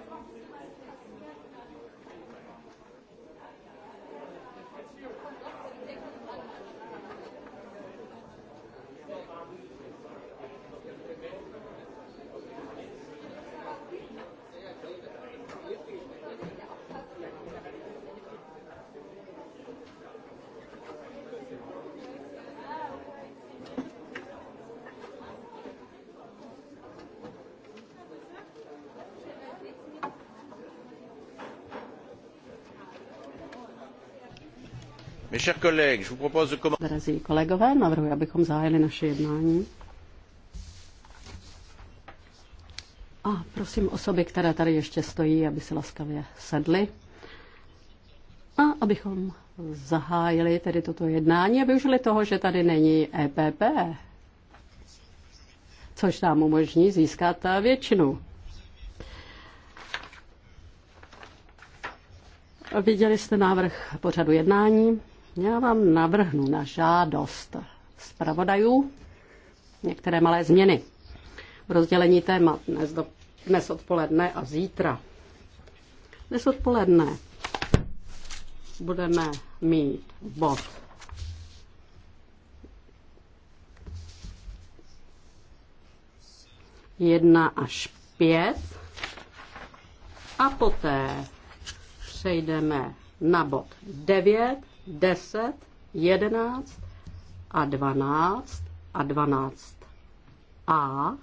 Thank you. Drazí kolegové, navrhuji, abychom zahájili naše jednání. A prosím osoby, které tady ještě stojí, aby si laskavě sedly. A abychom zahájili tedy toto jednání a využili toho, že tady není EPP, což nám umožní získat většinu. Viděli jste návrh pořadu jednání. Já vám navrhnu na žádost zpravodajů některé malé změny v rozdělení témat dnes, do, dnes odpoledne a zítra. Dnes odpoledne budeme mít bod jedna až pět a poté přejdeme na bod 9 10, 11 a 12 a 12 A.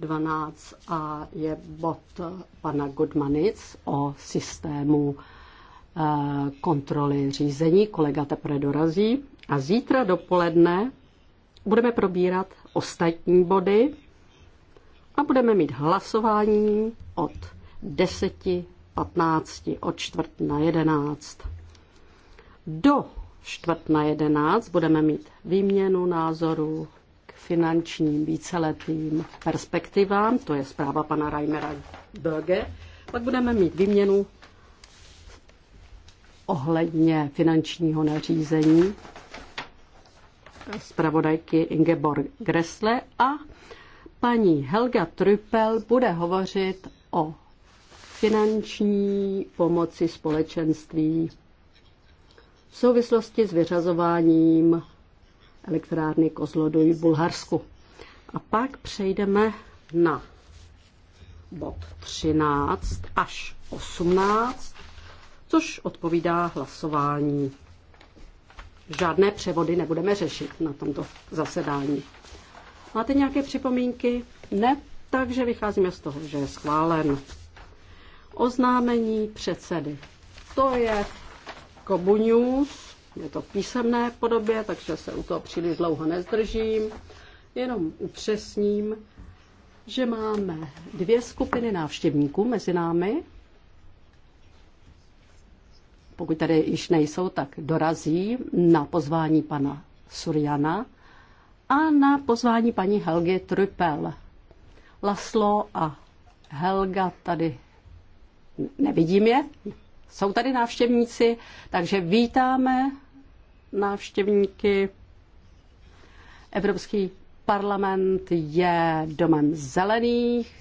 12 A je bod pana Godmanic o systému eh, kontroly řízení. Kolega teprve dorazí. A zítra dopoledne budeme probírat ostatní body a budeme mít hlasování od 10.15, od čtvrt na 11. Do čtvrt na jedenáct budeme mít výměnu názorů k finančním víceletým perspektivám, to je zpráva pana Reimera Böge. Pak budeme mít výměnu ohledně finančního nařízení zpravodajky Ingeborg Gressle a paní Helga Trüppel bude hovořit o finanční pomoci společenství v souvislosti s vyřazováním elektrárny Kozloduj v Bulharsku. A pak přejdeme na bod 13 až 18, což odpovídá hlasování. Žádné převody nebudeme řešit na tomto zasedání. Máte nějaké připomínky? Ne, takže vycházíme z toho, že je schválen. Oznámení předsedy. To je Kobu Je to v písemné podobě, takže se u toho příliš dlouho nezdržím. Jenom upřesním, že máme dvě skupiny návštěvníků mezi námi. Pokud tady již nejsou, tak dorazí na pozvání pana Suriana a na pozvání paní Helgy Trypel. Laslo a Helga tady nevidím je, jsou tady návštěvníci, takže vítáme návštěvníky. Evropský parlament je domem zelených,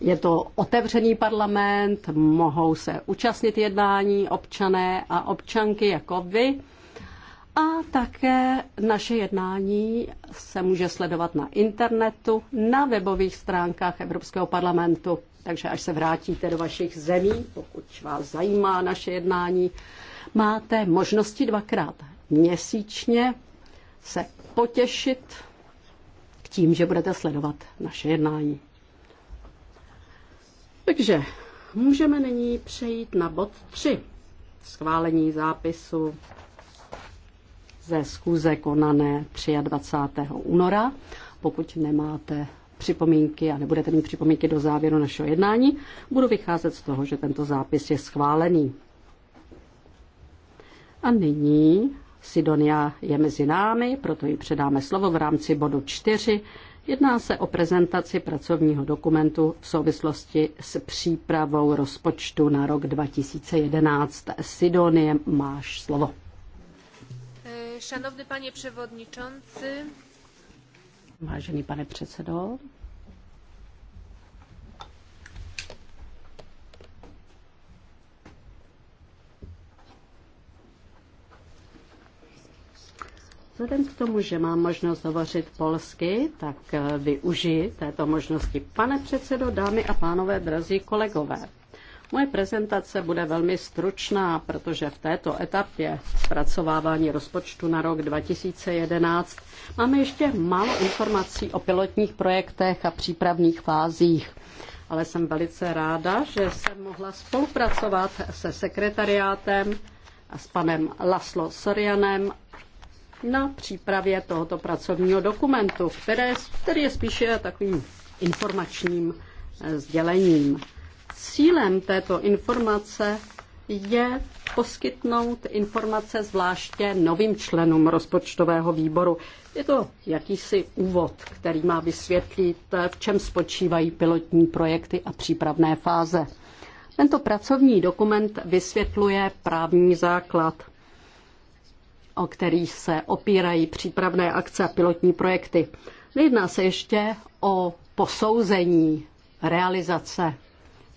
je to otevřený parlament, mohou se účastnit jednání občané a občanky jako vy. A také naše jednání se může sledovat na internetu, na webových stránkách Evropského parlamentu takže až se vrátíte do vašich zemí, pokud vás zajímá naše jednání, máte možnosti dvakrát měsíčně se potěšit k tím, že budete sledovat naše jednání. Takže můžeme nyní přejít na bod 3. Schválení zápisu ze schůze konané 23. února. Pokud nemáte připomínky a nebudete mít připomínky do závěru našeho jednání, budu vycházet z toho, že tento zápis je schválený. A nyní Sidonia je mezi námi, proto ji předáme slovo v rámci bodu 4. Jedná se o prezentaci pracovního dokumentu v souvislosti s přípravou rozpočtu na rok 2011. Sidonie, máš slovo. Szanowny pane przewodniczący, Vážený pane předsedo, Vzhledem k tomu, že mám možnost hovořit polsky, tak eh, využiji této možnosti. Pane předsedo, dámy a pánové, drazí kolegové, Moje prezentace bude velmi stručná, protože v této etapě zpracovávání rozpočtu na rok 2011 máme ještě málo informací o pilotních projektech a přípravných fázích. Ale jsem velice ráda, že jsem mohla spolupracovat se sekretariátem a s panem Laslo Sorianem na přípravě tohoto pracovního dokumentu, které, který je spíše takovým informačním eh, sdělením. Cílem této informace je poskytnout informace zvláště novým členům rozpočtového výboru. Je to jakýsi úvod, který má vysvětlit, v čem spočívají pilotní projekty a přípravné fáze. Tento pracovní dokument vysvětluje právní základ, o který se opírají přípravné akce a pilotní projekty. Nejedná se ještě o posouzení realizace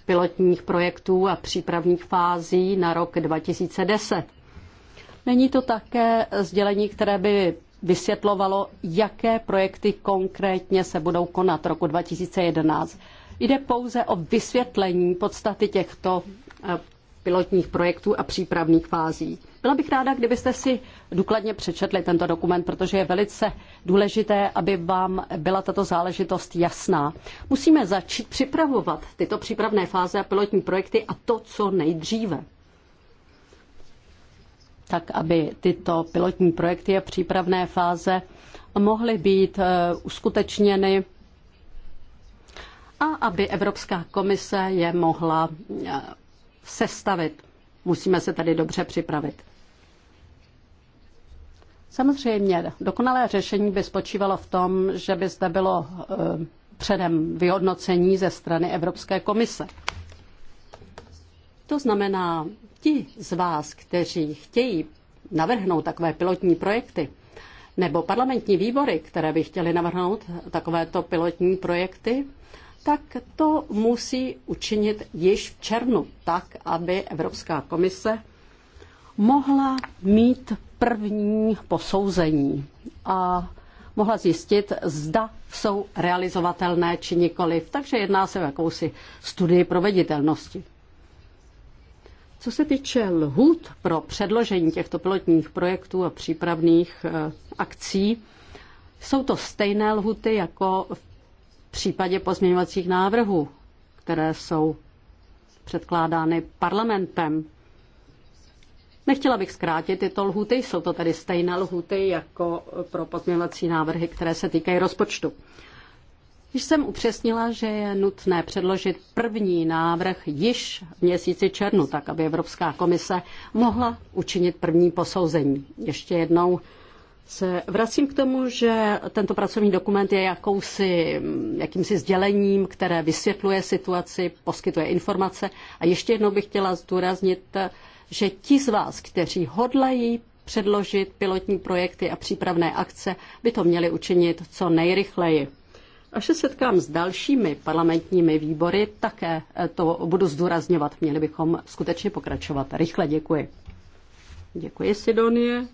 pilotních projektů a přípravných fází na rok 2010. Není to také sdělení, které by vysvětlovalo, jaké projekty konkrétně se budou konat roku 2011. Jde pouze o vysvětlení podstaty těchto eh, pilotních projektů a přípravných fází. Byla bych ráda, kdybyste si důkladně přečetli tento dokument, protože je velice důležité, aby vám byla tato záležitost jasná. Musíme začít připravovat tyto přípravné fáze a pilotní projekty a to, co nejdříve tak aby tyto pilotní projekty a přípravné fáze mohly být eh, uskutečněny a aby Evropská komise je mohla eh, sestavit. Musíme se tady dobře připravit. Samozřejmě, dokonalé řešení by spočívalo v tom, že by zde bylo eh, předem vyhodnocení ze strany Evropské komise. To znamená, ti z vás, kteří chtějí navrhnout takové pilotní projekty, nebo parlamentní výbory, které by chtěly navrhnout takovéto pilotní projekty, tak to musí učinit již v červnu, tak aby Evropská komise mohla mít první posouzení a mohla zjistit, zda jsou realizovatelné či nikoliv. Takže jedná se o jakousi studii proveditelnosti. Co se týče lhůt pro předložení těchto pilotních projektů a přípravných eh, akcí, jsou to stejné lhuty jako v případě pozměňovacích návrhů, které jsou předkládány parlamentem. Nechtěla bych zkrátit tyto lhuty, jsou to tedy stejné lhuty jako pro pozměňovací návrhy, které se týkají rozpočtu. Již jsem upřesnila, že je nutné předložit první návrh již v měsíci červnu, tak aby Evropská komise mohla učinit první posouzení. Ještě jednou se vracím k tomu, že tento pracovní dokument je jakousi, jakýmsi sdělením, které vysvětluje situaci, poskytuje informace. A ještě jednou bych chtěla zdůraznit že ti z vás, kteří hodlají předložit pilotní projekty a přípravné akce, by to měli učinit co nejrychleji. Až se setkám s dalšími parlamentními výbory, také eh, to budu zdůrazňovat. Měli bychom skutečně pokračovat. Rychle děkuji. Děkuji, Sidonie.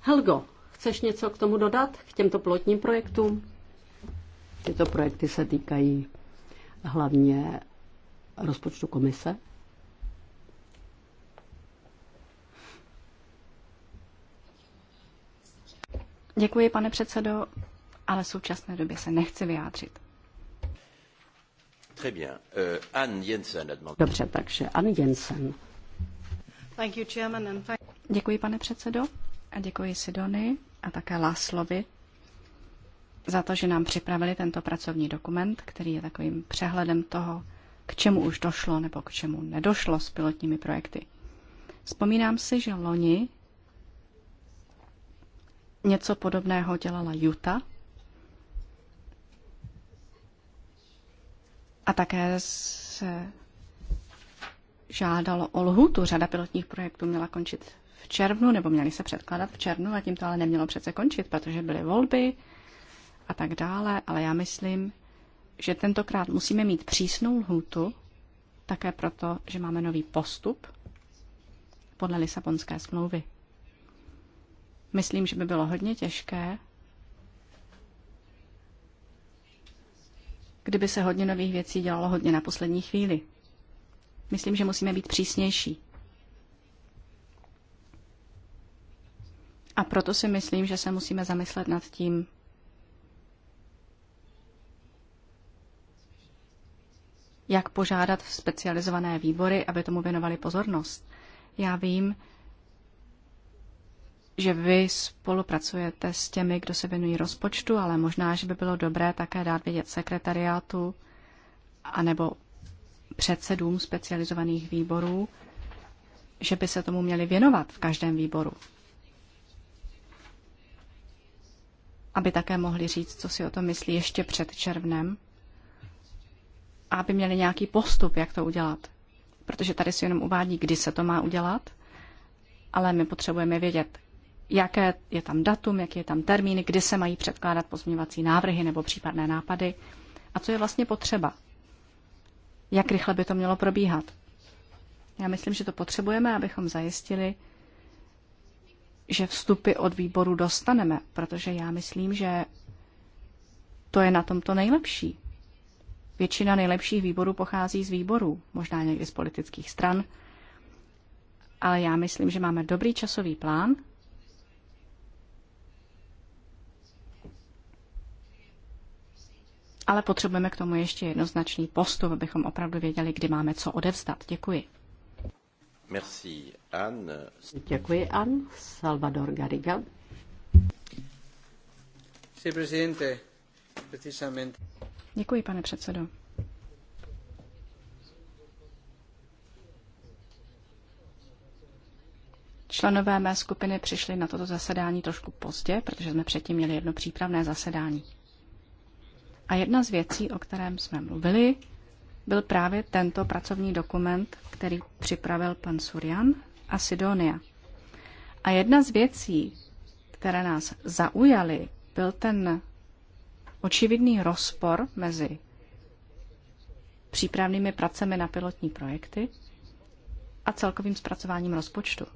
Helgo, chceš něco k tomu dodat, k těmto pilotním projektům? Tyto projekty se týkají hlavně rozpočtu komise. Děkuji, pane předsedo, ale v současné době se nechci vyjádřit. Euh, Dobře, takže Anne Jensen. Děkuji, pane předsedo, a děkuji Sidony a také Láslovi za to, že nám připravili tento pracovní dokument, který je takovým přehledem toho, k čemu už došlo nebo k čemu nedošlo s pilotními projekty. Vzpomínám si, že loni Něco podobného dělala Juta. A také se žádalo o lhutu. Řada pilotních projektů měla končit v červnu, nebo měly se předkládat v červnu a tím to ale nemělo přece končit, protože byly volby a tak dále. Ale já myslím, že tentokrát musíme mít přísnou lhutu, také proto, že máme nový postup podle Lisabonské smlouvy. Myslím, že by bylo hodně těžké, kdyby se hodně nových věcí dělalo hodně na poslední chvíli. Myslím, že musíme být přísnější. A proto si myslím, že se musíme zamyslet nad tím, jak požádat specializované výbory, aby tomu věnovali pozornost. Já vím, že vy spolupracujete s těmi, kdo se věnují rozpočtu, ale možná, že by bylo dobré také dát vědět sekretariátu anebo předsedům specializovaných výborů, že by se tomu měli věnovat v každém výboru. Aby také mohli říct, co si o tom myslí ještě před červnem. A aby měli nějaký postup, jak to udělat. Protože tady si jenom uvádí, kdy se to má udělat, ale my potřebujeme vědět, jaké je tam datum, jaký je tam termín, kdy se mají předkládat pozměňovací návrhy nebo případné nápady a co je vlastně potřeba. Jak rychle by to mělo probíhat. Já myslím, že to potřebujeme, abychom zajistili, že vstupy od výboru dostaneme, protože já myslím, že to je na tom to nejlepší. Většina nejlepších výborů pochází z výborů, možná někdy z politických stran, ale já myslím, že máme dobrý časový plán ale potřebujeme k tomu ještě jednoznačný postup, abychom opravdu věděli, kdy máme co odevzdat. Děkuji. Merci, Anne. Děkuji, Anne. Salvador Garriga. Sí, presidente. Precisamente. Děkuji, pane předsedo. Členové mé skupiny přišli na toto zasedání trošku pozdě, protože jsme předtím měli jedno přípravné zasedání. A jedna z věcí, o kterém jsme mluvili, byl právě tento pracovní dokument, který připravil pan Surjan a Sidonia. A jedna z věcí, které nás zaujaly, byl ten očividný rozpor mezi přípravnými pracemi na pilotní projekty a celkovým zpracováním rozpočtu.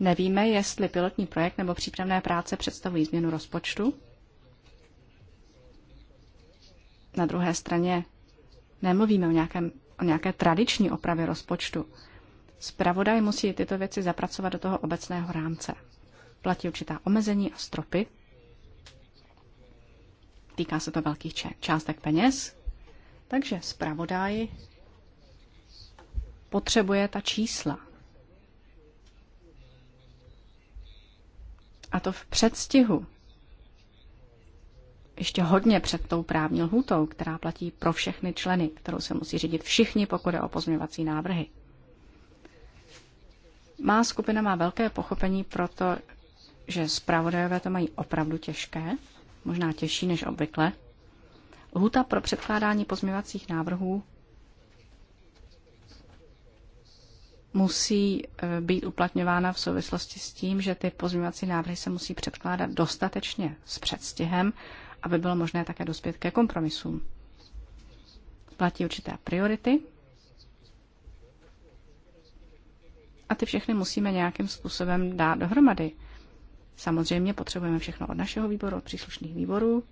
Nevíme, jestli pilotní projekt nebo přípravné práce představují změnu rozpočtu. Na druhé straně nemluvíme o, nějakém, o nějaké tradiční opravě rozpočtu. Spravodaj musí tyto věci zapracovat do toho obecného rámce. Platí určitá omezení a stropy. Týká se to velkých částek peněz. Takže spravodaj potřebuje ta čísla, A to v předstihu. Ještě hodně před tou právní lhůtou, která platí pro všechny členy, kterou se musí řídit všichni, pokud je o pozměňovací návrhy. Má skupina má velké pochopení pro to, že zpravodajové to mají opravdu těžké, možná těžší než obvykle. Lhuta pro předkládání pozměňovacích návrhů musí eh, být uplatňována v souvislosti s tím, že ty pozměňovací návrhy se musí předkládat dostatečně s předstihem, aby bylo možné také dospět ke kompromisům. Platí určité priority a ty všechny musíme nějakým způsobem dát dohromady. Samozřejmě potřebujeme všechno od našeho výboru, od příslušných výborů,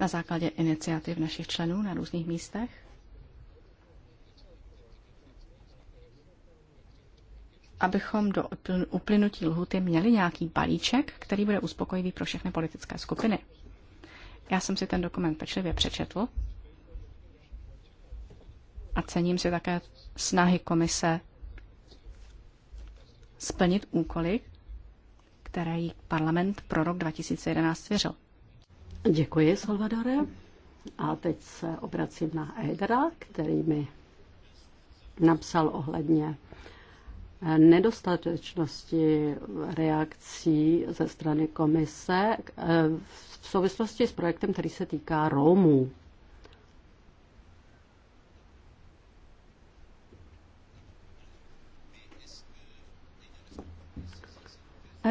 na základě iniciativ našich členů na různých místech. abychom do uplynutí lhuty měli nějaký balíček, který bude uspokojivý pro všechny politické skupiny. Já jsem si ten dokument pečlivě přečetl a cením si také snahy komise splnit úkoly, které jí parlament pro rok 2011 svěřil. Děkuji, Salvadore. A teď se obracím na Eidera, který mi napsal ohledně nedostatečnosti reakcí ze strany komise eh, v souvislosti s projektem, který se týká Romů.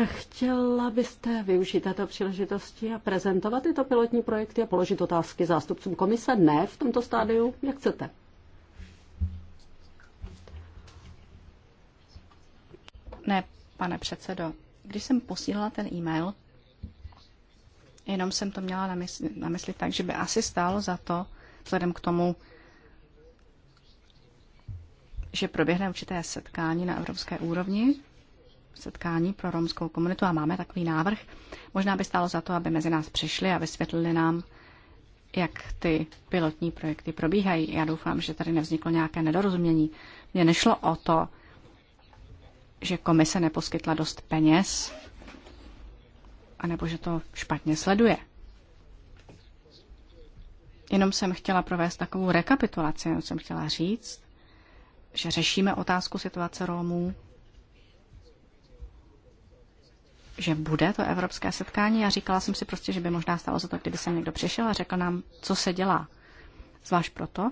Chtěla byste využít této příležitosti a prezentovat tyto pilotní projekty a položit otázky zástupcům komise? Ne v tomto stádiu, jak chcete. Ne, pane předsedo, když jsem posílala ten e-mail, jenom jsem to měla na mysli, na mysli tak, že by asi stálo za to, vzhledem k tomu, že proběhne určité setkání na evropské úrovni, setkání pro romskou komunitu a máme takový návrh. Možná by stálo za to, aby mezi nás přišli a vysvětlili nám, jak ty pilotní projekty probíhají. Já doufám, že tady nevzniklo nějaké nedorozumění. Mně nešlo o to, že komise neposkytla dost peněz, anebo že to špatně sleduje. Jenom jsem chtěla provést takovou rekapitulaci, jenom jsem chtěla říct, že řešíme otázku situace Romů, že bude to evropské setkání Já říkala jsem si prostě, že by možná stalo za to, kdyby se někdo přišel a řekl nám, co se dělá. Zvlášť proto,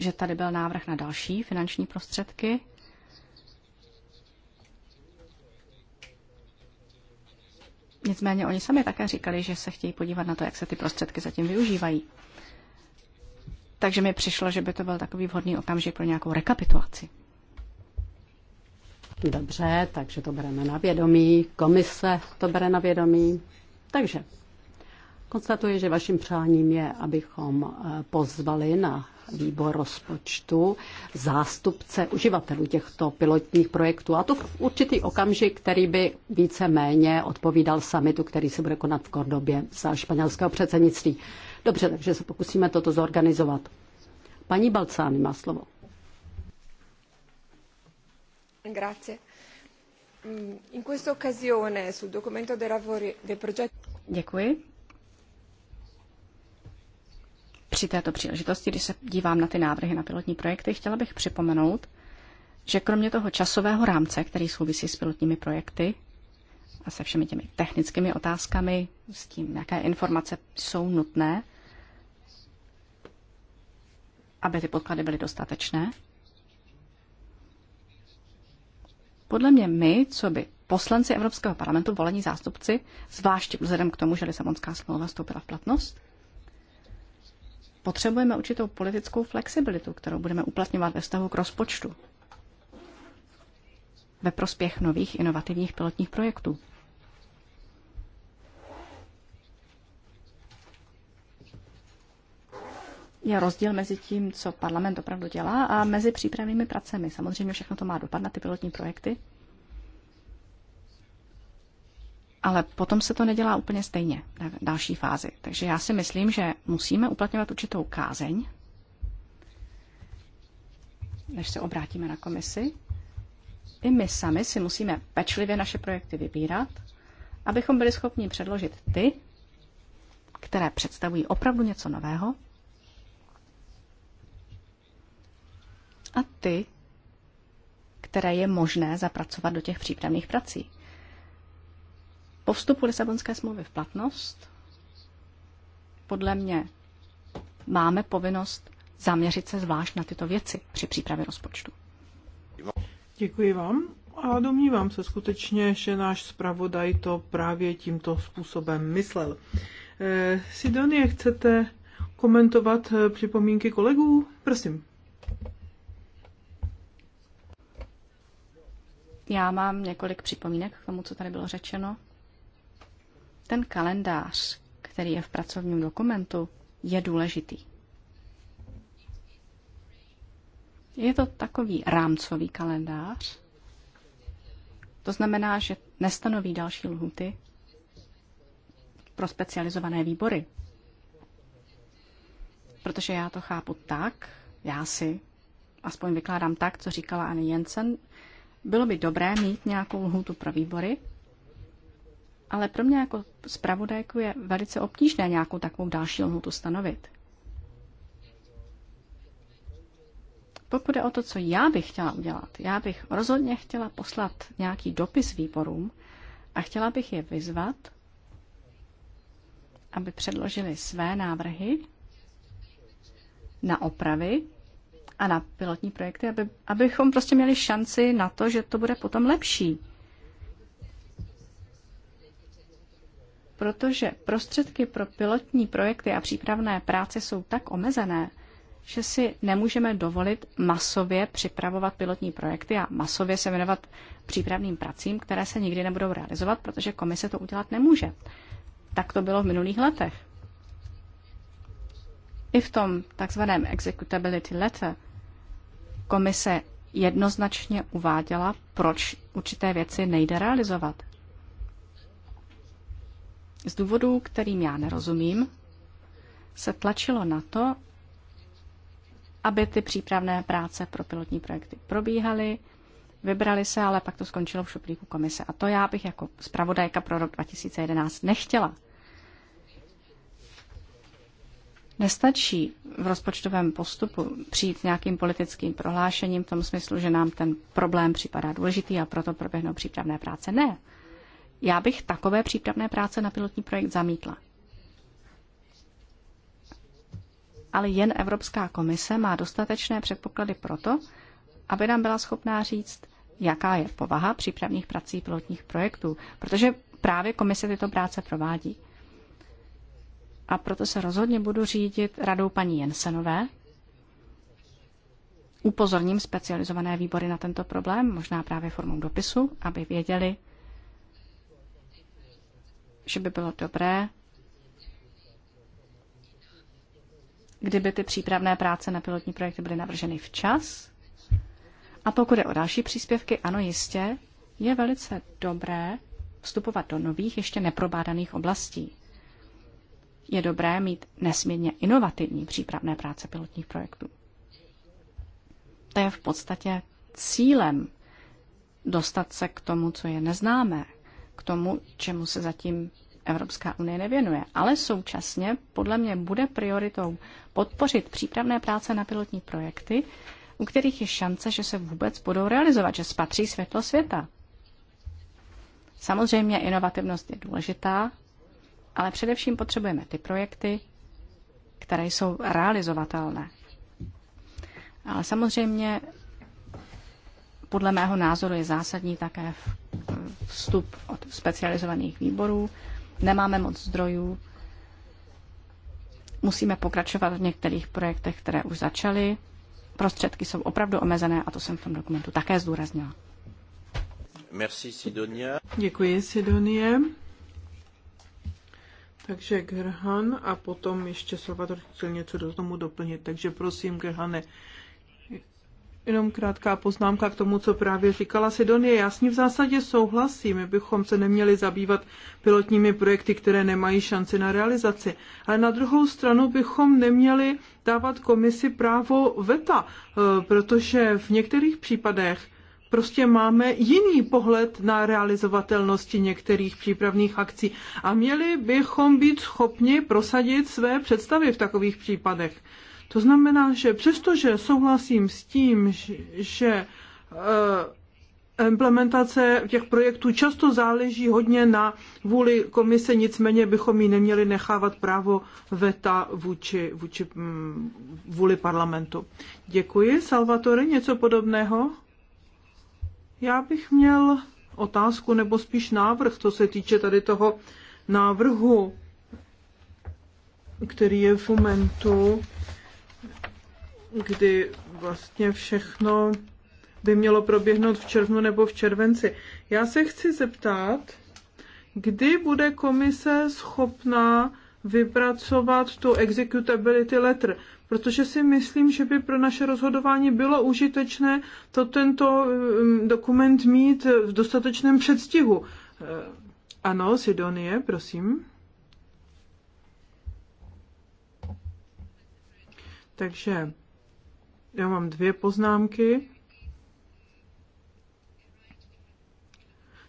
že tady byl návrh na další finanční prostředky. Nicméně oni sami také říkali, že se chtějí podívat na to, jak se ty prostředky zatím využívají. Takže mi přišlo, že by to byl takový vhodný okamžik pro nějakou rekapitulaci. Dobře, takže to bereme na vědomí, komise to bere na vědomí. Takže konstatuji, že vaším přáním je, abychom eh, pozvali na výbor rozpočtu zástupce uživatelů těchto pilotních projektů. A to v určitý okamžik, který by více méně odpovídal samitu, který se bude konat v Kordobě za španělského předsednictví. Dobře, takže se pokusíme toto zorganizovat. Paní Balcány má slovo. Grazie. In questa occasione sul documento dei lavori dei progetti Děkuji. Při této příležitosti, když se dívám na ty návrhy na pilotní projekty, chtěla bych připomenout, že kromě toho časového rámce, který souvisí s pilotními projekty a se všemi těmi technickými otázkami, s tím, jaké informace jsou nutné, aby ty podklady byly dostatečné, Podle mě my, co by poslanci Evropského parlamentu, volení zástupci, zvláště vzhledem k tomu, že Lisabonská smlouva vstoupila v platnost, potřebujeme určitou politickou flexibilitu, kterou budeme uplatňovat ve vztahu k rozpočtu ve prospěch nových inovativních pilotních projektů. je rozdíl mezi tím, co parlament opravdu dělá a mezi přípravnými pracemi. Samozřejmě všechno to má dopad na ty pilotní projekty ale potom se to nedělá úplně stejně na další fázi. Takže já si myslím, že musíme uplatňovat určitou kázeň, než se obrátíme na komisi. I my sami si musíme pečlivě naše projekty vybírat, abychom byli schopni předložit ty, které představují opravdu něco nového, a ty, které je možné zapracovat do těch přípravných prací. Po vstupu Lisabonské smlouvy v platnost, podle mě, máme povinnost zaměřit se zvlášť na tyto věci při přípravě rozpočtu. Děkuji vám a domnívám se skutečně, že náš zpravodaj to právě tímto způsobem myslel. Eh, Sidonie, chcete komentovat eh, připomínky kolegů? Prosím. Já mám několik připomínek k tomu, co tady bylo řečeno. Ten kalendář, který je v pracovním dokumentu, je důležitý. Je to takový rámcový kalendář. To znamená, že nestanoví další lhuty pro specializované výbory. Protože já to chápu tak, já si aspoň vykládám tak, co říkala Anne Jensen, bylo by dobré mít nějakou lhutu pro výbory, ale pro mě jako zpravodajku je velice obtížné nějakou takovou další lhutu stanovit. Pokud je o to, co já bych chtěla udělat, já bych rozhodně chtěla poslat nějaký dopis výborům a chtěla bych je vyzvat, aby předložili své návrhy na opravy a na pilotní projekty, aby, abychom prostě měli šanci na to, že to bude potom lepší. protože prostředky pro pilotní projekty a přípravné práce jsou tak omezené, že si nemůžeme dovolit masově připravovat pilotní projekty a masově se věnovat přípravným pracím, které se nikdy nebudou realizovat, protože komise to udělat nemůže. Tak to bylo v minulých letech. I v tom takzvaném executability letter komise jednoznačně uváděla, proč určité věci nejde realizovat. Z důvodů, kterým já nerozumím, se tlačilo na to, aby ty přípravné práce pro pilotní projekty probíhaly, vybrali se, ale pak to skončilo v šuplíku komise. A to já bych jako zpravodajka pro rok 2011 nechtěla. Nestačí v rozpočtovém postupu přijít s nějakým politickým prohlášením v tom smyslu, že nám ten problém připadá důležitý a proto proběhnou přípravné práce. Ne. Já bych takové přípravné práce na pilotní projekt zamítla. Ale jen Evropská komise má dostatečné předpoklady proto, aby nám byla schopná říct, jaká je povaha přípravných prací pilotních projektů, protože právě komise tyto práce provádí. A proto se rozhodně budu řídit radou paní Jensenové. Upozorním specializované výbory na tento problém, možná právě formou dopisu, aby věděli, že by bylo dobré, kdyby ty přípravné práce na pilotní projekty byly navrženy včas. A pokud je o další příspěvky, ano, jistě, je velice dobré vstupovat do nových, ještě neprobádaných oblastí. Je dobré mít nesmírně inovativní přípravné práce pilotních projektů. To je v podstatě cílem dostat se k tomu, co je neznámé, k tomu, čemu se zatím Evropská unie nevěnuje. Ale současně podle mě bude prioritou podpořit přípravné práce na pilotní projekty, u kterých je šance, že se vůbec budou realizovat, že spatří světlo světa. Samozřejmě inovativnost je důležitá, ale především potřebujeme ty projekty, které jsou realizovatelné. Ale samozřejmě podle mého názoru je zásadní také vstup od specializovaných výborů, nemáme moc zdrojů, musíme pokračovat v některých projektech, které už začaly. Prostředky jsou opravdu omezené a to jsem v tom dokumentu také zdůraznila. Merci, Sidonia. Děkuji, Sidonie. Takže Gerhan a potom ještě Salvador chtěl něco do tomu doplnit. Takže prosím, Gerhane, Jenom krátká poznámka k tomu, co právě říkala Sidonie. Já s ní v zásadě souhlasím. My bychom se neměli zabývat pilotními projekty, které nemají šanci na realizaci. Ale na druhou stranu bychom neměli dávat komisi právo veta, eh, protože v některých případech prostě máme jiný pohled na realizovatelnosti některých přípravných akcí a měli bychom být schopni prosadit své představy v takových případech. To znamená, že přestože souhlasím s tím, že e, implementace těch projektů často záleží hodně na vůli komise, nicméně bychom ji neměli nechávat právo veta vůči, vůči mm, vůli parlamentu. Děkuji. Salvatore, něco podobného? Já bych měl otázku nebo spíš návrh, co se týče tady toho návrhu, který je v momentu kdy vlastně všechno by mělo proběhnout v červnu nebo v červenci. Já se chci zeptat, kdy bude komise schopná vypracovat tu executability letter, protože si myslím, že by pro naše rozhodování bylo užitečné to tento um, dokument mít v dostatečném předstihu. Uh, ano, Sidonie, prosím. Takže já mám dvě poznámky.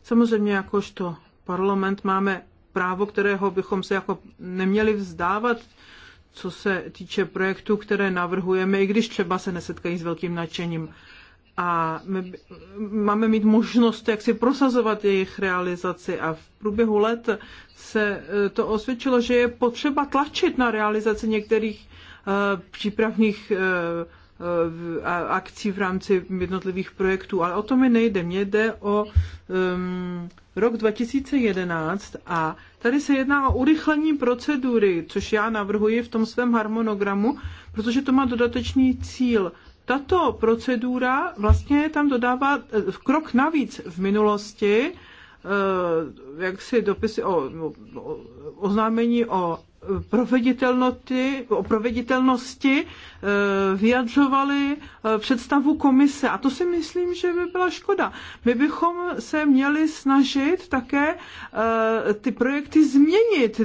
Samozřejmě jakožto parlament máme právo, kterého bychom se jako neměli vzdávat, co se týče projektů, které navrhujeme, i když třeba se nesetkají s velkým nadšením. A my máme mít možnost, jak si prosazovat jejich realizaci. A v průběhu let se eh, to osvědčilo, že je potřeba tlačit na realizaci některých eh, přípravných uh, akcí v rámci jednotlivých projektů, ale o to mi nejde. Mně jde o um, rok 2011 a tady se jedná o urychlení procedury, což já navrhuji v tom svém harmonogramu, protože to má dodatečný cíl. Tato procedura vlastně tam dodává eh, krok navíc v minulosti, eh, jak si dopisy o, o oznámení o o proveditelnosti eh, vyjadřovali eh, představu komise. A to si myslím, že by byla škoda. My bychom se měli snažit také eh, ty projekty změnit,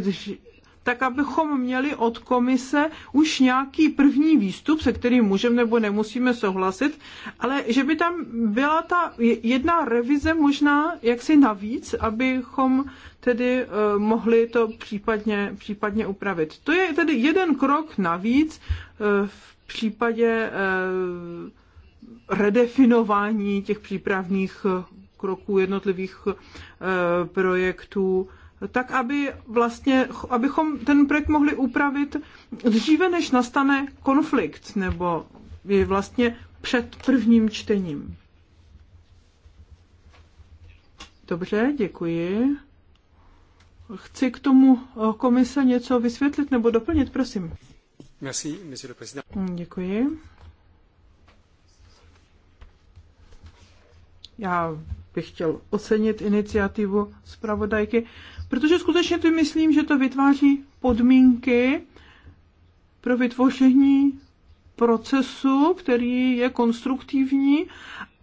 tak abychom měli od komise už nějaký první výstup, se kterým můžeme nebo nemusíme souhlasit, ale že by tam byla ta jedna revize možná jaksi navíc, abychom tedy eh, mohli to případně, případně upravit. To je tedy jeden krok navíc eh, v případě eh, redefinování těch přípravných kroků jednotlivých projektů tak aby vlastně, abychom ten projekt mohli upravit dříve, než nastane konflikt, nebo je vlastně před prvním čtením. Dobře, děkuji. Chci k tomu eh, komise něco vysvětlit nebo doplnit, prosím. Merci, monsieur le président. Děkuji. Já bych chtěl ocenit iniciativu zpravodajky Protože skutečně ty myslím, že to vytváří podmínky pro vytvoření procesu, který je konstruktivní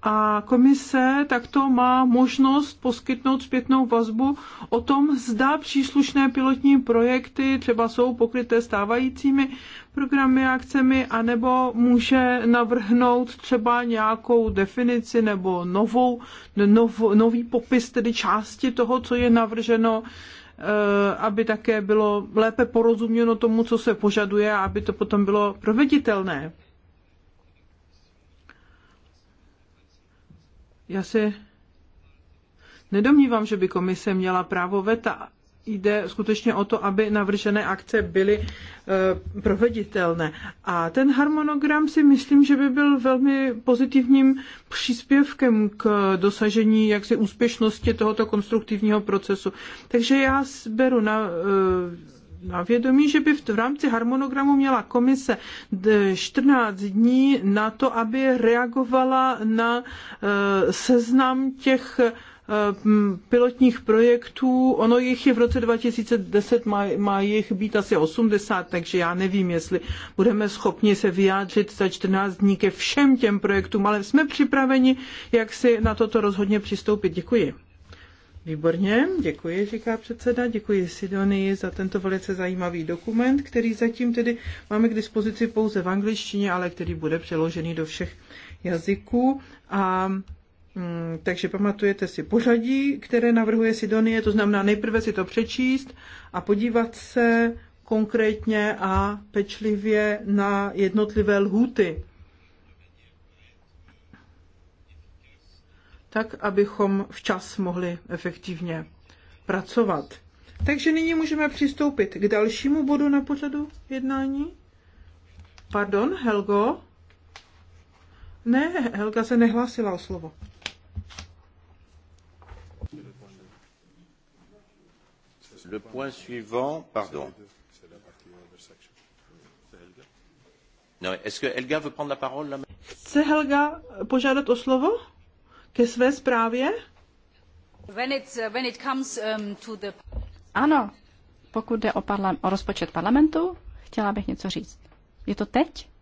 a komise takto má možnost poskytnout zpětnou vazbu o tom, zda příslušné pilotní projekty třeba jsou pokryté stávajícími programy a akcemi, anebo může navrhnout třeba nějakou definici nebo novou, nov, nový popis tedy části toho, co je navrženo eh, aby také bylo lépe porozuměno tomu, co se požaduje a aby to potom bylo proveditelné. Já se nedomnívám, že by komise měla právo veta. Jde skutečně o to, aby navržené akce byly e, proveditelné. A ten harmonogram si myslím, že by byl velmi pozitivním příspěvkem k dosažení jaksi úspěšnosti tohoto konstruktivního procesu. Takže já beru na e, na vědomí, že by v, v rámci harmonogramu měla komise 14 dní na to, aby reagovala na eh, seznam těch eh, pilotních projektů, ono jich je v roce 2010, má, má jich být asi 80, takže já nevím, jestli budeme schopni se vyjádřit za 14 dní ke všem těm projektům, ale jsme připraveni, jak si na toto rozhodně přistoupit. Děkuji. Výborně, děkuji, říká předseda, děkuji Sidonii za tento velice zajímavý dokument, který zatím tedy máme k dispozici pouze v angličtině, ale který bude přeložený do všech jazyků. A mm, takže pamatujete si pořadí, které navrhuje Sidonie, to znamená nejprve si to přečíst a podívat se konkrétně a pečlivě na jednotlivé lhuty. tak abychom včas mohli efektivně pracovat. Takže nyní můžeme přistoupit k dalšímu bodu na pořadu jednání. Pardon, Helgo? Ne, Helga se nehlásila o slovo. Le point suivant, pardon. Non, est-ce que Helga veut prendre la parole là Chce Helga požádat o slovo? ke své zprávě? Uh, um, ano, pokud jde o, parla- o rozpočet parlamentu, chtěla bych něco říct. Je to teď?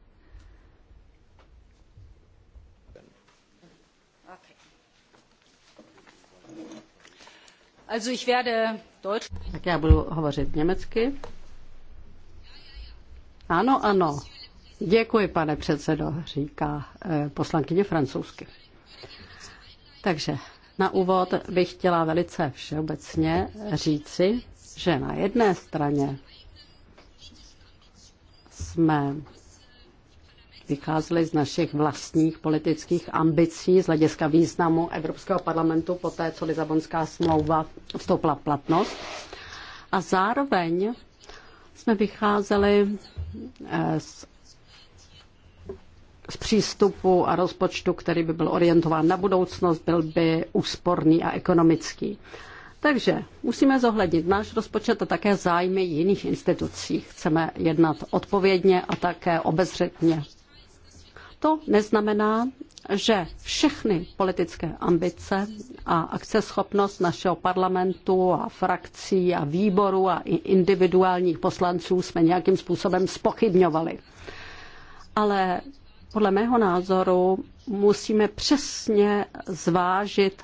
Also ich werde Deutsch. Tak já budu hovořit německy. Ano, ano. Děkuji, pane předsedo, říká eh, poslankyně francouzsky. Takže na úvod bych chtěla velice všeobecně říci, že na jedné straně jsme vycházeli z našich vlastních politických ambicí z hlediska významu Evropského parlamentu po té, co Lizabonská smlouva vstoupila v platnost. A zároveň jsme vycházeli eh, z z přístupu a rozpočtu, který by byl orientován na budoucnost, byl by úsporný a ekonomický. Takže musíme zohlednit náš rozpočet a také zájmy jiných institucí. Chceme jednat odpovědně a také obezřetně. To neznamená, že všechny politické ambice a akceschopnost našeho parlamentu a frakcí a výboru a i individuálních poslanců jsme nějakým způsobem spochybňovali. Ale podle mého názoru musíme přesně zvážit,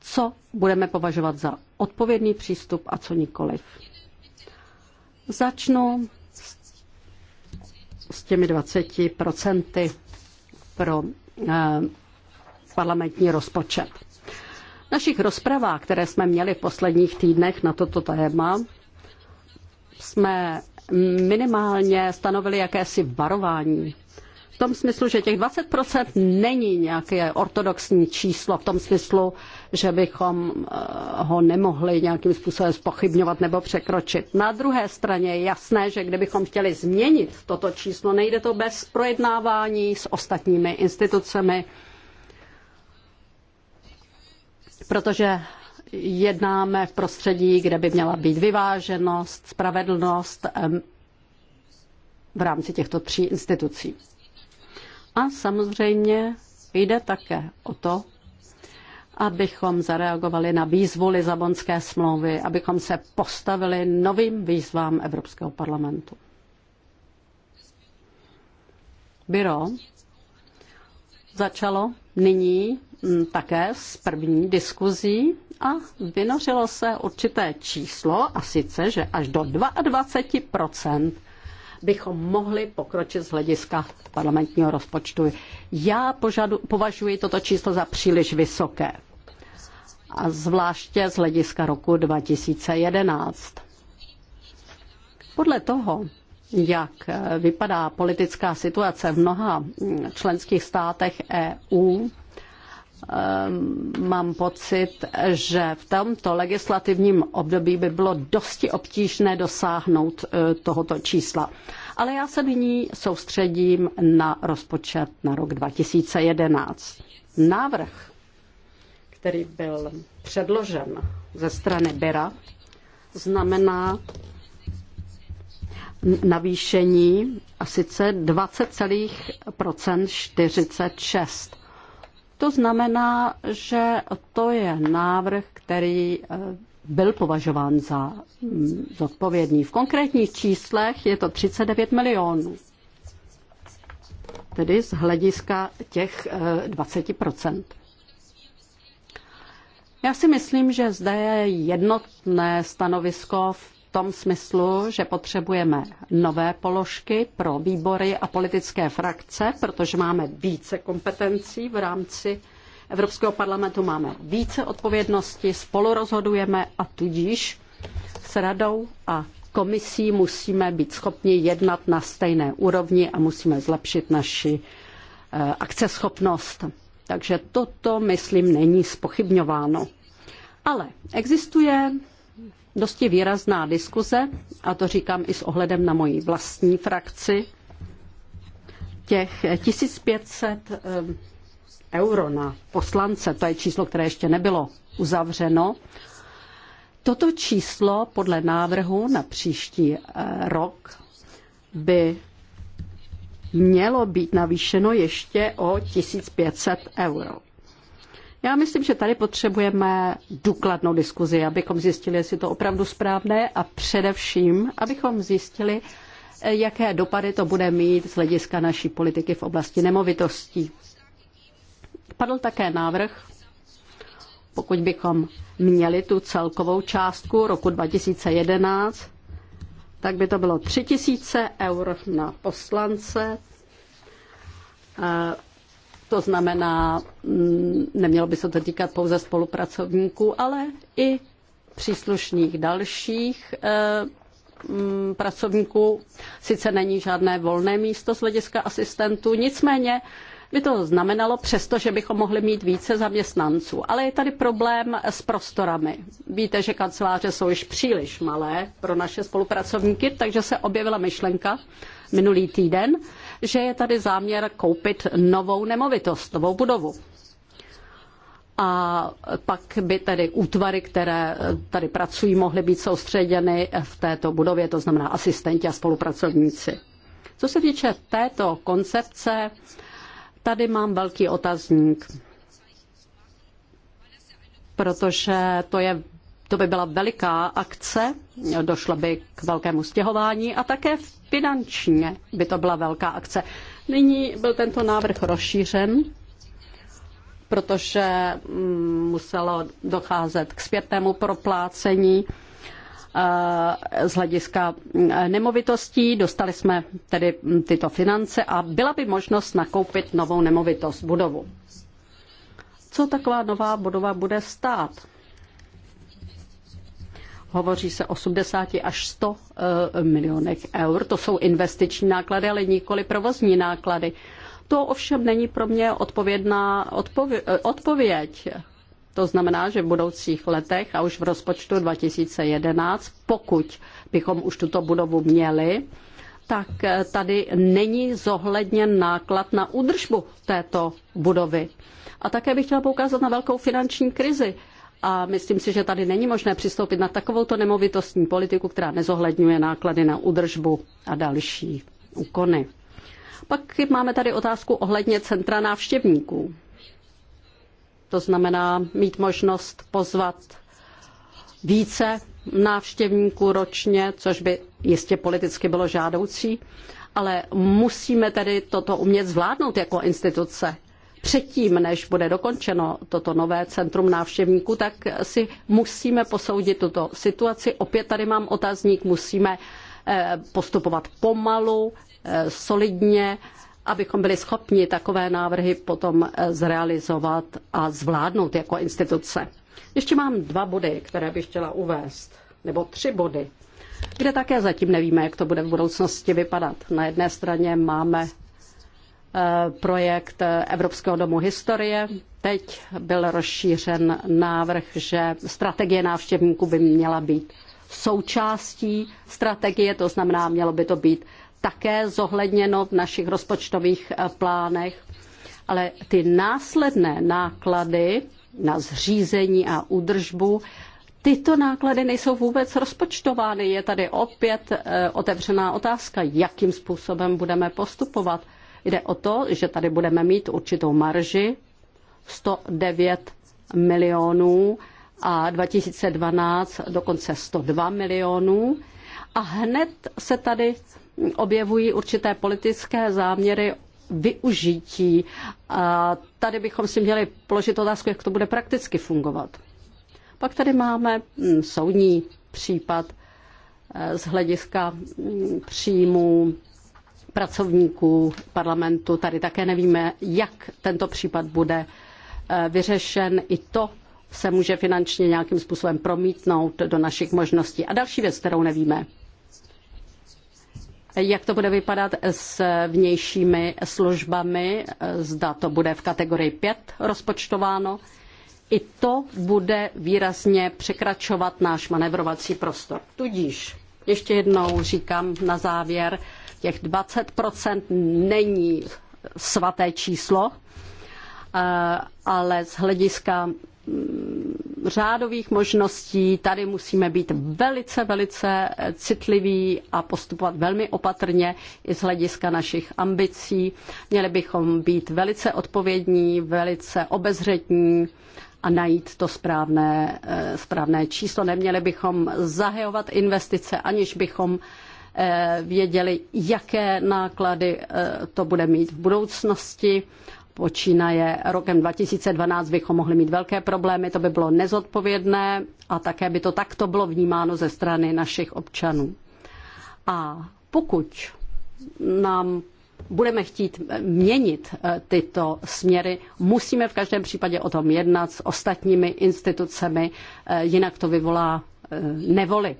co budeme považovat za odpovědný přístup a co nikoliv. Začnu s těmi 20 procenty pro eh, parlamentní rozpočet. V našich rozpravách, které jsme měli v posledních týdnech na toto téma, jsme minimálně stanovili jakési varování v tom smyslu, že těch 20% není nějaké ortodoxní číslo v tom smyslu, že bychom eh, ho nemohli nějakým způsobem spochybňovat nebo překročit. Na druhé straně je jasné, že kdybychom chtěli změnit toto číslo, nejde to bez projednávání s ostatními institucemi, protože jednáme v prostředí, kde by měla být vyváženost, spravedlnost v rámci těchto tří institucí. A samozřejmě jde také o to, abychom zareagovali na výzvu Lizabonské smlouvy, abychom se postavili novým výzvám Evropského parlamentu. Byro začalo nyní mm, také s první diskuzí a vynořilo se určité číslo, a sice, že až do 22 bychom mohli pokročit z hlediska parlamentního rozpočtu. Já požadu, považuji toto číslo za příliš vysoké. A zvláště z hlediska roku 2011. Podle toho, jak vypadá politická situace v mnoha členských státech EU, Ehm, mám pocit, že v tomto legislativním období by bylo dosti obtížné dosáhnout eh, tohoto čísla. Ale já se nyní soustředím na rozpočet na rok 2011. Návrh, který byl předložen ze strany Bera, znamená navýšení a sice 20,46 to znamená, že to je návrh, který eh, byl považován za mm, zodpovědný. V konkrétních číslech je to 39 milionů, tedy z hlediska těch 20 eh, já si myslím, že zde je jednotné stanovisko v tom smyslu, že potřebujeme nové položky pro výbory a politické frakce, protože máme více kompetencí v rámci Evropského parlamentu, máme více odpovědnosti, spolu rozhodujeme a tudíž s radou a komisí musíme být schopni jednat na stejné úrovni a musíme zlepšit naši eh, akceschopnost. Takže toto, myslím, není spochybňováno. Ale existuje dosti výrazná diskuze, a to říkám i s ohledem na moji vlastní frakci, těch 1500 eh, euro na poslance, to je číslo, které ještě nebylo uzavřeno, Toto číslo podle návrhu na příští eh, rok by mělo být navýšeno ještě o 1500 euro. Já myslím, že tady potřebujeme důkladnou diskuzi, abychom zjistili, jestli to opravdu správné a především, abychom zjistili, jaké dopady to bude mít z hlediska naší politiky v oblasti nemovitostí. Padl také návrh, pokud bychom měli tu celkovou částku roku 2011, tak by to bylo 3000 eur na poslance to znamená, mm, nemělo by se to týkat pouze spolupracovníků, ale i příslušných dalších eh, mm, pracovníků. Sice není žádné volné místo z hlediska asistentů, nicméně by to znamenalo přesto, že bychom mohli mít více zaměstnanců. Ale je tady problém s prostorami. Víte, že kanceláře jsou již příliš malé pro naše spolupracovníky, takže se objevila myšlenka minulý týden, že je tady záměr koupit novou nemovitost, novou budovu. A pak by tedy útvary, které tady pracují, mohly být soustředěny v této budově, to znamená asistenti a spolupracovníci. Co se týče této koncepce, tady mám velký otazník, protože to je to by byla veliká akce, došlo by k velkému stěhování a také finančně by to byla velká akce. Nyní byl tento návrh rozšířen, protože mm, muselo docházet k zpětnému proplácení eh, z hlediska mm, nemovitostí. Dostali jsme tedy mm, tyto finance a byla by možnost nakoupit novou nemovitost, budovu. Co taková nová budova bude stát? Hovoří se 80 až 100 eh, milionech eur. To jsou investiční náklady, ale nikoli provozní náklady. To ovšem není pro mě odpovědná odpově- eh, odpověď. To znamená, že v budoucích letech a už v rozpočtu 2011, pokud bychom už tuto budovu měli, tak eh, tady není zohledněn náklad na údržbu této budovy. A také bych chtěla poukázat na velkou finanční krizi a myslím si, že tady není možné přistoupit na takovouto nemovitostní politiku, která nezohledňuje náklady na údržbu a další úkony. Pak máme tady otázku ohledně centra návštěvníků. To znamená mít možnost pozvat více návštěvníků ročně, což by jistě politicky bylo žádoucí, ale musíme tedy toto umět zvládnout jako instituce předtím, než bude dokončeno toto nové centrum návštěvníků, tak si musíme posoudit tuto situaci. Opět tady mám otazník, musíme eh, postupovat pomalu, eh, solidně, abychom byli schopni takové návrhy potom eh, zrealizovat a zvládnout jako instituce. Ještě mám dva body, které bych chtěla uvést, nebo tři body, kde také zatím nevíme, jak to bude v budoucnosti vypadat. Na jedné straně máme Eh, projekt Evropského domu historie. Teď byl rozšířen návrh, že strategie návštěvníků by měla být součástí strategie, to znamená, mělo by to být také zohledněno v našich rozpočtových eh, plánech, ale ty následné náklady na zřízení a údržbu, tyto náklady nejsou vůbec rozpočtovány. Je tady opět eh, otevřená otázka, jakým způsobem budeme postupovat. Jde o to, že tady budeme mít určitou marži 109 milionů a 2012 dokonce 102 milionů. A hned se tady objevují určité politické záměry využití. A tady bychom si měli položit otázku, jak to bude prakticky fungovat. Pak tady máme mm, soudní případ eh, z hlediska mm, příjmů pracovníků parlamentu. Tady také nevíme, jak tento případ bude eh, vyřešen. I to se může finančně nějakým způsobem promítnout do našich možností. A další věc, kterou nevíme, jak to bude vypadat s vnějšími službami, zda to bude v kategorii 5 rozpočtováno. I to bude výrazně překračovat náš manevrovací prostor. Tudíž ještě jednou říkám na závěr, Těch 20% není svaté číslo, eh, ale z hlediska mm, řádových možností tady musíme být velice, velice citliví a postupovat velmi opatrně i z hlediska našich ambicí. Měli bychom být velice odpovědní, velice obezřetní a najít to správné, eh, správné číslo. Neměli bychom zahajovat investice, aniž bychom věděli, jaké náklady eh, to bude mít v budoucnosti. Počínaje rokem 2012 bychom mohli mít velké problémy, to by bylo nezodpovědné a také by to takto bylo vnímáno ze strany našich občanů. A pokud nám budeme chtít měnit eh, tyto směry, musíme v každém případě o tom jednat s ostatními institucemi, eh, jinak to vyvolá nevoli.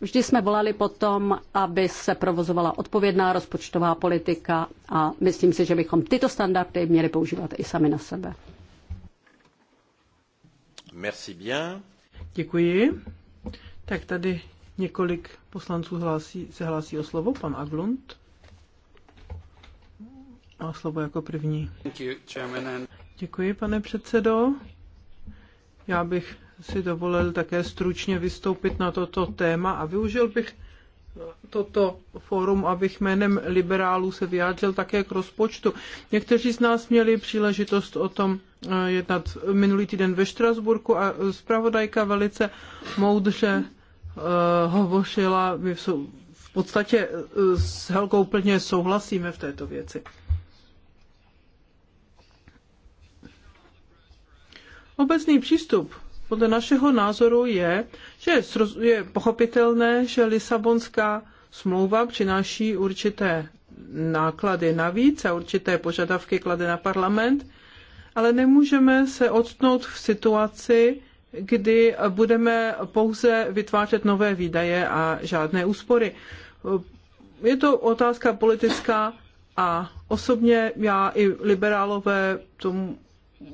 Vždy jsme volali potom, aby se provozovala odpovědná rozpočtová politika a myslím si, že bychom tyto standardy měli používat i sami na sebe. Merci bien. Děkuji. Tak tady několik poslanců hlásí, se hlásí o slovo. Pan Aglund má slovo jako první. Děkuji, pane předsedo. Já bych si dovolil také stručně vystoupit na toto téma a využil bych toto fórum, abych jménem liberálů se vyjádřil také k rozpočtu. Někteří z nás měli příležitost o tom eh, jednat minulý týden ve Štrasburku a zpravodajka velice moudře eh, hovořila. My v podstatě eh, s Helkou plně souhlasíme v této věci. Obecný přístup podle našeho názoru je, že je pochopitelné, že Lisabonská smlouva přináší určité náklady navíc a určité požadavky klade na parlament, ale nemůžeme se odtnout v situaci, kdy budeme pouze vytvářet nové výdaje a žádné úspory. Je to otázka politická a osobně já i liberálové tomu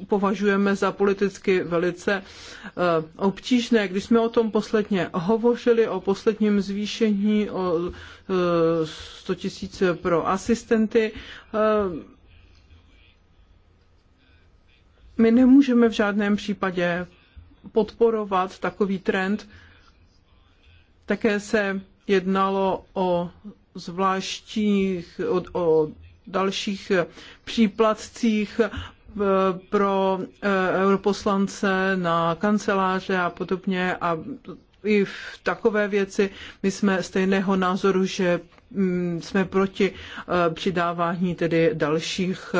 považujeme za politicky velice eh, obtížné. Když jsme o tom posledně hovořili, o posledním zvýšení o 100 eh, tisíc pro asistenty, eh, my nemůžeme v žádném případě podporovat takový trend. Také se jednalo o zvláštních, o, o dalších příplatcích Eh, pro eh, europoslance na kanceláře a podobně a i v takové věci my jsme stejného názoru, že mm, jsme proti eh, přidávání tedy dalších,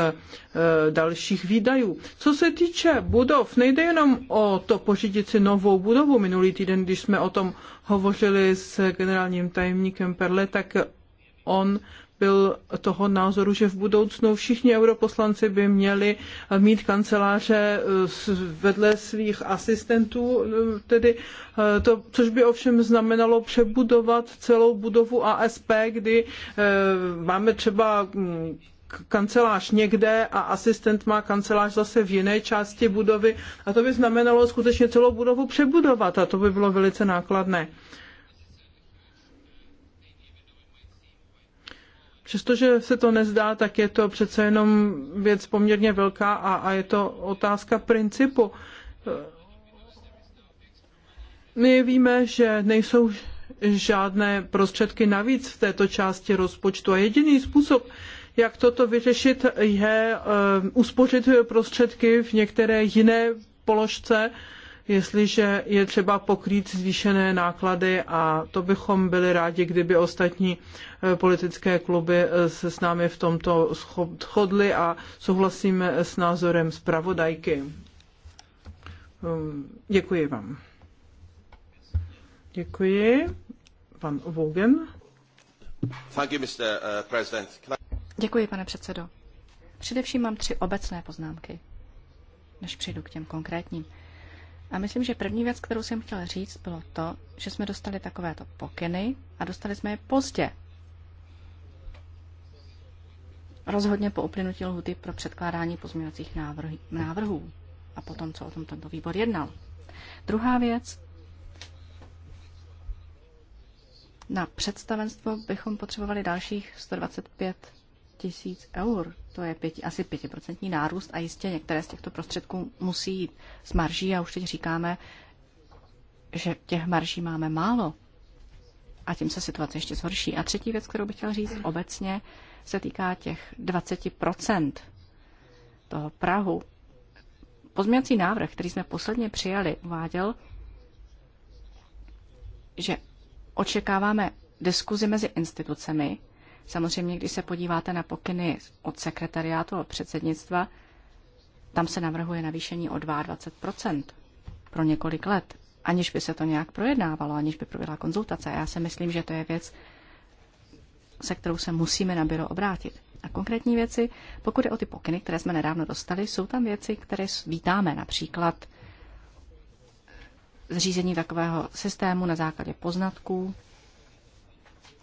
dalších výdajů. Co se týče budov, nejde jenom o to pořídit si novou budovu. Minulý týden, když jsme o tom hovořili s generálním tajemníkem Perle, tak on byl toho názoru, že v budoucnu všichni europoslanci by měli mít kanceláře eh, vedle svých asistentů, eh, tedy eh, to, což by ovšem znamenalo přebudovat celou budovu ASP, kdy máme třeba hm, kancelář někde a asistent má kancelář zase v jiné části budovy a to by znamenalo skutečně celou budovu přebudovat a to by bylo velice nákladné. Přestože se to nezdá, tak je to přece jenom věc poměrně velká a, a je to otázka principu. My víme, že nejsou žádné prostředky navíc v této části rozpočtu a jediný způsob, jak toto vyřešit, je eh, uspořit prostředky v některé jiné položce, jestliže je třeba pokrýt zvýšené náklady a to bychom byli rádi, kdyby ostatní eh, politické kluby eh, se s námi v tomto shodly a souhlasíme s názorem zpravodajky. Ehm, děkuji vám. Děkuji. Pan Vogen. Eh, děkuji, pane předsedo. Především mám tři obecné poznámky, než přijdu k těm konkrétním. A myslím, že první věc, kterou jsem chtěla říct, bylo to, že jsme dostali takovéto pokyny a dostali jsme je pozdě. Rozhodně po uplynutí lhuty pro předkládání pozměňovacích návrhů a potom, co o tom tento výbor jednal. Druhá věc, na představenstvo bychom potřebovali dalších 125 tisíc eur. To je pěti, asi pětiprocentní nárůst a jistě některé z těchto prostředků musí jít z marží a už teď říkáme, že těch marží máme málo a tím se situace ještě zhorší. A třetí věc, kterou bych chtěl říct obecně, se týká těch 20% toho Prahu. Pozměňovací návrh, který jsme posledně přijali, uváděl, že očekáváme diskuzi mezi institucemi, Samozřejmě, když se podíváte na pokyny od sekretariátu a předsednictva, tam se navrhuje navýšení o 22% pro několik let, aniž by se to nějak projednávalo, aniž by proběhla konzultace. Já si myslím, že to je věc, se kterou se musíme na byro obrátit. A konkrétní věci, pokud je o ty pokyny, které jsme nedávno dostali, jsou tam věci, které vítáme, například zřízení takového systému na základě poznatků,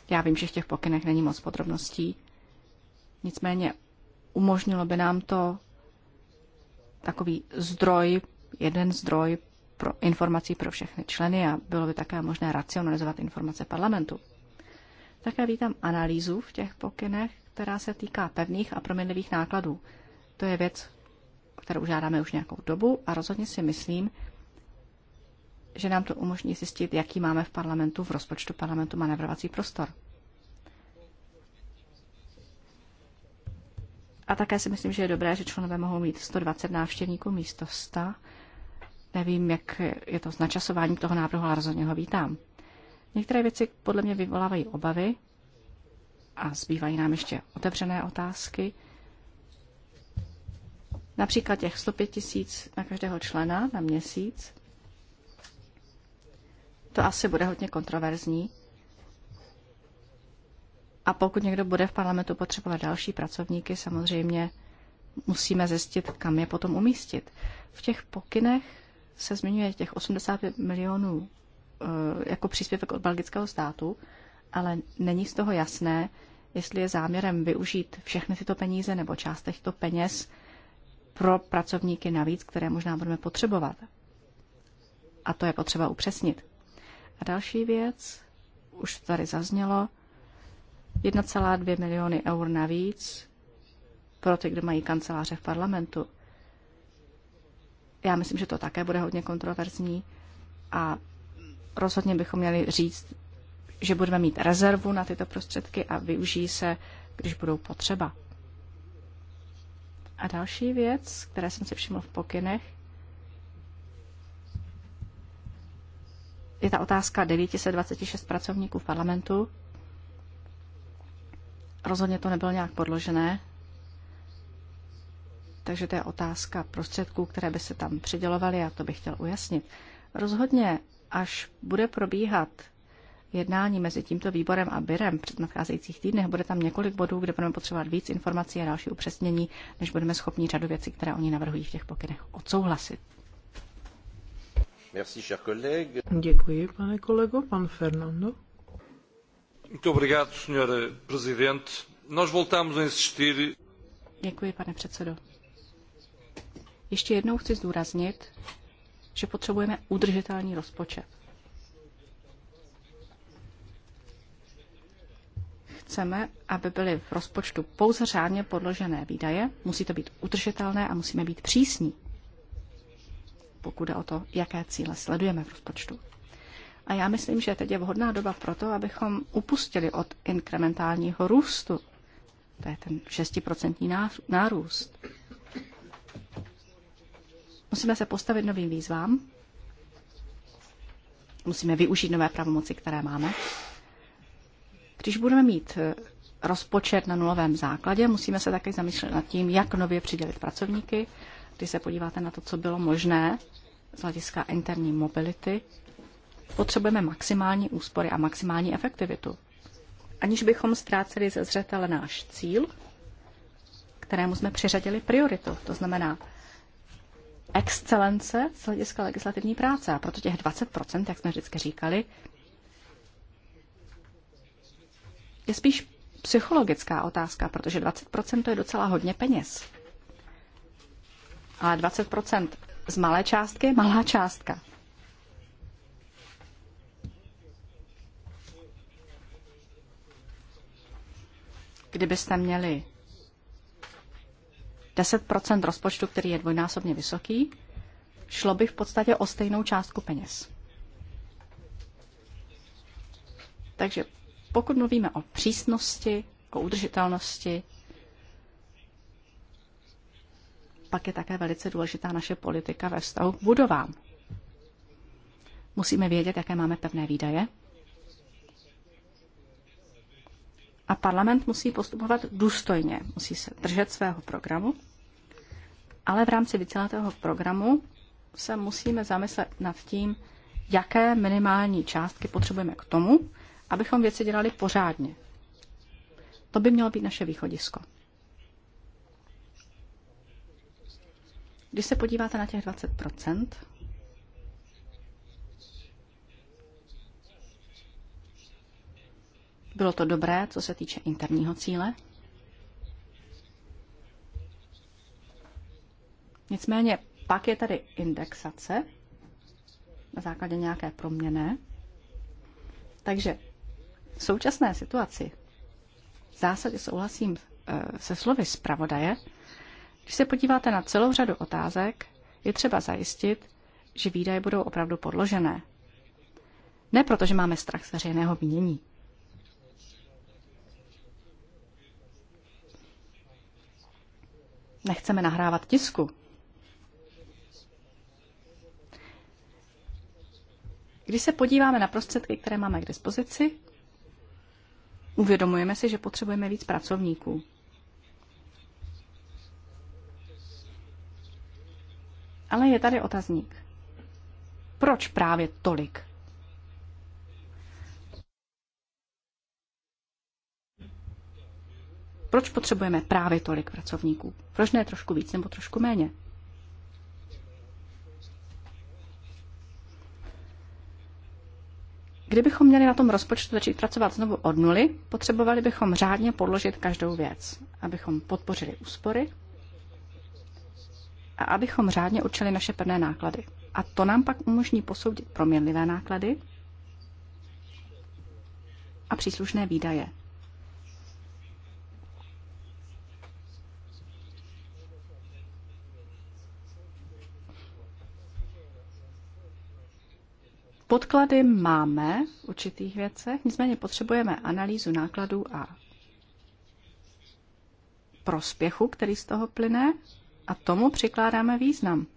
já vím, že v těch pokynech není moc podrobností, nicméně umožnilo by nám to takový zdroj, jeden zdroj pro informací pro všechny členy a bylo by také možné racionalizovat informace parlamentu. Také vítám analýzu v těch pokynech, která se týká pevných a proměnlivých nákladů. To je věc, kterou žádáme už nějakou dobu a rozhodně si myslím, že nám to umožní zjistit, jaký máme v parlamentu, v rozpočtu parlamentu manevrovací prostor. A také si myslím, že je dobré, že členové mohou mít 120 návštěvníků místo 100. Nevím, jak je to s načasováním toho návrhu, ale rozhodně ho vítám. Některé věci podle mě vyvolávají obavy a zbývají nám ještě otevřené otázky. Například těch 105 tisíc na každého člena na měsíc. To asi bude hodně kontroverzní. A pokud někdo bude v parlamentu potřebovat další pracovníky, samozřejmě musíme zjistit, kam je potom umístit. V těch pokynech se zmiňuje těch 80 milionů eh, jako příspěvek od belgického státu, ale není z toho jasné, jestli je záměrem využít všechny tyto peníze nebo část těchto peněz pro pracovníky navíc, které možná budeme potřebovat. A to je potřeba upřesnit. A další věc, už to tady zaznělo, 1,2 miliony eur navíc pro ty, kdo mají kanceláře v parlamentu. Já myslím, že to také bude hodně kontroverzní a rozhodně bychom měli říct, že budeme mít rezervu na tyto prostředky a využijí se, když budou potřeba. A další věc, které jsem si všiml v pokynech, je ta otázka 926 pracovníků v parlamentu. Rozhodně to nebylo nějak podložené, takže to je otázka prostředků, které by se tam přidělovaly a to bych chtěl ujasnit. Rozhodně, až bude probíhat jednání mezi tímto výborem a Birem před nadcházejících týdnech, bude tam několik bodů, kde budeme potřebovat víc informací a další upřesnění, než budeme schopni řadu věcí, které oni navrhují v těch pokynech, odsouhlasit. Merci, cher collègue. Děkuji, pane kolego. Pan Fernando. Muito obrigado, senhora presidente. Nós voltamos a insistir. Děkuji, pane předsedo. Ještě jednou chci zdůraznit, že potřebujeme udržitelný rozpočet. Chceme, aby byly v rozpočtu pouze řádně podložené výdaje, musí to být udržitelné a musíme být přísní pokud jde o to, jaké cíle sledujeme v rozpočtu. A já myslím, že teď je vhodná doba pro to, abychom upustili od inkrementálního růstu. To je ten 6% nárůst. Musíme se postavit novým výzvám. Musíme využít nové pravomoci, které máme. Když budeme mít rozpočet na nulovém základě, musíme se také zamýšlet nad tím, jak nově přidělit pracovníky když se podíváte na to, co bylo možné z hlediska interní mobility, potřebujeme maximální úspory a maximální efektivitu. Aniž bychom ztráceli ze zřetele náš cíl, kterému jsme přiřadili prioritu, to znamená excelence z hlediska legislativní práce. A proto těch 20%, jak jsme vždycky říkali, je spíš psychologická otázka, protože 20% to je docela hodně peněz ale 20 z malé částky je malá částka. Kdybyste měli 10 rozpočtu, který je dvojnásobně vysoký, šlo by v podstatě o stejnou částku peněz. Takže pokud mluvíme o přísnosti, o udržitelnosti, pak je také velice důležitá naše politika ve vztahu k budovám. Musíme vědět, jaké máme pevné výdaje. A parlament musí postupovat důstojně, musí se držet svého programu, ale v rámci víceletého programu se musíme zamyslet nad tím, jaké minimální částky potřebujeme k tomu, abychom věci dělali pořádně. To by mělo být naše východisko. Když se podíváte na těch 20 bylo to dobré, co se týče interního cíle. Nicméně pak je tady indexace na základě nějaké proměny. Takže v současné situaci v zásadě souhlasím eh, se slovy zpravodaje, když se podíváte na celou řadu otázek, je třeba zajistit, že výdaje budou opravdu podložené. Ne proto, že máme strach z veřejného mínění. Nechceme nahrávat tisku. Když se podíváme na prostředky, které máme k dispozici, uvědomujeme si, že potřebujeme víc pracovníků. Ale je tady otazník. Proč právě tolik? Proč potřebujeme právě tolik pracovníků? Proč ne trošku víc nebo trošku méně? Kdybychom měli na tom rozpočtu začít pracovat znovu od nuly, potřebovali bychom řádně podložit každou věc, abychom podpořili úspory, a abychom řádně určili naše pevné náklady. A to nám pak umožní posoudit proměnlivé náklady a příslušné výdaje. Podklady máme v určitých věcech, nicméně potřebujeme analýzu nákladů a prospěchu, který z toho plyne, a tomu přikládáme význam.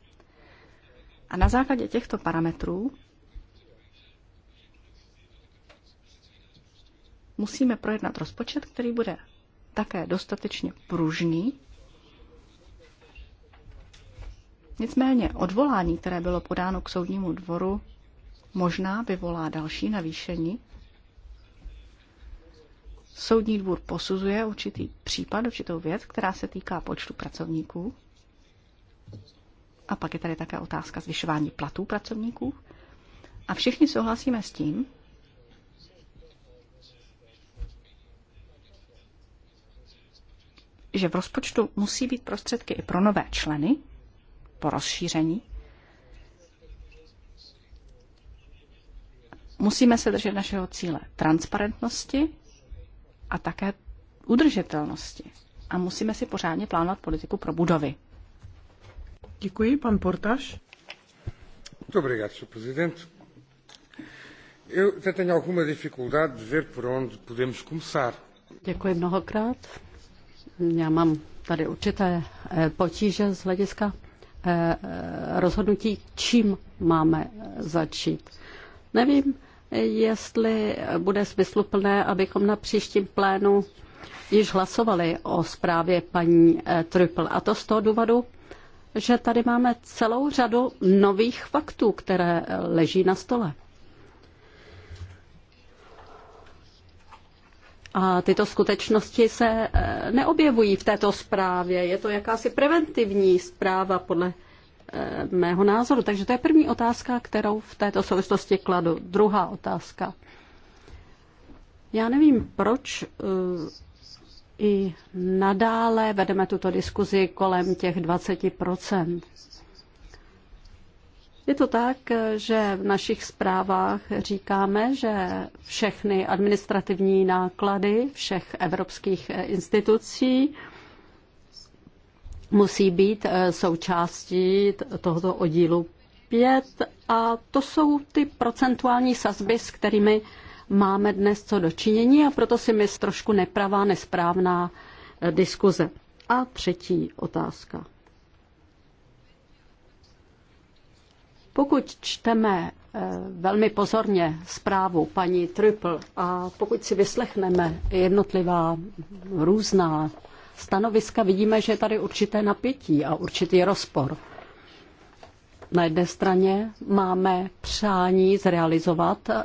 A na základě těchto parametrů musíme projednat rozpočet, který bude také dostatečně pružný. Nicméně odvolání, které bylo podáno k soudnímu dvoru, možná vyvolá další navýšení. Soudní dvůr posuzuje určitý případ, určitou věc, která se týká počtu pracovníků. A pak je tady také otázka zvyšování platů pracovníků. A všichni souhlasíme s tím, že v rozpočtu musí být prostředky i pro nové členy, po rozšíření. Musíme se držet našeho cíle transparentnosti a také udržitelnosti. A musíme si pořádně plánovat politiku pro budovy. Děkuji, pan Portaš. Dobrý den, tenho ver por onde podemos começar. Děkuji mnohokrát. Já mám tady určité eh, potíže z hlediska eh, eh, rozhodnutí, čím máme začít. Nevím, jestli bude smysluplné, abychom na příštím plénu již hlasovali o zprávě paní Trüppel. A to z toho důvodu, že tady máme celou řadu nových faktů, které leží na stole. A tyto skutečnosti se eh, neobjevují v této zprávě. Je to jakási preventivní zpráva podle eh, mého názoru. Takže to je první otázka, kterou v této souvislosti kladu. Druhá otázka. Já nevím, proč eh, i nadále vedeme tuto diskuzi kolem těch 20 je to tak, že v našich zprávách říkáme, že všechny administrativní náklady všech evropských institucí musí být eh, součástí tohoto oddílu 5 a to jsou ty procentuální sazby, s kterými máme dnes co dočinění a proto si myslím trošku nepravá, nesprávná eh, diskuze. A třetí otázka. Pokud čteme eh, velmi pozorně zprávu paní Triple a pokud si vyslechneme jednotlivá různá stanoviska, vidíme, že je tady určité napětí a určitý rozpor. Na jedné straně máme přání zrealizovat eh,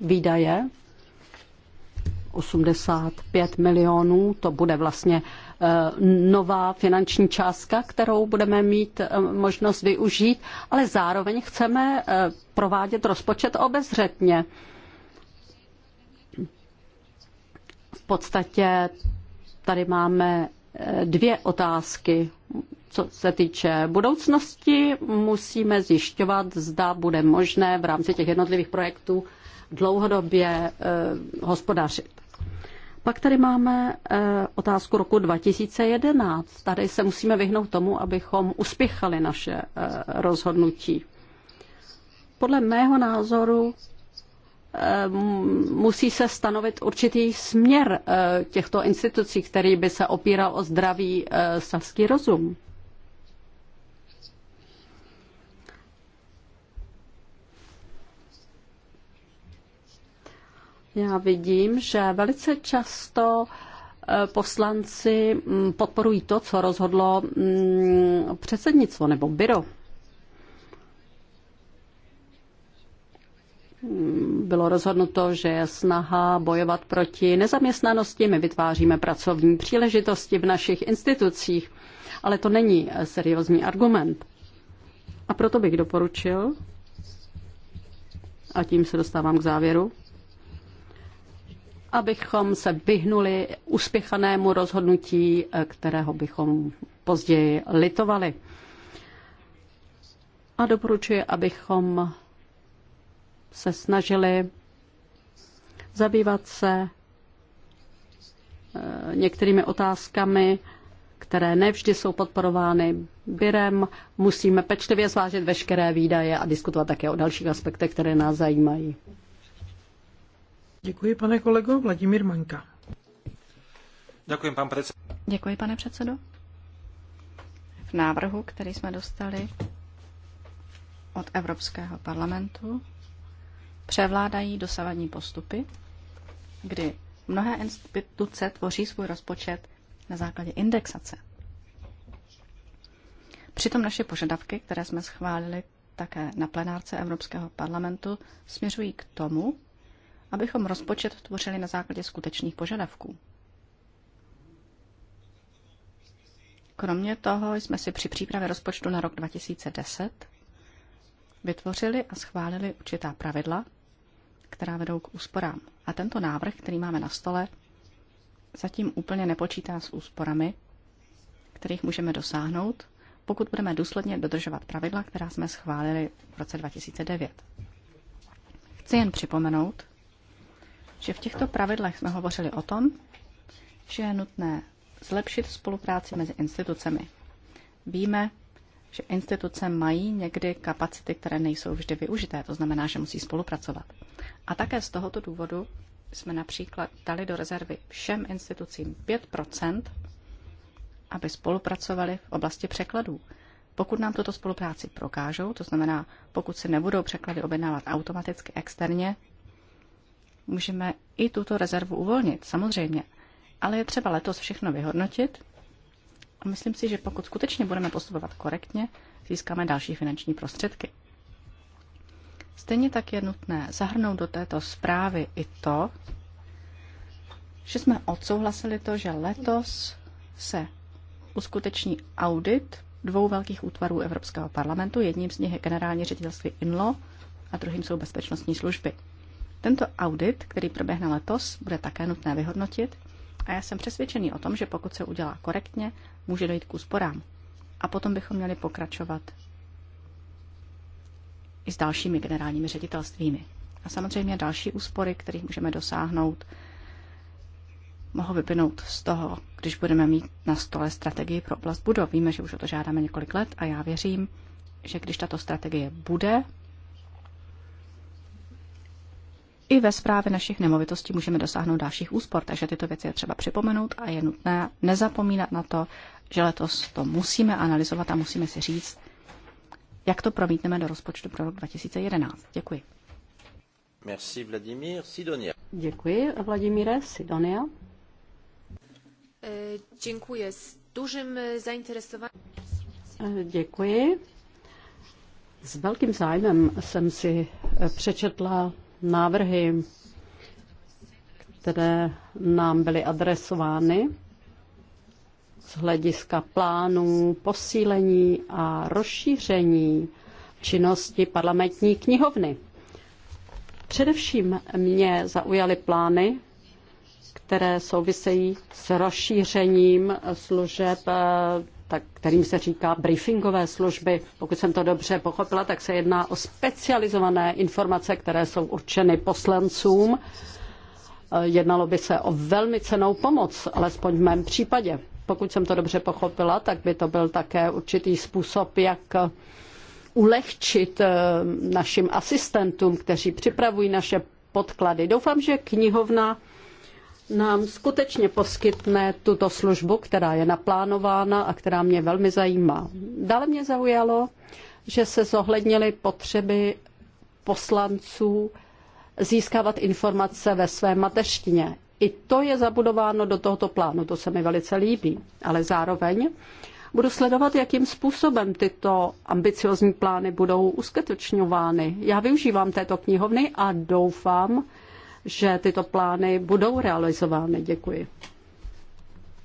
výdaje 85 milionů, to bude vlastně eh, nová finanční částka, kterou budeme mít eh, možnost využít, ale zároveň chceme provádět rozpočet obezřetně. V podstatě tady máme dvě otázky. Co se týče budoucnosti, musíme zjišťovat, zda bude možné v rámci těch jednotlivých projektů dlouhodobě eh, hospodařit. Pak tady máme eh, otázku roku 2011. Tady se musíme vyhnout tomu, abychom uspěchali naše eh, rozhodnutí. Podle mého názoru eh, musí se stanovit určitý směr eh, těchto institucí, který by se opíral o zdravý eh, selský rozum. Já vidím, že velice často eh, poslanci mm, podporují to, co rozhodlo mm, předsednictvo nebo byro. Mm, bylo rozhodnuto, že je snaha bojovat proti nezaměstnanosti, my vytváříme pracovní příležitosti v našich institucích, ale to není eh, seriózní argument. A proto bych doporučil, a tím se dostávám k závěru, abychom se vyhnuli uspěchanému rozhodnutí, eh, kterého bychom později litovali. A doporučuji, abychom se snažili zabývat se eh, některými otázkami, které nevždy jsou podporovány Birem. Musíme pečlivě zvážit veškeré výdaje a diskutovat také o dalších aspektech, které nás zajímají. Děkuji, pane kolego. Vladimír Manka. Děkuji, pan předsedo. Děkuji, pane předsedo. V návrhu, který jsme dostali od Evropského parlamentu, převládají dosavadní postupy, kdy mnohé instituce tvoří svůj rozpočet na základě indexace. Přitom naše požadavky, které jsme schválili také na plenárce Evropského parlamentu, směřují k tomu, abychom rozpočet tvořili na základě skutečných požadavků. Kromě toho jsme si při přípravě rozpočtu na rok 2010 vytvořili a schválili určitá pravidla, která vedou k úsporám. A tento návrh, který máme na stole, zatím úplně nepočítá s úsporami, kterých můžeme dosáhnout, pokud budeme důsledně dodržovat pravidla, která jsme schválili v roce 2009. Chci jen připomenout, že v těchto pravidlech jsme hovořili o tom, že je nutné zlepšit spolupráci mezi institucemi. Víme, že instituce mají někdy kapacity, které nejsou vždy využité, to znamená, že musí spolupracovat. A také z tohoto důvodu jsme například dali do rezervy všem institucím 5 aby spolupracovali v oblasti překladů. Pokud nám tuto spolupráci prokážou, to znamená, pokud si nebudou překlady objednávat automaticky externě, můžeme i tuto rezervu uvolnit, samozřejmě. Ale je třeba letos všechno vyhodnotit a myslím si, že pokud skutečně budeme postupovat korektně, získáme další finanční prostředky. Stejně tak je nutné zahrnout do této zprávy i to, že jsme odsouhlasili to, že letos se uskuteční audit dvou velkých útvarů Evropského parlamentu. Jedním z nich je generální ředitelství INLO a druhým jsou bezpečnostní služby. Tento audit, který proběhne letos, bude také nutné vyhodnotit a já jsem přesvědčený o tom, že pokud se udělá korektně, může dojít k úsporám. A potom bychom měli pokračovat i s dalšími generálními ředitelstvími. A samozřejmě další úspory, kterých můžeme dosáhnout, mohou vyplynout z toho, když budeme mít na stole strategii pro oblast budov. Víme, že už o to žádáme několik let a já věřím, že když tato strategie bude i ve zprávě našich nemovitostí můžeme dosáhnout dalších úspor, takže tyto věci je třeba připomenout a je nutné nezapomínat na to, že letos to musíme analyzovat a musíme si říct, jak to promítneme do rozpočtu pro rok 2011. Děkuji. Merci, Vladimír. Sidonia. Děkuji, Vladimíre. Sidonia. Eh, děkuji. S dužím eh, zainteresováním. Eh, děkuji. S velkým zájmem jsem si přečetla návrhy, které nám byly adresovány z hlediska plánů posílení a rozšíření činnosti parlamentní knihovny. Především mě zaujaly plány, které souvisejí s rozšířením služeb tak, kterým se říká briefingové služby. Pokud jsem to dobře pochopila, tak se jedná o specializované informace, které jsou určeny poslancům. Eh, jednalo by se o velmi cenou pomoc, alespoň v mém případě. Pokud jsem to dobře pochopila, tak by to byl také určitý způsob, jak eh, ulehčit eh, našim asistentům, kteří připravují naše podklady. Doufám, že knihovna nám skutečně poskytne tuto službu, která je naplánována a která mě velmi zajímá. Dále mě zaujalo, že se zohlednily potřeby poslanců získávat informace ve své mateřštině. I to je zabudováno do tohoto plánu, to se mi velice líbí. Ale zároveň budu sledovat, jakým způsobem tyto ambiciozní plány budou uskutečňovány. Já využívám této knihovny a doufám, že tyto plány budou realizovány. Děkuji.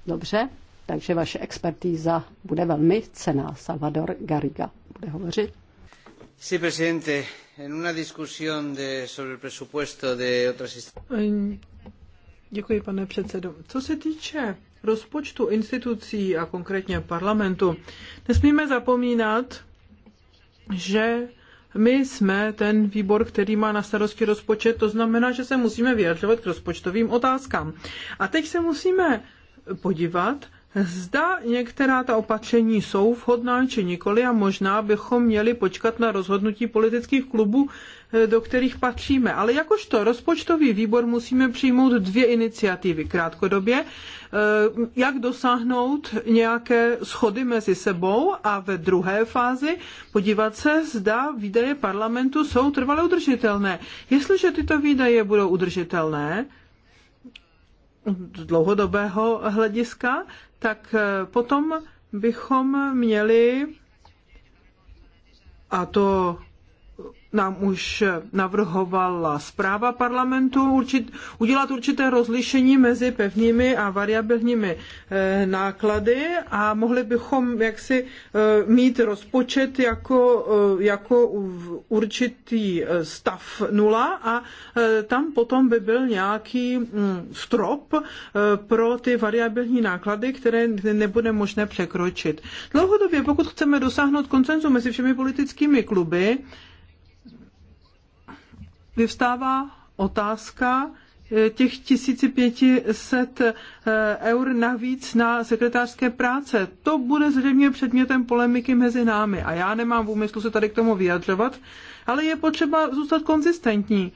Dobře, takže vaše expertíza bude velmi cená. Salvador Garriga bude hovořit. Sí, presidente. En una discusión de, sobre el presupuesto de otras Děkuji, pane předsedo. Co se týče rozpočtu institucí a konkrétně parlamentu, nesmíme zapomínat, že my jsme ten výbor, který má na starosti rozpočet, to znamená, že se musíme vyjadřovat k rozpočtovým otázkám. A teď se musíme podívat, Zda některá ta opatření jsou vhodná či nikoli a možná bychom měli počkat na rozhodnutí politických klubů, do kterých patříme. Ale jakožto rozpočtový výbor musíme přijmout dvě iniciativy krátkodobě, e, jak dosáhnout nějaké schody mezi sebou a ve druhé fázi podívat se, zda výdaje parlamentu jsou trvale udržitelné. Jestliže tyto výdaje budou udržitelné, z dlouhodobého hlediska, tak e, potom bychom měli, a to nám už navrhovala zpráva parlamentu určit, udělat určité rozlišení mezi pevnými a variabilními e, náklady a mohli bychom jaksi e, mít rozpočet jako, e, jako určitý stav nula a e, tam potom by byl nějaký m, mm, strop e, pro ty variabilní náklady, které nebude možné překročit. Dlouhodobě, pokud chceme dosáhnout koncenzu mezi všemi politickými kluby, vyvstává otázka eh, těch 1500 eh, eur navíc na sekretářské práce. To bude zřejmě předmětem polemiky mezi námi a já nemám v úmyslu se tady k tomu vyjadřovat, ale je potřeba zůstat konzistentní.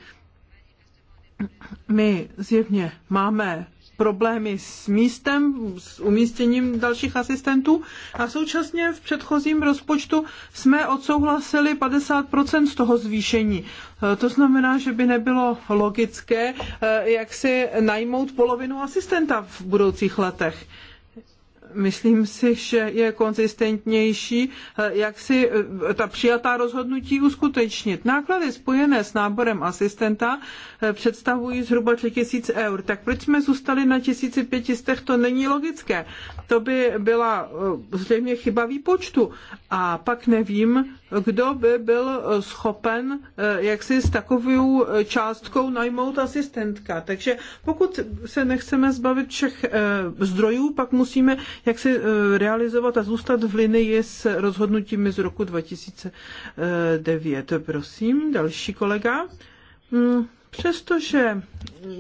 My zjevně máme problémy s místem, s umístěním dalších asistentů a současně v předchozím rozpočtu jsme odsouhlasili 50% z toho zvýšení. E, to znamená, že by nebylo logické, e, jak si najmout polovinu asistenta v budoucích letech myslím si, že je konzistentnější, eh, jak si eh, ta přijatá rozhodnutí uskutečnit. Náklady spojené s náborem asistenta eh, představují zhruba 3000 eur. Tak proč jsme zůstali na 1500? To není logické. To by byla zřejmě chyba výpočtu. A pak nevím, kdo by byl eh, schopen eh, jak si s takovou eh, částkou najmout asistentka. Takže pokud se nechceme zbavit všech zdrojů, pak musíme jak si realizovat a zůstat v linii s rozhodnutími z roku 2009. Prosím, další kolega. Hmm, přestože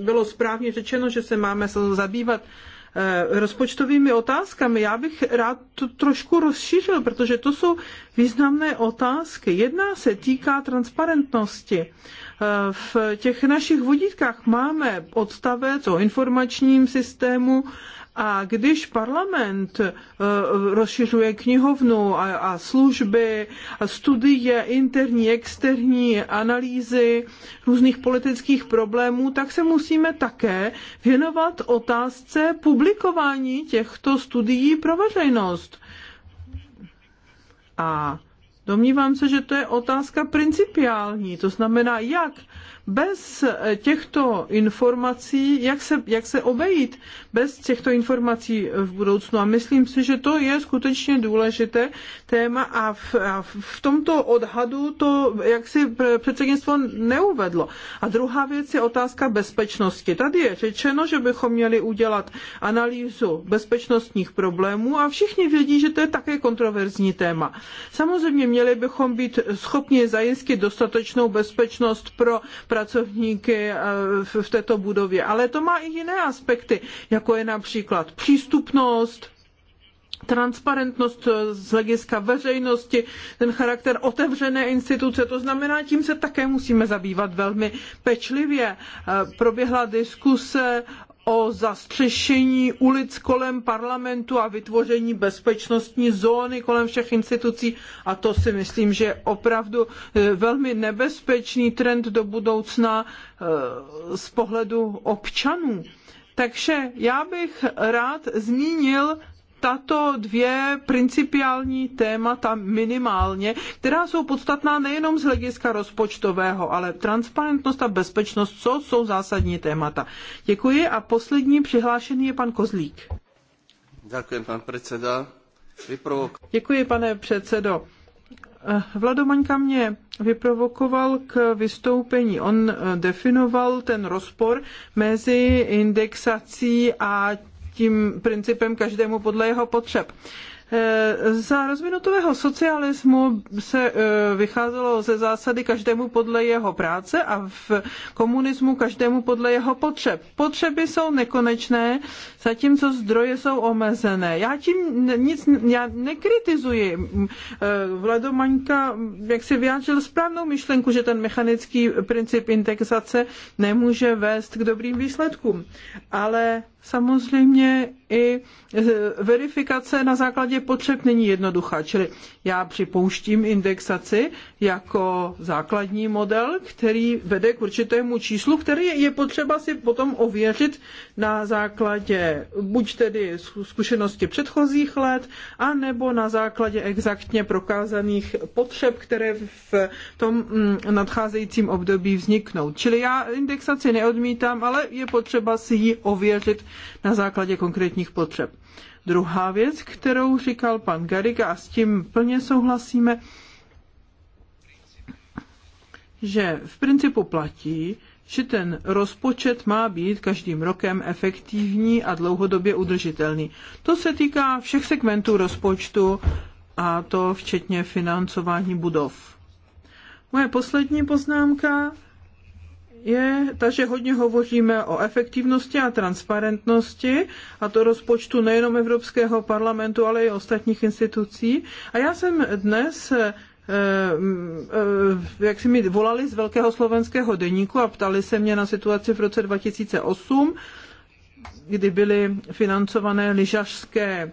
bylo správně řečeno, že se máme zabývat Eh, rozpočtovými otázkami. Já bych rád to trošku rozšířil, protože to jsou významné otázky. Jedna se týká transparentnosti. Eh, v těch našich vodítkách máme odstavec o informačním systému a když parlament eh, rozšiřuje knihovnu a, a služby, a studie interní, externí, analýzy různých politických problémů, tak se musíme také věnovat otázce publikování těchto studií pro veřejnost. A Domnívám se, že to je otázka principiální, to znamená, jak bez těchto informací, jak se, jak se obejít bez těchto informací v budoucnu. A myslím si, že to je skutečně důležité téma a v, a v tomto odhadu to, jak si předsednictvo neuvedlo. A druhá věc je otázka bezpečnosti. Tady je řečeno, že bychom měli udělat analýzu bezpečnostních problémů a všichni vědí, že to je také kontroverzní téma. Samozřejmě měli bychom být schopni zajistit dostatečnou bezpečnost pro pracovníky eh, v této budově. Ale to má i jiné aspekty, jako je například přístupnost, transparentnost eh, z hlediska veřejnosti, ten charakter otevřené instituce. To znamená, tím se také musíme zabývat velmi pečlivě. Eh, proběhla diskuse o zastřešení ulic kolem parlamentu a vytvoření bezpečnostní zóny kolem všech institucí a to si myslím, že je opravdu eh, velmi nebezpečný trend do budoucna eh, z pohledu občanů. Takže já bych rád zmínil tato dvě principiální témata minimálně, která jsou podstatná nejenom z hlediska rozpočtového, ale transparentnost a bezpečnost, co jsou zásadní témata. Děkuji a poslední přihlášený je pan Kozlík. Děkuji, pan předseda. Vyprovok... Děkuji, pane předsedo. Vlado Maňka mě vyprovokoval k vystoupení. On definoval ten rozpor mezi indexací a tím principem každému podle jeho potřeb. Eh, za rozvinutového socialismu se eh, vycházelo ze zásady každému podle jeho práce a v komunismu každému podle jeho potřeb. Potřeby jsou nekonečné, zatímco zdroje jsou omezené. Já tím nic já nekritizuji. Eh, Vlado Maňka, jak si vyjádřil správnou myšlenku, že ten mechanický princip indexace nemůže vést k dobrým výsledkům. Ale samozřejmě i e, verifikace na základě potřeb není jednoduchá. Čili já připouštím indexaci jako základní model, který vede k určitému číslu, který je potřeba si potom ověřit na základě buď tedy zkušenosti předchozích let, anebo na základě exaktně prokázaných potřeb, které v tom mm, nadcházejícím období vzniknou. Čili já indexaci neodmítám, ale je potřeba si ji ověřit na základě konkrétních potřeb. Druhá věc, kterou říkal pan Gariga a s tím plně souhlasíme, že v principu platí, že ten rozpočet má být každým rokem efektivní a dlouhodobě udržitelný. To se týká všech segmentů rozpočtu a to včetně financování budov. Moje poslední poznámka je ta, že hodně hovoříme o efektivnosti a transparentnosti a to rozpočtu nejenom Evropského parlamentu, ale i ostatních institucí. A já jsem dnes eh, eh, jak si mi volali z Velkého slovenského deníku a ptali se mě na situaci v roce 2008, kdy byly financované lyžařské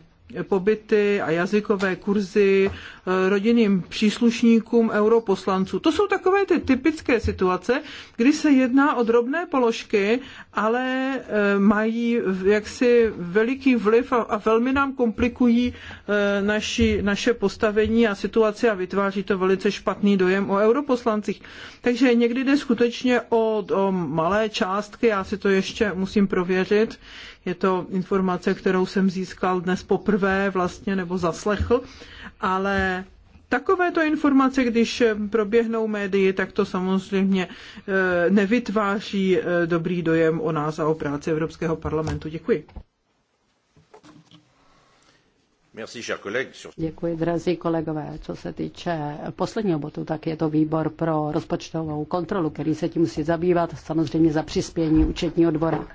pobyty a jazykové kurzy eh, rodinným příslušníkům europoslanců. To jsou takové ty typické situace, kdy se jedná o drobné položky, ale eh, mají jaksi veliký vliv a velmi nám komplikují eh, naši, naše postavení a situaci a vytváří to velice špatný dojem o europoslancích. Takže někdy jde skutečně o, o malé částky, já si to ještě musím prověřit je to informace, kterou jsem získal dnes poprvé vlastně nebo zaslechl, ale Takovéto informace, když proběhnou médii, tak to samozřejmě eh, nevytváří eh, dobrý dojem o nás a o práci Evropského parlamentu. Děkuji. Děkuji, drazí kolegové. Co se týče posledního botu, tak je to výbor pro rozpočtovou kontrolu, který se tím musí zabývat, samozřejmě za přispění účetního dvora.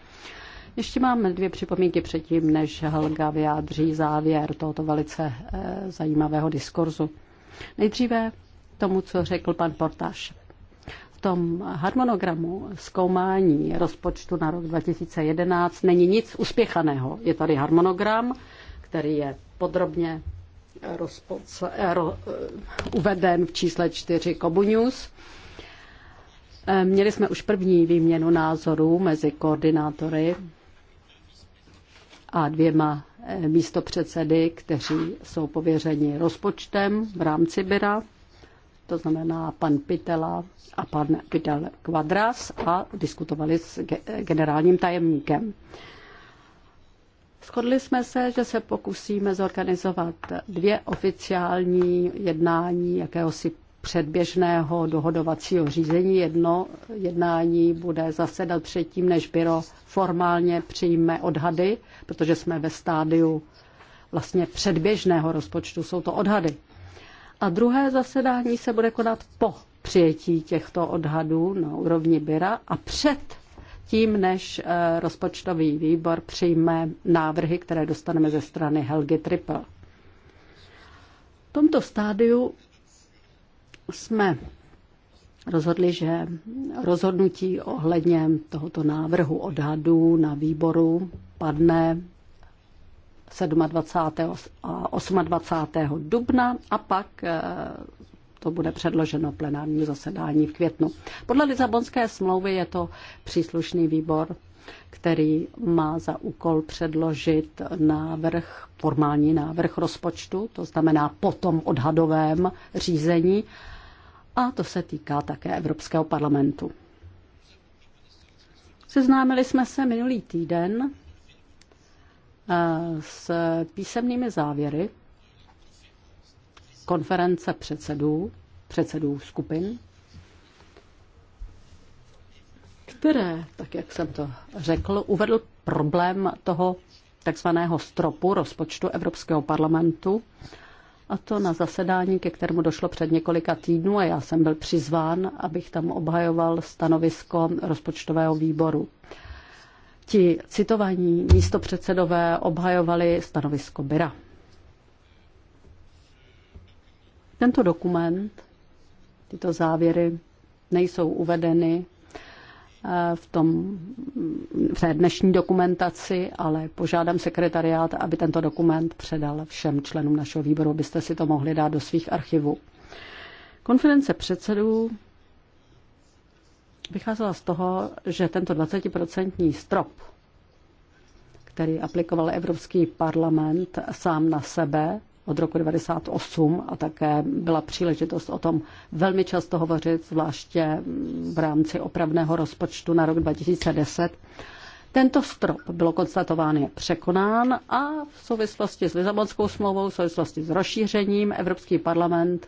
Ještě máme dvě připomínky předtím, než Helga vyjádří závěr tohoto velice eh, zajímavého diskurzu. Nejdříve tomu, co řekl pan Portáš. V tom harmonogramu zkoumání rozpočtu na rok 2011 není nic uspěchaného. Je tady harmonogram, který je podrobně rozpoc, eh, ro, eh, uveden v čísle 4 Kobunius. Měli jsme už první výměnu názorů mezi koordinátory a dvěma eh, místopředsedy, kteří jsou pověřeni rozpočtem v rámci Byra, to znamená pan Pitela a pan Pitel Kvadras a diskutovali s generálním tajemníkem. Shodli jsme se, že se pokusíme zorganizovat dvě oficiální jednání jakéhosi předběžného dohodovacího řízení. Jedno jednání bude zasedat předtím, než byro formálně přijme odhady, protože jsme ve stádiu vlastně předběžného rozpočtu. Jsou to odhady. A druhé zasedání se bude konat po přijetí těchto odhadů na úrovni byra a před tím, než eh, rozpočtový výbor přijme návrhy, které dostaneme ze strany Helgi Triple. V tomto stádiu jsme rozhodli, že rozhodnutí ohledně tohoto návrhu odhadu na výboru padne 27. a 28. dubna a pak eh, to bude předloženo plenárnímu zasedání v květnu. Podle Lisabonské smlouvy je to příslušný výbor, který má za úkol předložit návrh, formální návrh rozpočtu, to znamená potom odhadovém řízení a to se týká také Evropského parlamentu. Seznámili jsme se minulý týden eh, s písemnými závěry konference předsedů, předsedů skupin, které, tak jak jsem to řekl, uvedl problém toho takzvaného stropu rozpočtu Evropského parlamentu a to na zasedání, ke kterému došlo před několika týdnů a já jsem byl přizván, abych tam obhajoval stanovisko rozpočtového výboru. Ti citovaní místopředsedové obhajovali stanovisko Byra. Tento dokument, tyto závěry nejsou uvedeny Eh, v, tom, v té dnešní dokumentaci, ale požádám sekretariát, aby tento dokument předal všem členům našeho výboru, abyste si to mohli dát do svých archivů. Konference předsedů vycházela z toho, že tento 20% strop, který aplikoval Evropský parlament sám na sebe, od roku 1998 a také byla příležitost o tom velmi často hovořit, zvláště v rámci opravného rozpočtu na rok 2010. Tento strop bylo konstatován je překonán a v souvislosti s Lizabonskou smlouvou, v souvislosti s rozšířením Evropský parlament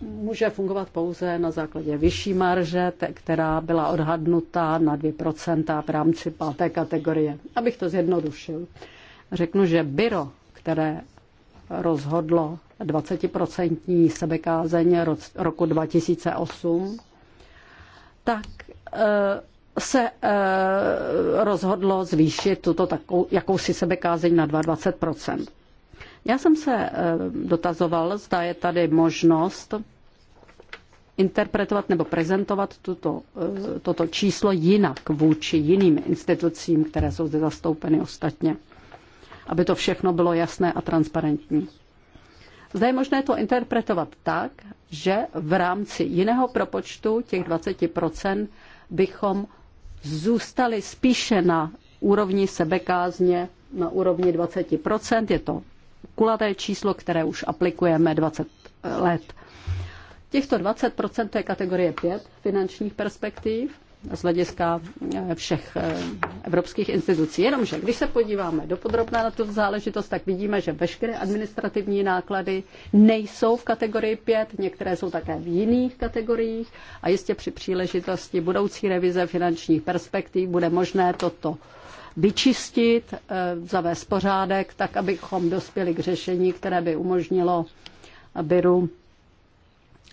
může fungovat pouze na základě vyšší marže, která byla odhadnuta na 2% v rámci páté kategorie. Abych to zjednodušil, řeknu, že byro které rozhodlo 20% sebekázeň roku 2008, tak eh, se eh, rozhodlo zvýšit tuto takovou, jakousi sebekázeň na 22%. Já jsem se eh, dotazoval, zda je tady možnost interpretovat nebo prezentovat tuto, toto číslo jinak vůči jiným institucím, které jsou zde zastoupeny ostatně aby to všechno bylo jasné a transparentní. Zde je možné to interpretovat tak, že v rámci jiného propočtu těch 20% bychom zůstali spíše na úrovni sebekázně, na úrovni 20%. Je to kulaté číslo, které už aplikujeme 20 let. Těchto 20% to je kategorie 5 finančních perspektiv z hlediska eh, všech eh, evropských institucí. Jenomže když se podíváme do podrobná na tu záležitost, tak vidíme, že veškeré administrativní náklady nejsou v kategorii 5, některé jsou také v jiných kategoriích a jistě při příležitosti budoucí revize finančních perspektiv bude možné toto vyčistit, eh, zavést pořádek, tak abychom dospěli k řešení, které by umožnilo Beru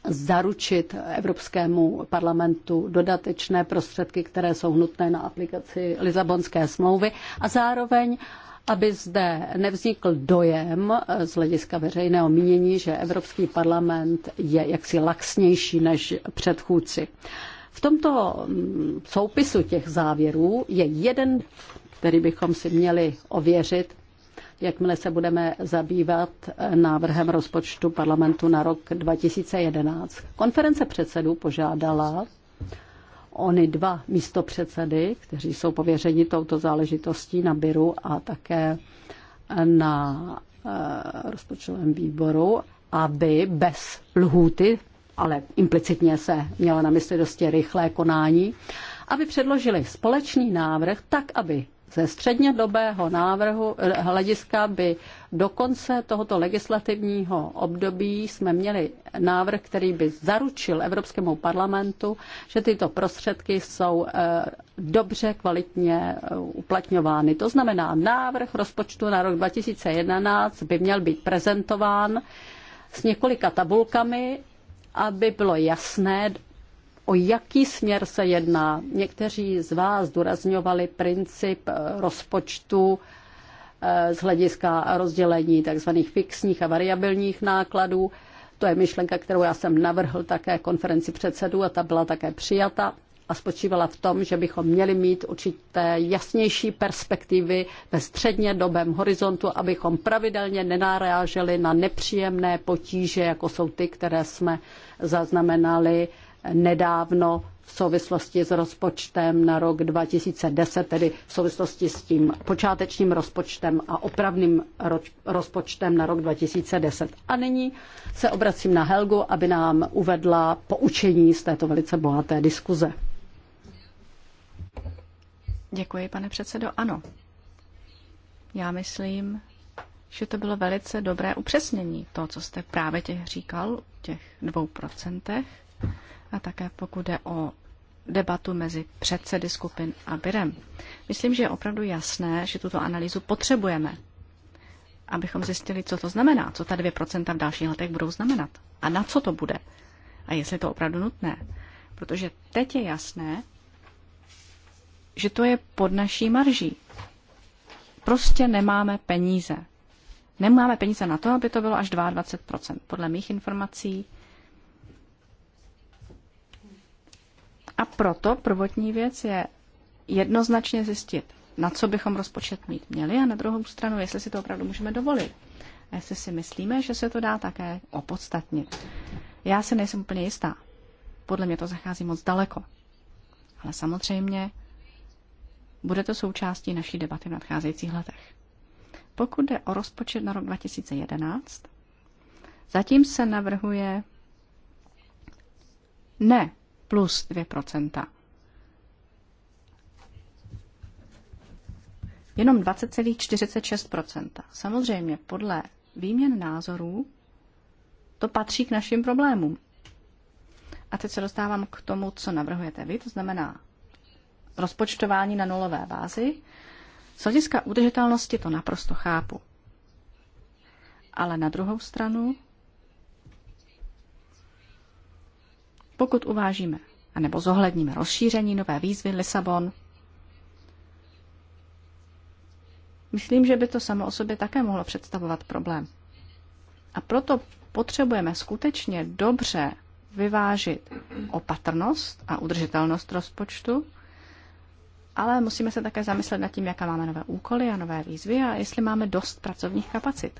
zaručit Evropskému parlamentu dodatečné prostředky, které jsou nutné na aplikaci Lisabonské smlouvy a zároveň aby zde nevznikl dojem z hlediska veřejného mínění, že Evropský parlament je jaksi laxnější než předchůdci. V tomto mm, soupisu těch závěrů je jeden, který bychom si měli ověřit, jakmile se budeme zabývat návrhem rozpočtu parlamentu na rok 2011. Konference předsedů požádala ony dva místopředsedy, kteří jsou pověřeni touto záležitostí na Biru a také na eh, rozpočtovém výboru, aby bez lhůty, ale implicitně se mělo na mysli dosti rychlé konání, aby předložili společný návrh tak, aby ze střednědobého návrhu eh, hlediska by do konce tohoto legislativního období jsme měli návrh, který by zaručil Evropskému parlamentu, že tyto prostředky jsou eh, dobře, kvalitně eh, uplatňovány. To znamená, návrh rozpočtu na rok 2011 by měl být prezentován s několika tabulkami, aby bylo jasné, o jaký směr se jedná. Někteří z vás zdůrazňovali princip eh, rozpočtu eh, z hlediska rozdělení tzv. fixních a variabilních nákladů. To je myšlenka, kterou já jsem navrhl také konferenci předsedů a ta byla také přijata a spočívala v tom, že bychom měli mít určité jasnější perspektivy ve středně dobém horizontu, abychom pravidelně nenaráželi na nepříjemné potíže, jako jsou ty, které jsme zaznamenali nedávno v souvislosti s rozpočtem na rok 2010, tedy v souvislosti s tím počátečním rozpočtem a opravným rozpočtem na rok 2010. A nyní se obracím na Helgu, aby nám uvedla poučení z této velice bohaté diskuze. Děkuji, pane předsedo. Ano. Já myslím, že to bylo velice dobré upřesnění, to, co jste právě těch říkal, těch dvou procentech a také pokud jde o debatu mezi předsedy skupin a Birem. Myslím, že je opravdu jasné, že tuto analýzu potřebujeme, abychom zjistili, co to znamená, co ta 2% v dalších letech budou znamenat a na co to bude a jestli je to opravdu nutné. Protože teď je jasné, že to je pod naší marží. Prostě nemáme peníze. Nemáme peníze na to, aby to bylo až 22%. Podle mých informací A proto prvotní věc je jednoznačně zjistit, na co bychom rozpočet mít měli a na druhou stranu, jestli si to opravdu můžeme dovolit. A jestli si myslíme, že se to dá také opodstatnit. Já si nejsem úplně jistá. Podle mě to zachází moc daleko. Ale samozřejmě bude to součástí naší debaty v nadcházejících letech. Pokud jde o rozpočet na rok 2011, zatím se navrhuje ne plus 2 Jenom 20,46 Samozřejmě podle výměn názorů to patří k našim problémům. A teď se dostávám k tomu, co navrhujete vy, to znamená rozpočtování na nulové bázi. Z hlediska udržitelnosti to naprosto chápu. Ale na druhou stranu Pokud uvážíme anebo zohledníme rozšíření nové výzvy Lisabon, myslím, že by to samo o sobě také mohlo představovat problém. A proto potřebujeme skutečně dobře vyvážit opatrnost a udržitelnost rozpočtu, ale musíme se také zamyslet nad tím, jaká máme nové úkoly a nové výzvy a jestli máme dost pracovních kapacit.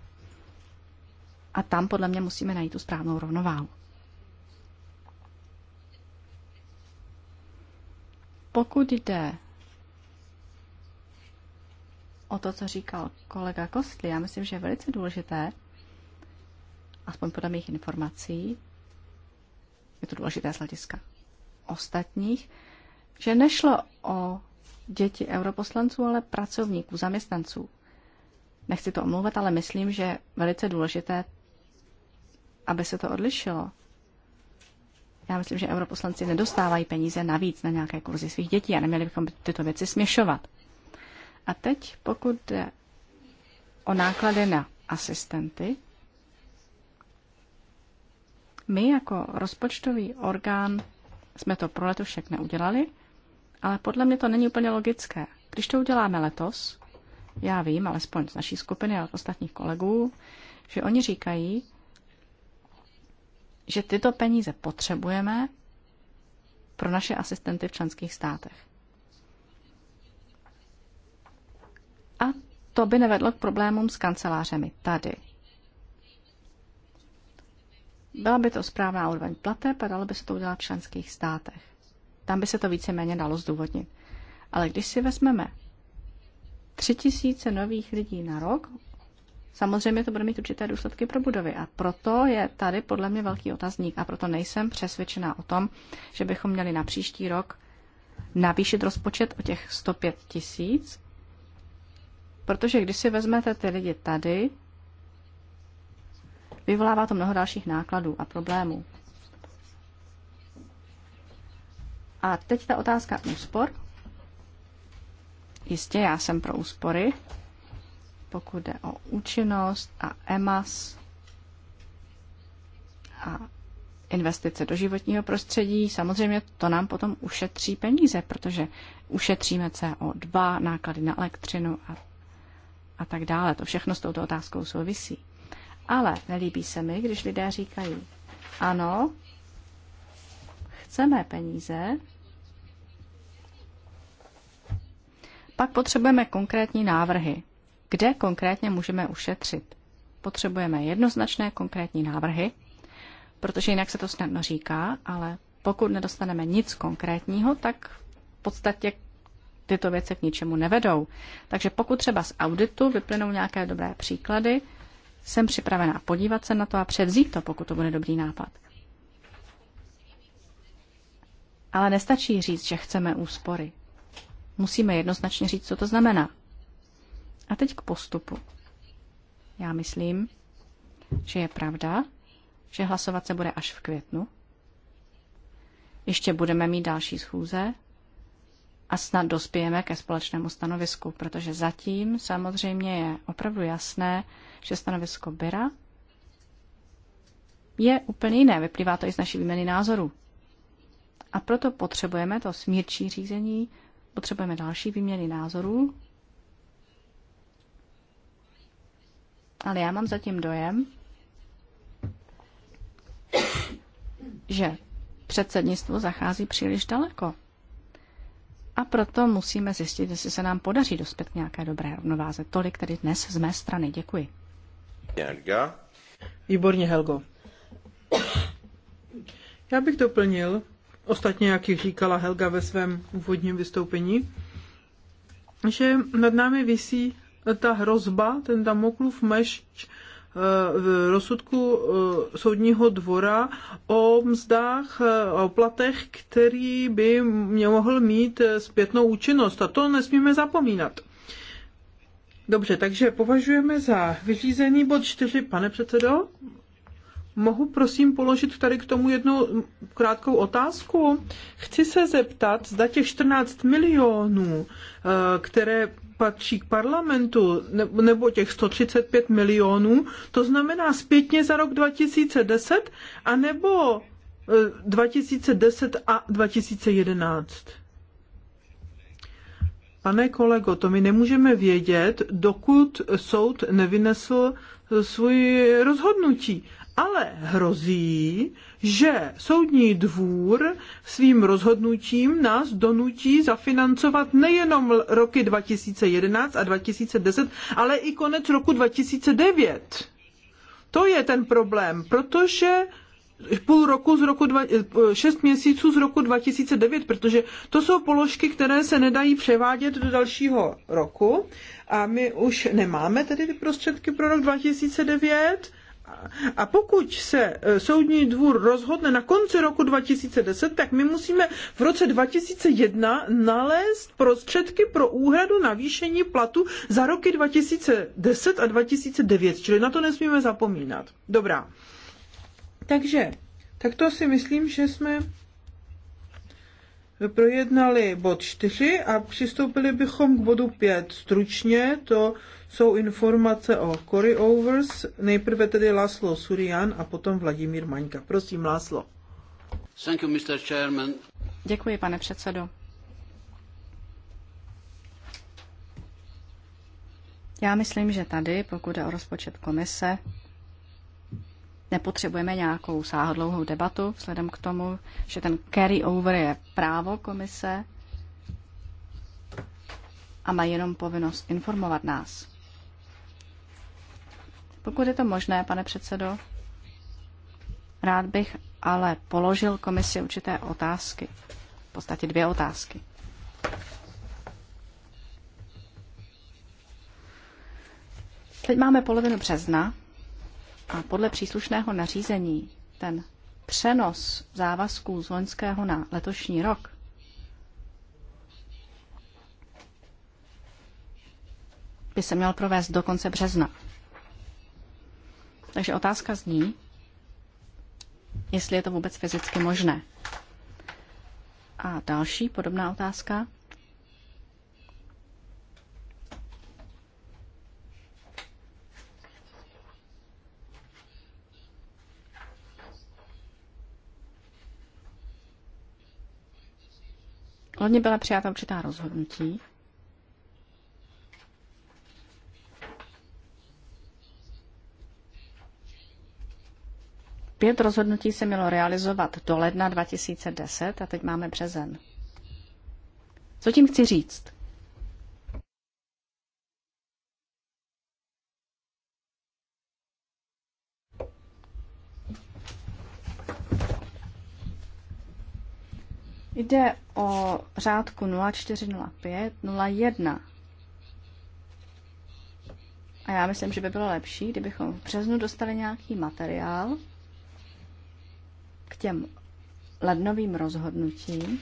A tam podle mě musíme najít tu správnou rovnováhu. Pokud jde o to, co říkal kolega Kostli, já myslím, že je velice důležité, aspoň podle mých informací, je to důležité z hlediska ostatních, že nešlo o děti europoslanců, ale pracovníků, zaměstnanců. Nechci to omlouvat, ale myslím, že je velice důležité, aby se to odlišilo. Já myslím, že europoslanci nedostávají peníze navíc na nějaké kurzy svých dětí a neměli bychom tyto věci směšovat. A teď, pokud jde o náklady na asistenty, my jako rozpočtový orgán jsme to pro letošek neudělali, ale podle mě to není úplně logické. Když to uděláme letos, já vím, alespoň z naší skupiny a od ostatních kolegů, že oni říkají, že tyto peníze potřebujeme pro naše asistenty v členských státech. A to by nevedlo k problémům s kancelářemi tady. Byla by to správná úroveň plateb a dalo by se to udělat v členských státech. Tam by se to víceméně dalo zdůvodnit. Ale když si vezmeme 3000 nových lidí na rok Samozřejmě to bude mít určité důsledky pro budovy a proto je tady podle mě velký otazník a proto nejsem přesvědčená o tom, že bychom měli na příští rok navýšit rozpočet o těch 105 tisíc, protože když si vezmete ty lidi tady, vyvolává to mnoho dalších nákladů a problémů. A teď ta otázka úspor. Jistě, já jsem pro úspory, pokud jde o účinnost a EMAS a investice do životního prostředí, samozřejmě to nám potom ušetří peníze, protože ušetříme CO2, náklady na elektřinu a, a tak dále. To všechno s touto otázkou souvisí. Ale nelíbí se mi, když lidé říkají, ano, chceme peníze, pak potřebujeme konkrétní návrhy kde konkrétně můžeme ušetřit. Potřebujeme jednoznačné konkrétní návrhy, protože jinak se to snadno říká, ale pokud nedostaneme nic konkrétního, tak v podstatě tyto věci k ničemu nevedou. Takže pokud třeba z auditu vyplynou nějaké dobré příklady, jsem připravená podívat se na to a převzít to, pokud to bude dobrý nápad. Ale nestačí říct, že chceme úspory. Musíme jednoznačně říct, co to znamená. A teď k postupu. Já myslím, že je pravda, že hlasovat se bude až v květnu. Ještě budeme mít další schůze a snad dospějeme ke společnému stanovisku, protože zatím samozřejmě je opravdu jasné, že stanovisko Byra je úplně jiné. Vyplývá to i z naší výměny názorů. A proto potřebujeme to smírčí řízení, potřebujeme další výměny názorů, Ale já mám zatím dojem, že předsednictvo zachází příliš daleko. A proto musíme zjistit, jestli se nám podaří dospět k nějaké dobré rovnováze. Tolik tedy dnes z mé strany. Děkuji. Helga. Výborně, Helgo. Já bych doplnil, ostatně jak ji říkala Helga ve svém úvodním vystoupení, že nad námi visí ta hrozba, ten Damoklův meš eh, v rozsudku eh, soudního dvora o mzdách, eh, o platech, který by mohl mít zpětnou účinnost. A to nesmíme zapomínat. Dobře, takže považujeme za vyřízený bod 4, pane předsedo. Mohu prosím položit tady k tomu jednu krátkou otázku? Chci se zeptat, zda těch 14 milionů, které patří k parlamentu, nebo těch 135 milionů, to znamená zpětně za rok 2010, anebo 2010 e, a 2011. Pane kolego, to my nemůžeme vědět, dokud soud nevynesl svůj rozhodnutí ale hrozí, že soudní dvůr svým rozhodnutím nás donutí zafinancovat nejenom roky 2011 a 2010, ale i konec roku 2009. To je ten problém, protože půl roku z roku, dva, šest měsíců z roku 2009, protože to jsou položky, které se nedají převádět do dalšího roku a my už nemáme tedy ty prostředky pro rok 2009 a pokud se e, soudní dvůr rozhodne na konci roku 2010, tak my musíme v roce 2001 nalézt prostředky pro úhradu navýšení platu za roky 2010 a 2009, čili na to nesmíme zapomínat. Dobrá. Takže, tak to si myslím, že jsme projednali bod 4 a přistoupili bychom k bodu 5. Stručně to jsou informace o Cory Overs, nejprve tedy Laslo Surian a potom Vladimír Maňka. Prosím, Láslo. Thank you, Mr. Chairman. Děkuji, pane předsedo. Já myslím, že tady, pokud je o rozpočet komise, nepotřebujeme nějakou sáhodlouhou debatu, vzhledem k tomu, že ten carry over je právo komise a má jenom povinnost informovat nás. Pokud je to možné, pane předsedo, rád bych ale položil komisi určité otázky. V podstatě dvě otázky. Teď máme polovinu března a podle příslušného nařízení ten přenos závazků z loňského na letošní rok by se měl provést do konce března. Takže otázka zní, jestli je to vůbec fyzicky možné. A další podobná otázka. Hlavně byla přijata určitá rozhodnutí. Pět rozhodnutí se mělo realizovat do ledna 2010 a teď máme březen. Co tím chci říct? Jde o řádku 0405 01. A já myslím, že by bylo lepší, kdybychom v březnu dostali nějaký materiál k těm lednovým rozhodnutím.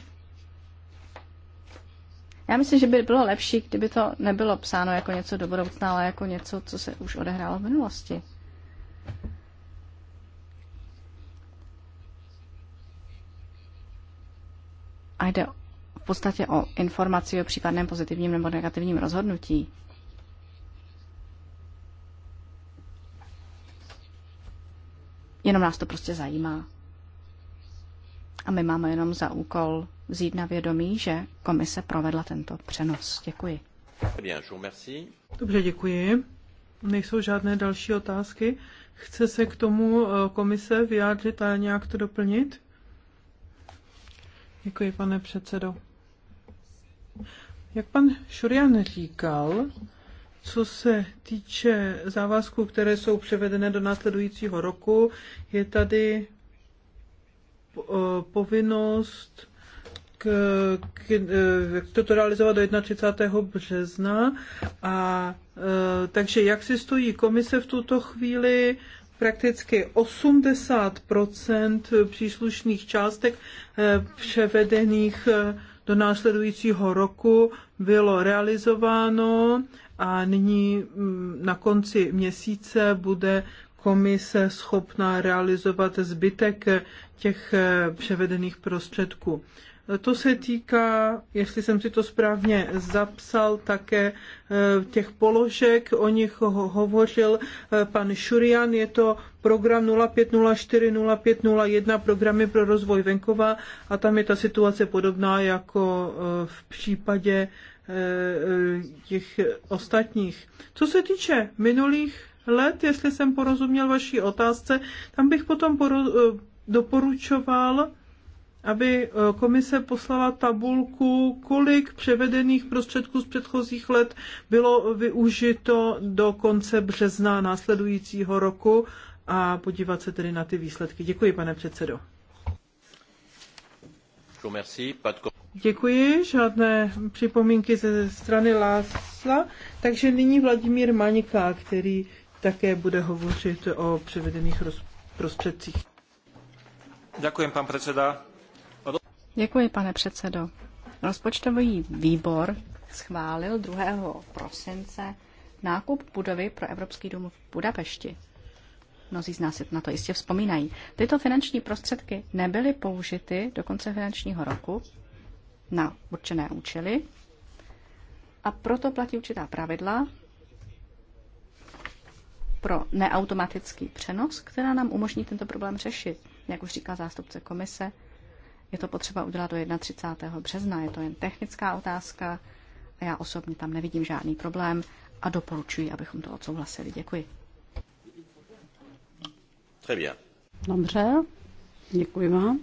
Já myslím, že by bylo lepší, kdyby to nebylo psáno jako něco do budoucna, ale jako něco, co se už odehrálo v minulosti. A jde v podstatě o informaci o případném pozitivním nebo negativním rozhodnutí. Jenom nás to prostě zajímá. A my máme jenom za úkol vzít na vědomí, že komise provedla tento přenos. Děkuji. Eh Dobře, děkuji. Nejsou žádné další otázky. Chce se k tomu eh, komise vyjádřit a nějak to doplnit? Děkuji, pane předsedo. Jak pan Šurian říkal, co se týče závazků, které jsou převedené do následujícího roku, je tady eh, povinnost k, k, k eh, toto realizovat do 31. března. A, eh, takže jak si stojí komise v tuto chvíli prakticky 80 příslušných částek eh, převedených eh, do následujícího roku bylo realizováno a nyní mm, na konci měsíce bude komise schopná realizovat zbytek eh, těch převedených prostředků. To se týká, jestli jsem si to správně zapsal, také eh, těch položek, o nich ho hovořil eh, pan Šurian, je to program 0504 0501 programy pro rozvoj venkova a tam je ta situace podobná jako eh, v případě těch ostatních. Co se týče minulých let, jestli jsem porozuměl vaší otázce, tam bych potom doporučoval aby e, komise poslala tabulku, kolik převedených prostředků z předchozích let bylo využito do konce března následujícího roku a podívat se tedy na ty výsledky. Děkuji, pane předsedo. Děkuji, žádné připomínky ze strany Lásla. Takže nyní Vladimír Manika, který také bude hovořit o převedených prostředcích. Děkuji, pan předseda Děkuji, pane předsedo. Rozpočtový výbor schválil 2. prosince nákup budovy pro Evropský dům v Budapešti. Mnozí z nás na to jistě vzpomínají. Tyto finanční prostředky nebyly použity do konce finančního roku na určené účely a proto platí určitá pravidla pro neautomatický přenos, která nám umožní tento problém řešit, jak už říká zástupce komise, je to potřeba udělat do 31. března, je to jen technická otázka a já osobně tam nevidím žádný problém a doporučuji, abychom to odsouhlasili. Děkuji. Dobře, děkuji vám.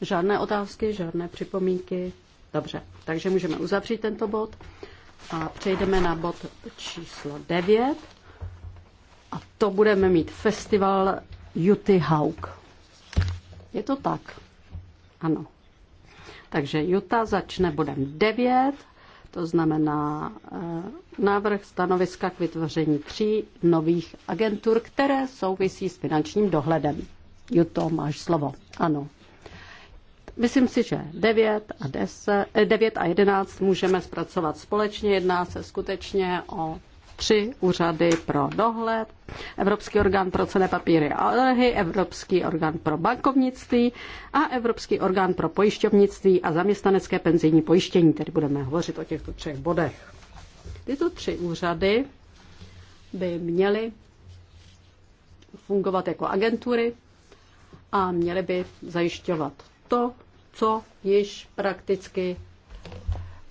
Žádné otázky, žádné připomínky. Dobře, takže můžeme uzavřít tento bod a přejdeme na bod číslo 9. A to budeme mít festival Juty Hauk. Je to tak. Ano. Takže Juta začne bodem 9, to znamená e, návrh stanoviska k vytvoření tří nových agentur, které souvisí s finančním dohledem. Juto, máš slovo. Ano. Myslím si, že 9 a, 10, 9 eh, a 11 můžeme zpracovat společně. Jedná se skutečně o tři úřady pro dohled, Evropský orgán pro cené papíry a trhy, Evropský orgán pro bankovnictví a Evropský orgán pro pojišťovnictví a zaměstnanecké penzijní pojištění. Tedy budeme hovořit o těchto třech bodech. Tyto tři úřady by měly fungovat jako agentury a měly by zajišťovat to, co již prakticky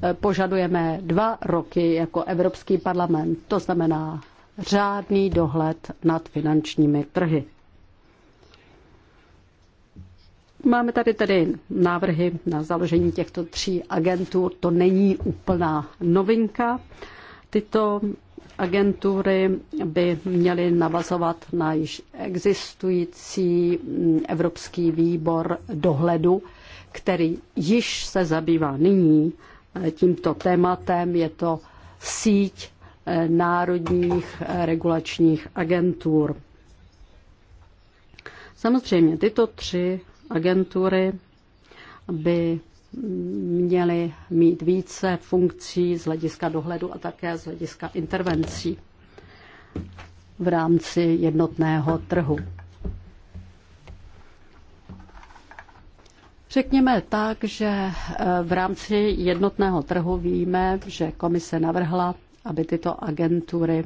Eh, požadujeme dva roky jako Evropský parlament, to znamená řádný dohled nad finančními trhy. Máme tady tedy návrhy na založení těchto tří agentur. To není úplná novinka. Tyto agentury by měly navazovat na již existující Evropský výbor dohledu, který již se zabývá nyní Eh, tímto tématem. Je to síť eh, národních eh, regulačních agentur. Samozřejmě tyto tři agentury by měly mít více funkcí z hlediska dohledu a také z hlediska intervencí v rámci jednotného trhu. Řekněme tak, že eh, v rámci jednotného trhu víme, že komise navrhla, aby tyto agentury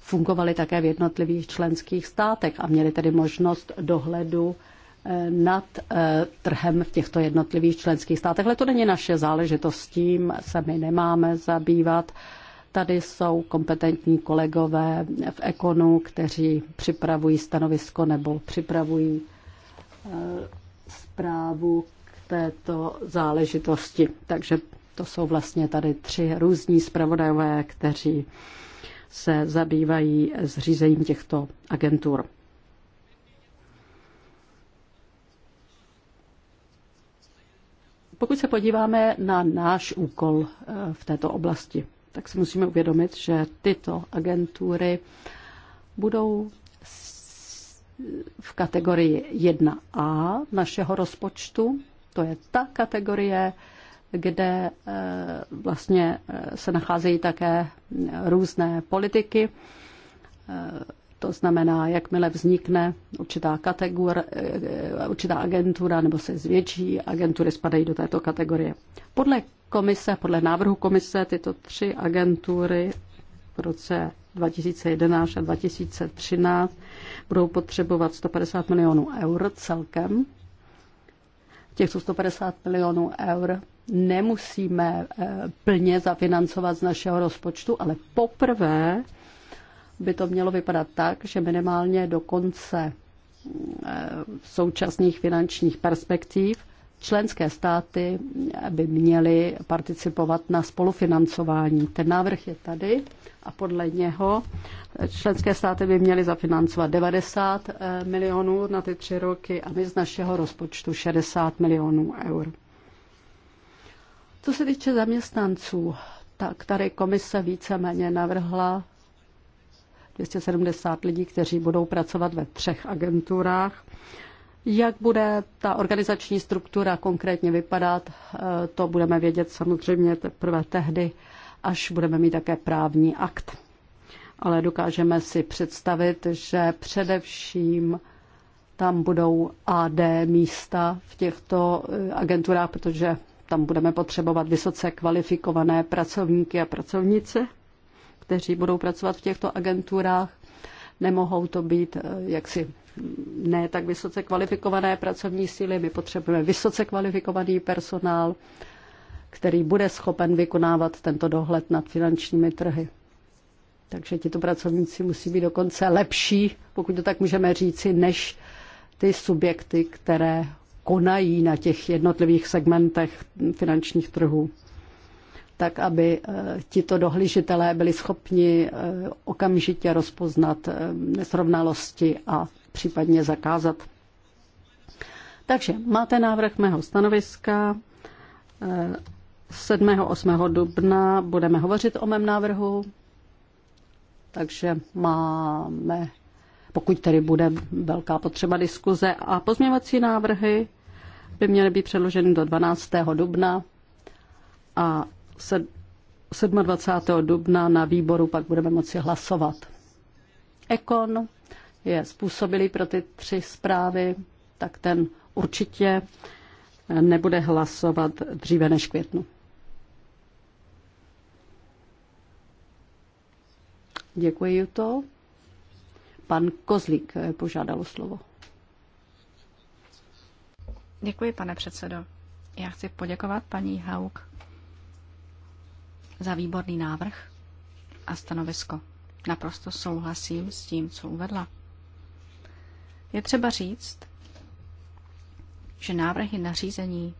fungovaly také v jednotlivých členských státech a měly tedy možnost dohledu eh, nad eh, trhem v těchto jednotlivých členských státech. Ale to není naše záležitost, s tím se my nemáme zabývat. Tady jsou kompetentní kolegové v Ekonu, kteří připravují stanovisko nebo připravují zprávu k této záležitosti. Takže to jsou vlastně tady tři různí zpravodajové, kteří se zabývají zřízením těchto agentur. Pokud se podíváme na náš úkol eh, v této oblasti, tak si musíme uvědomit, že tyto agentury budou v kategorii 1A našeho rozpočtu. To je ta kategorie, kde eh, vlastně eh, se nacházejí také různé politiky. Eh, to znamená, jakmile vznikne určitá, kategor, určitá agentura nebo se zvětší, agentury spadají do této kategorie. Podle komise, podle návrhu komise, tyto tři agentury v roce 2011 a 2013 budou potřebovat 150 milionů eur celkem. Těch 150 milionů eur nemusíme eh, plně zafinancovat z našeho rozpočtu, ale poprvé by to mělo vypadat tak, že minimálně do konce eh, současných finančních perspektiv členské státy by měly participovat na spolufinancování. Ten návrh je tady a podle něho členské státy by měly zafinancovat 90 eh, milionů na ty tři roky a my z našeho rozpočtu 60 milionů eur. Co se týče zaměstnanců, tak tady komise víceméně navrhla 270 lidí, kteří budou pracovat ve třech agenturách. Jak bude ta organizační struktura konkrétně vypadat, eh, to budeme vědět samozřejmě teprve tehdy, až budeme mít také právní akt. Ale dokážeme si představit, že především tam budou AD místa v těchto eh, agenturách, protože tam budeme potřebovat vysoce kvalifikované pracovníky a pracovnice, kteří budou pracovat v těchto agenturách. Nemohou to být eh, jaksi ne tak vysoce kvalifikované pracovní síly, my potřebujeme vysoce kvalifikovaný personál, který bude schopen vykonávat tento dohled nad finančními trhy. Takže tito pracovníci musí být dokonce lepší, pokud to tak můžeme říci, než ty subjekty, které konají na těch jednotlivých segmentech finančních trhů tak aby eh, tito dohlížitelé byli schopni eh, okamžitě rozpoznat eh, nesrovnalosti a případně zakázat. Takže máte návrh mého stanoviska. 7. Eh, 8. dubna budeme hovořit o mém návrhu, takže máme, pokud tedy bude velká potřeba diskuze a pozměvací návrhy by měly být předloženy do 12. dubna a 27. dubna na výboru pak budeme moci hlasovat. Ekon je způsobilý pro ty tři zprávy, tak ten určitě eh, nebude hlasovat dříve než květnu. Děkuji, Juto. Pan Kozlík eh, požádal o slovo. Děkuji, pane předsedo. Já chci poděkovat paní Hauk za výborný návrh a stanovisko. Naprosto souhlasím s tím, co uvedla. Je třeba říct, že návrhy nařízení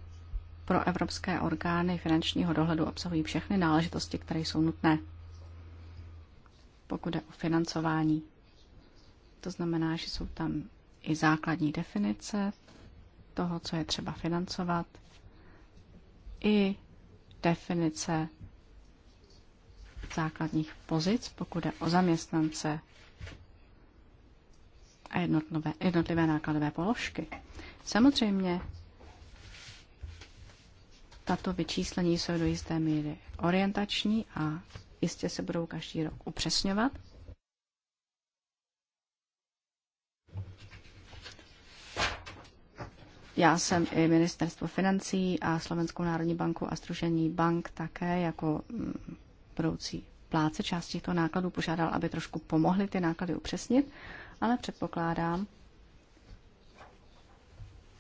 pro evropské orgány finančního dohledu obsahují všechny náležitosti, které jsou nutné, pokud je o financování. To znamená, že jsou tam i základní definice toho, co je třeba financovat, i definice základních pozic, pokud je o zaměstnance, a jednotlivé, jednotlivé nákladové položky. Samozřejmě tato vyčíslení jsou do jisté míry orientační a jistě se budou každý rok upřesňovat. Já jsem i Ministerstvo financí a Slovenskou národní banku a Združení bank také jako mm, budoucí pláce části toho nákladu požádal, aby trošku pomohli ty náklady upřesnit ale předpokládám,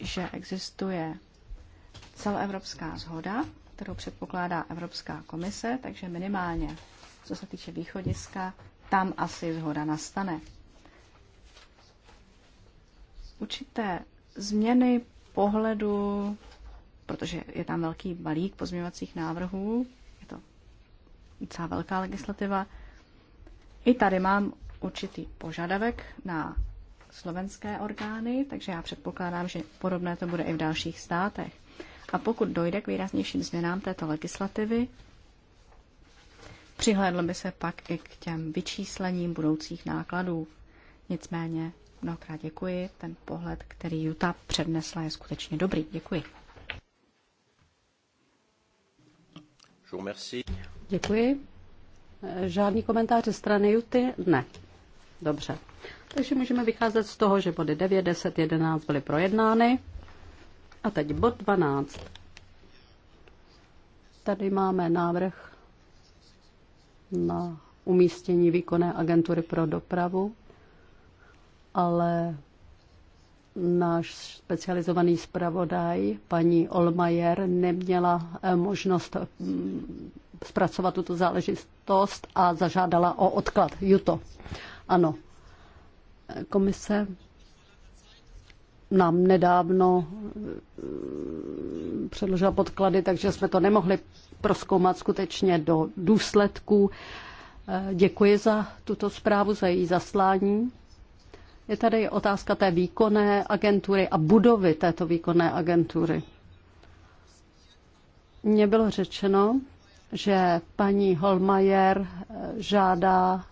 že existuje celoevropská zhoda, kterou předpokládá Evropská komise, takže minimálně, co se týče východiska, tam asi zhoda nastane. Určité změny pohledu, protože je tam velký balík pozměňovacích návrhů, je to docela velká legislativa, i tady mám určitý požadavek na slovenské orgány, takže já předpokládám, že podobné to bude i v dalších státech. A pokud dojde k výraznějším změnám této legislativy, přihlédl by se pak i k těm vyčíslením budoucích nákladů. Nicméně mnohokrát děkuji. Ten pohled, který Juta přednesla, je skutečně dobrý. Děkuji. Děkuji. Žádný komentář ze strany Juty? Ne. Dobře. Takže můžeme vycházet z toho, že body 9, 10, 11 byly projednány. A teď bod 12. Tady máme návrh na umístění výkonné agentury pro dopravu, ale náš specializovaný zpravodaj, paní Olmajer, neměla eh, možnost mm, zpracovat tuto záležitost a zažádala o odklad. Juto. Ano, komise nám nedávno eh, předložila podklady, takže jsme to nemohli proskoumat skutečně do důsledků. Eh, děkuji za tuto zprávu, za její zaslání. Je tady otázka té výkonné agentury a budovy této výkonné agentury. Mně bylo řečeno, že paní Holmajer eh, žádá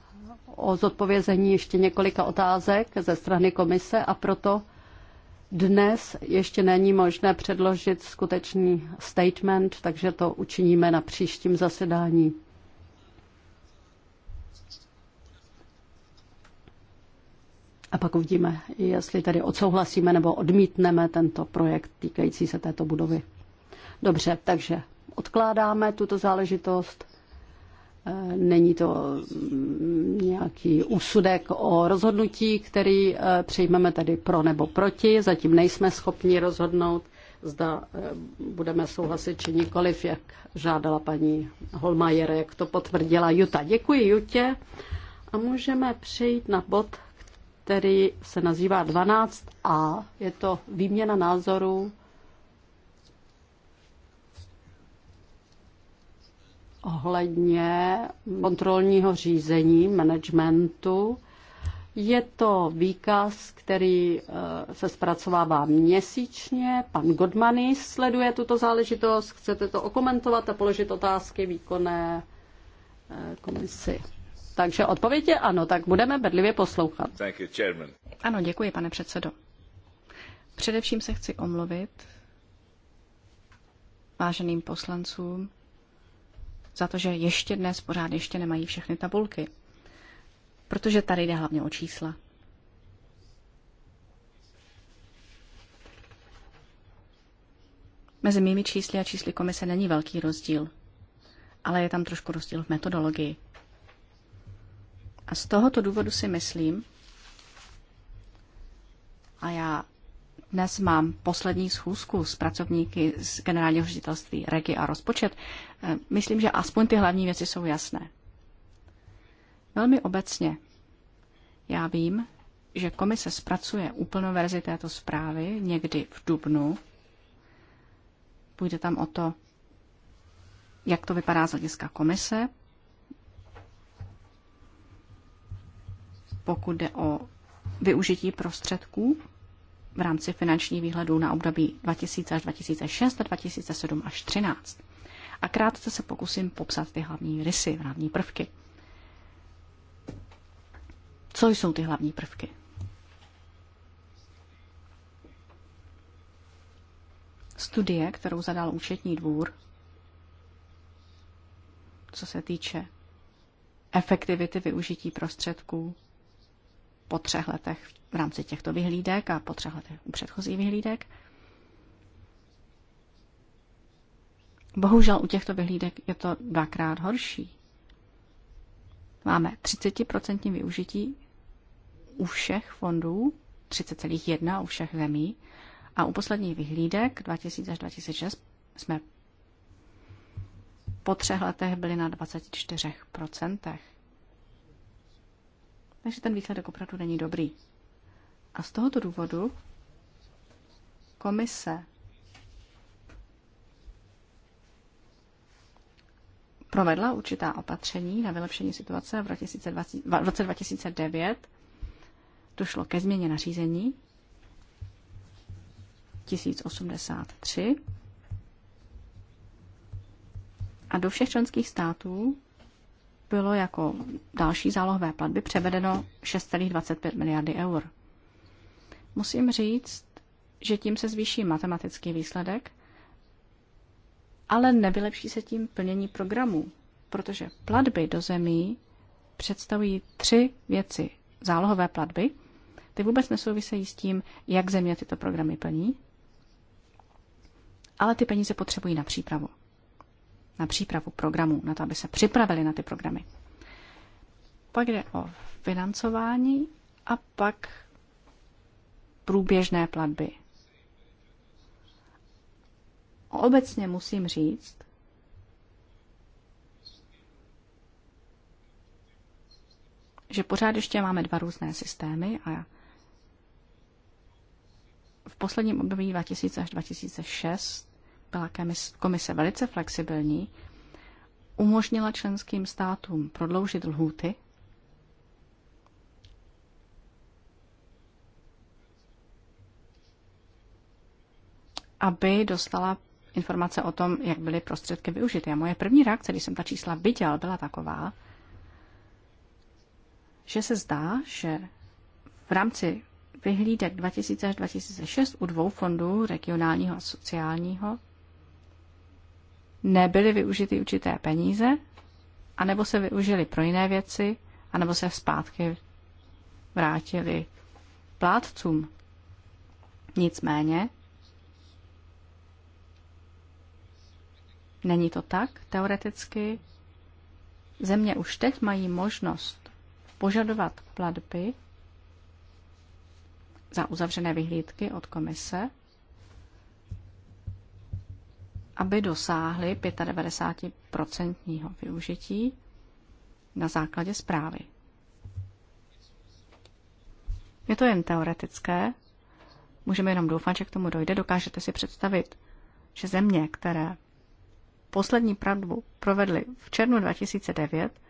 o zodpovězení ještě několika otázek ze strany komise a proto dnes ještě není možné předložit skutečný statement, takže to učiníme na příštím zasedání. A pak uvidíme, jestli tedy odsouhlasíme nebo odmítneme tento projekt týkající se této budovy. Dobře, takže odkládáme tuto záležitost Eh, není to mm, nějaký úsudek o rozhodnutí, který eh, přijmeme tedy pro nebo proti. Zatím nejsme schopni rozhodnout, zda eh, budeme souhlasit či nikoliv, jak žádala paní Holmajer, jak to potvrdila Juta. Děkuji Jutě a můžeme přejít na bod, který se nazývá 12a. Je to výměna názorů ohledně kontrolního řízení, managementu. Je to výkaz, který eh, se zpracovává měsíčně. Pan Godmany sleduje tuto záležitost. Chcete to okomentovat a položit otázky výkonné eh, komisi? Takže odpověď je ano, tak budeme bedlivě poslouchat. You, ano, děkuji, pane předsedo. Především se chci omluvit váženým poslancům, za to, že ještě dnes pořád ještě nemají všechny tabulky. Protože tady jde hlavně o čísla. Mezi mými čísly a čísly komise není velký rozdíl, ale je tam trošku rozdíl v metodologii. A z tohoto důvodu si myslím, a já dnes mám poslední schůzku s pracovníky z generálního ředitelství Regi a rozpočet. E, myslím, že aspoň ty hlavní věci jsou jasné. Velmi obecně. Já vím, že komise zpracuje úplnou verzi této zprávy někdy v dubnu. Půjde tam o to, jak to vypadá z hlediska komise, pokud jde o využití prostředků v rámci finančních výhledů na období 2000 až 2006 a 2007 až 2013. A krátce se pokusím popsat ty hlavní rysy, hlavní prvky. Co jsou ty hlavní prvky? Studie, kterou zadal účetní dvůr, co se týče efektivity využití prostředků po třech letech v rámci těchto vyhlídek a po třech letech u předchozích vyhlídek. Bohužel u těchto vyhlídek je to dvakrát horší. Máme 30% využití u všech fondů, 30,1 u všech zemí a u posledních vyhlídek 2000 až 2006 jsme po třech letech byli na 24%. Takže ten výsledek opravdu není dobrý. A z tohoto důvodu komise provedla určitá opatření na vylepšení situace v, roce 2009. Došlo ke změně nařízení 1083 a do všech členských států bylo jako další zálohové platby převedeno 6,25 miliardy eur. Musím říct, že tím se zvýší matematický výsledek, ale nevylepší se tím plnění programů, protože platby do zemí představují tři věci. Zálohové platby, ty vůbec nesouvisejí s tím, jak země tyto programy plní, ale ty peníze potřebují na přípravu na přípravu programů, na to, aby se připravili na ty programy. Pak jde o financování a pak průběžné platby. Obecně musím říct, že pořád ještě máme dva různé systémy a v posledním období 2000 až 2006 byla komise velice flexibilní, umožnila členským státům prodloužit lhůty aby dostala informace o tom, jak byly prostředky využity. A moje první reakce, když jsem ta čísla viděl, byla taková, že se zdá, že v rámci vyhlídek 2000 až 2006 u dvou fondů, regionálního a sociálního, nebyly využity určité peníze, anebo se využili pro jiné věci, anebo se zpátky vrátili plátcům. Nicméně, není to tak teoreticky. Země už teď mají možnost požadovat platby za uzavřené vyhlídky od komise aby dosáhly 95% využití na základě zprávy. Je to jen teoretické, můžeme jenom doufat, že k tomu dojde. Dokážete si představit, že země, které poslední pravdu provedly v červnu 2009,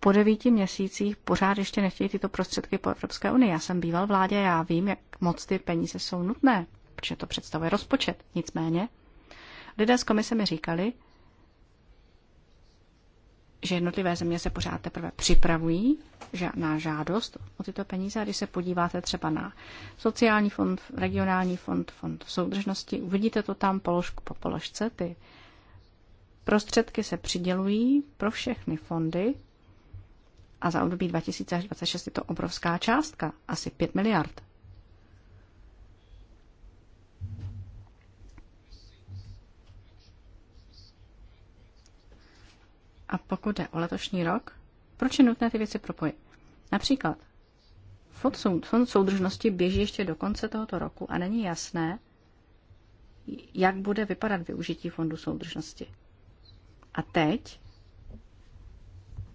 po devíti měsících pořád ještě nechtějí tyto prostředky po Evropské unii. Já jsem býval vládě, já vím, jak moc ty peníze jsou nutné protože to představuje rozpočet. Nicméně, lidé z komise mi říkali, že jednotlivé země se pořád teprve připravují na žádost o tyto peníze. A když se podíváte třeba na sociální fond, regionální fond, fond soudržnosti, uvidíte to tam položku po položce. Ty prostředky se přidělují pro všechny fondy a za období 2026 je to obrovská částka, asi 5 miliard. A pokud jde o letošní rok, proč je nutné ty věci propojit? Například, fond, fond soudržnosti běží ještě do konce tohoto roku a není jasné, jak bude vypadat využití fondu soudržnosti. A teď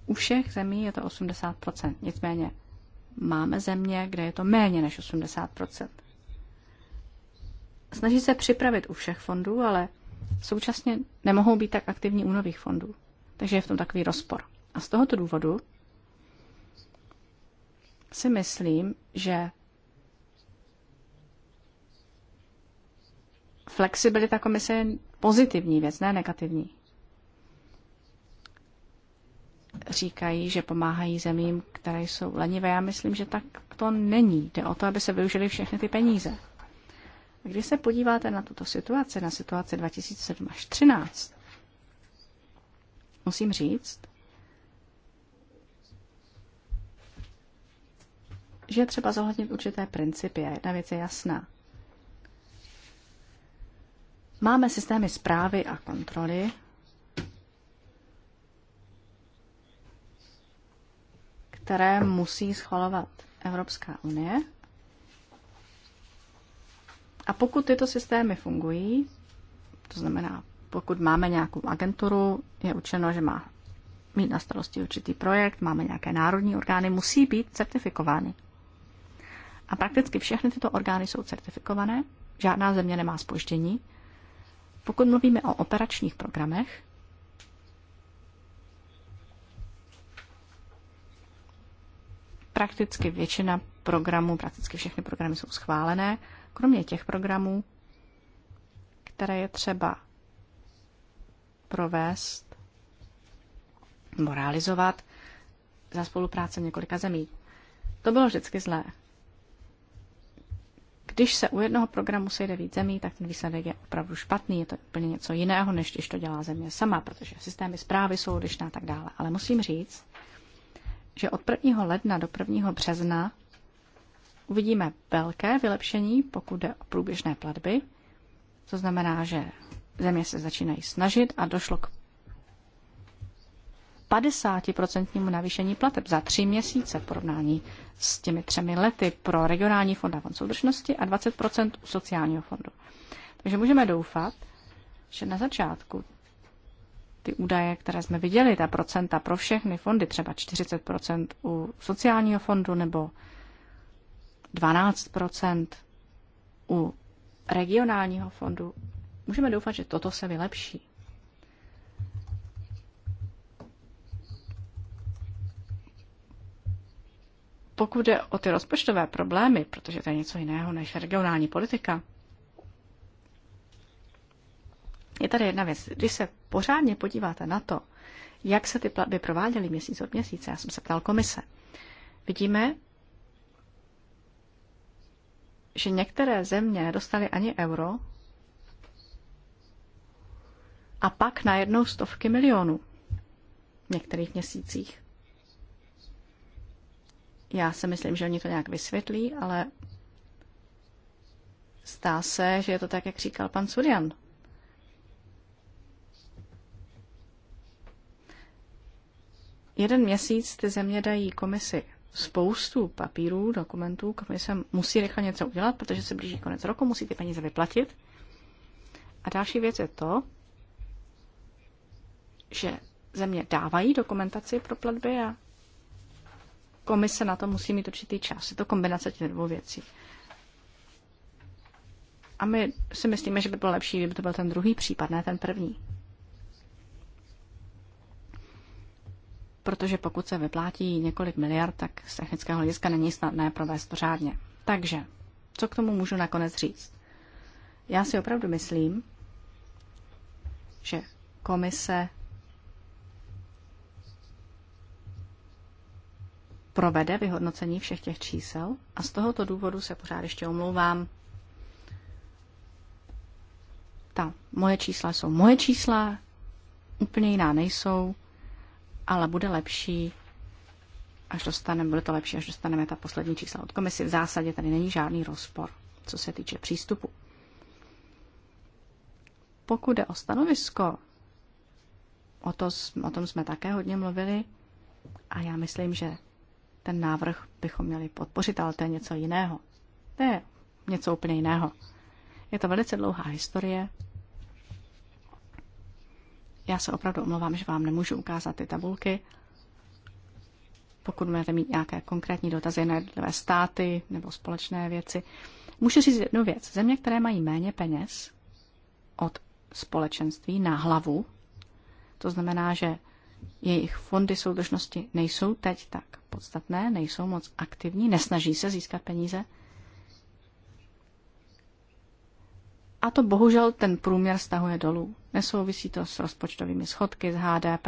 u všech zemí je to 80%. Nicméně máme země, kde je to méně než 80%. Snaží se připravit u všech fondů, ale současně nemohou být tak aktivní u nových fondů. Takže je v tom takový rozpor. A z tohoto důvodu si myslím, že flexibilita komise je pozitivní věc, ne negativní. Říkají, že pomáhají zemím, které jsou lenivé. Já myslím, že tak to není. Jde o to, aby se využili všechny ty peníze. Když se podíváte na tuto situaci, na situaci 2007 až 2013, musím říct, že je třeba zohlednit určité principy a jedna věc je jasná. Máme systémy zprávy a kontroly, které musí schvalovat Evropská unie. A pokud tyto systémy fungují, to znamená pokud máme nějakou agenturu, je učeno, že má mít na starosti určitý projekt, máme nějaké národní orgány, musí být certifikovány. A prakticky všechny tyto orgány jsou certifikované, žádná země nemá spoždění. Pokud mluvíme o operačních programech, prakticky většina programů, prakticky všechny programy jsou schválené, kromě těch programů, které je třeba provést nebo realizovat za spolupráce několika zemí. To bylo vždycky zlé. Když se u jednoho programu sejde víc zemí, tak ten výsledek je opravdu špatný. Je to úplně něco jiného, než když to dělá země sama, protože systémy zprávy jsou odlišné a tak dále. Ale musím říct, že od 1. ledna do 1. března uvidíme velké vylepšení, pokud jde o průběžné platby. To znamená, že země se začínají snažit a došlo k 50% navýšení plateb za tři měsíce v porovnání s těmi třemi lety pro regionální fond a fond soudržnosti a 20% u sociálního fondu. Takže můžeme doufat, že na začátku ty údaje, které jsme viděli, ta procenta pro všechny fondy, třeba 40% u sociálního fondu nebo 12% u regionálního fondu Můžeme doufat, že toto se vylepší. Pokud jde o ty rozpočtové problémy, protože to je něco jiného než regionální politika, je tady jedna věc. Když se pořádně podíváte na to, jak se ty platby prováděly měsíc od měsíce, já jsem se ptal komise, vidíme, že některé země nedostaly ani euro a pak najednou stovky milionů v některých měsících. Já si myslím, že oni to nějak vysvětlí, ale stá se, že je to tak, jak říkal pan Surian. Jeden měsíc ty země dají komisi spoustu papírů, dokumentů, komise musí rychle něco udělat, protože se blíží konec roku, musí ty peníze vyplatit. A další věc je to, že země dávají dokumentaci pro platby a komise na to musí mít určitý čas. Je to kombinace těch dvou věcí. A my si myslíme, že by bylo lepší, kdyby to byl ten druhý případ, ne ten první. Protože pokud se vyplátí několik miliard, tak z technického hlediska není snadné provést to řádně. Takže, co k tomu můžu nakonec říct? Já si opravdu myslím, že komise provede vyhodnocení všech těch čísel a z tohoto důvodu se pořád ještě omlouvám. Ta moje čísla jsou moje čísla, úplně jiná nejsou, ale bude lepší, až dostaneme, bude to lepší, až dostaneme ta poslední čísla od komisy. V zásadě tady není žádný rozpor, co se týče přístupu. Pokud jde o stanovisko, o, to, o tom jsme také hodně mluvili a já myslím, že ten návrh bychom měli podpořit, ale to je něco jiného. To je něco úplně jiného. Je to velice dlouhá historie. Já se opravdu omlouvám, že vám nemůžu ukázat ty tabulky. Pokud budete mít nějaké konkrétní dotazy na jednotlivé státy nebo společné věci, můžu říct jednu věc. Země, které mají méně peněz od společenství na hlavu, to znamená, že jejich fondy soudržnosti nejsou teď tak podstatné, nejsou moc aktivní, nesnaží se získat peníze. A to bohužel ten průměr stahuje dolů. Nesouvisí to s rozpočtovými schodky, s HDP.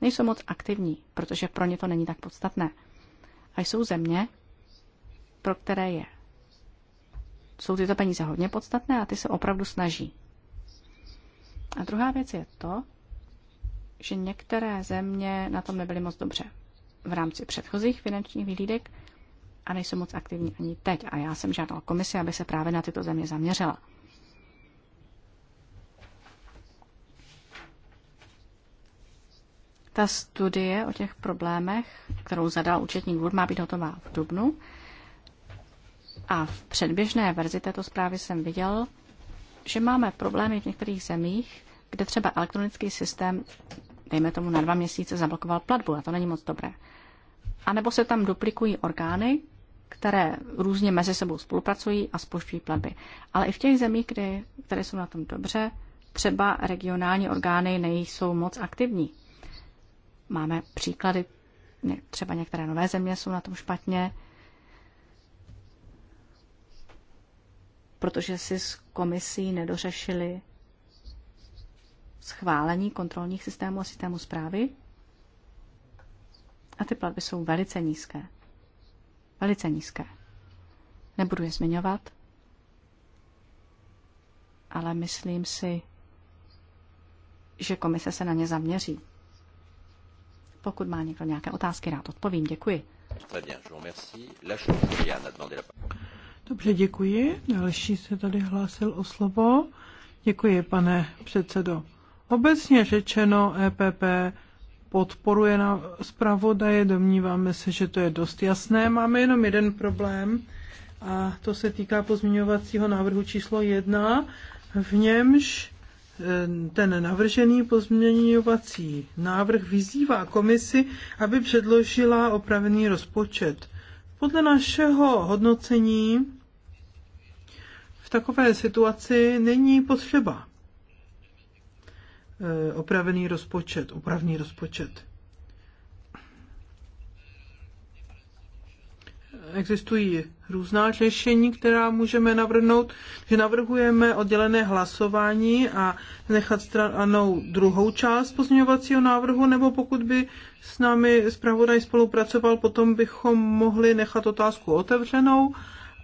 Nejsou moc aktivní, protože pro ně to není tak podstatné. A jsou země, pro které je. Jsou tyto peníze hodně podstatné a ty se opravdu snaží. A druhá věc je to, že některé země na tom nebyly moc dobře v rámci předchozích finančních výlídek a nejsou moc aktivní ani teď. A já jsem žádal komisi, aby se právě na tyto země zaměřila. Ta studie o těch problémech, kterou zadal účetní dvůr, má být hotová v dubnu. A v předběžné verzi této zprávy jsem viděl, že máme problémy v některých zemích, kde třeba elektronický systém dejme tomu na dva měsíce, zablokoval platbu a to není moc dobré. A nebo se tam duplikují orgány, které různě mezi sebou spolupracují a spošťují platby. Ale i v těch zemích, kde, které jsou na tom dobře, třeba regionální orgány nejsou moc aktivní. Máme příklady, třeba některé nové země jsou na tom špatně, protože si s komisí nedořešili schválení kontrolních systémů a systémů zprávy. A ty platby jsou velice nízké. Velice nízké. Nebudu je zmiňovat, ale myslím si, že komise se na ně zaměří. Pokud má někdo nějaké otázky, rád odpovím. Děkuji. Dobře, děkuji. Další se tady hlásil o slovo. Děkuji, pane předsedo. Obecně řečeno EPP podporuje na zpravodaje, domníváme se, že to je dost jasné. Máme jenom jeden problém a to se týká pozměňovacího návrhu číslo 1, v němž eh, ten navržený pozměňovací návrh vyzývá komisi, aby předložila opravený rozpočet. Podle našeho hodnocení v takové situaci není potřeba Eh, opravený rozpočet, opravný rozpočet. Existují různá řešení, která můžeme navrhnout, že navrhujeme oddělené hlasování a nechat stranou druhou část pozměňovacího návrhu, nebo pokud by s námi zpravodaj spolupracoval, potom bychom mohli nechat otázku otevřenou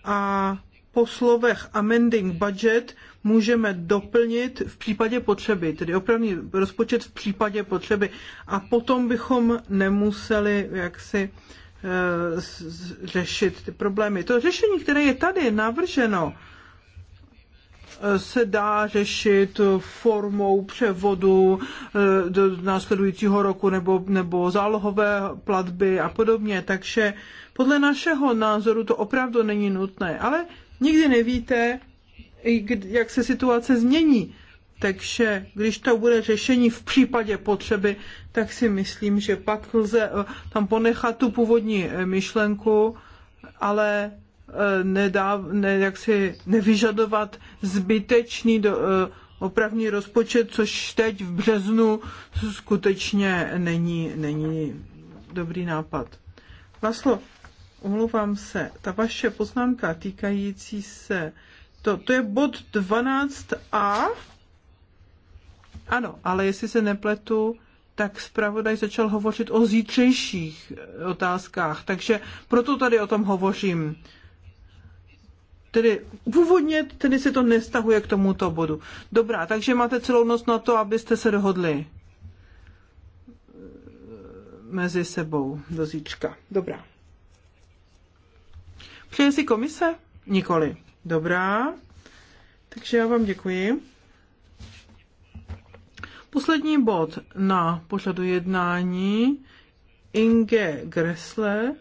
a po slovech amending budget můžeme doplnit v případě potřeby, tedy opravný rozpočet v případě potřeby. A potom bychom nemuseli jaksi eh, řešit ty problémy. To řešení, které je tady navrženo, eh, se dá řešit formou převodu eh, do následujícího roku nebo, nebo zálohové platby a podobně. Takže podle našeho názoru to opravdu není nutné. Ale nikdy nevíte, jak se situace změní. Takže když to bude řešení v případě potřeby, tak si myslím, že pak lze eh, tam ponechat tu původní eh, myšlenku, ale eh, nedá, ne, jak si nevyžadovat zbytečný do, opravní rozpočet, což teď v březnu skutečně není, není dobrý nápad. Vaslo, omlouvám se, ta vaše poznámka týkající se to, to je bod 12a. Ano, ale jestli se nepletu, tak zpravodaj začal hovořit o zítřejších eh, otázkách, takže proto tady o tom hovořím. Tedy původně tedy se to nestahuje k tomuto bodu. Dobrá, takže máte celou noc na to, abyste se dohodli eh, mezi sebou do zítřka. Dobrá. Přeje si komise? Nikoli. Dobrá, takže já vám děkuji. Poslední bod na pořadu jednání Inge Gressle,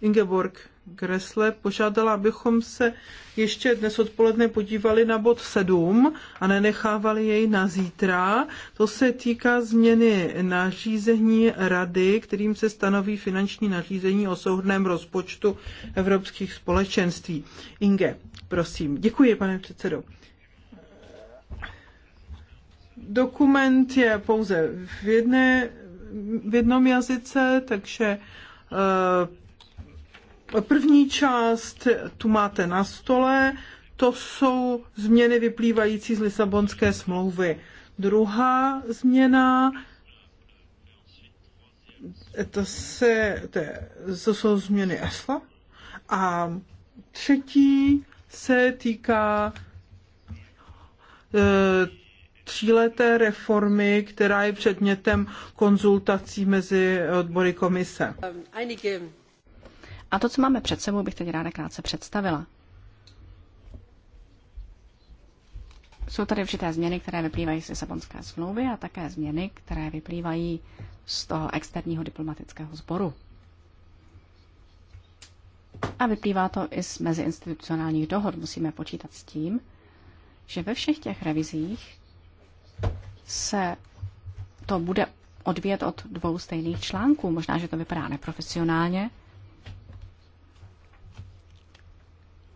Ingeborg Gresle požádala, abychom se ještě dnes odpoledne podívali na bod 7 a nenechávali jej na zítra. To se týká změny nařízení rady, kterým se stanoví finanční nařízení o souhrném rozpočtu evropských společenství. Inge, prosím. Děkuji, pane předsedo. Dokument je pouze v, jedné, v jednom jazyce, takže eh, První část tu máte na stole, to jsou změny vyplývající z Lisabonské smlouvy. Druhá změna, to, se, to, to jsou změny ESLA. A třetí se týká e, tříleté reformy, která je předmětem konzultací mezi odbory komise. Um, a to, co máme před sebou, bych teď ráda krátce představila. Jsou tady určité změny, které vyplývají z Lisabonské smlouvy a také změny, které vyplývají z toho externího diplomatického sboru. A vyplývá to i z meziinstitucionálních dohod. Musíme počítat s tím, že ve všech těch revizích se to bude odvět od dvou stejných článků. Možná, že to vypadá neprofesionálně,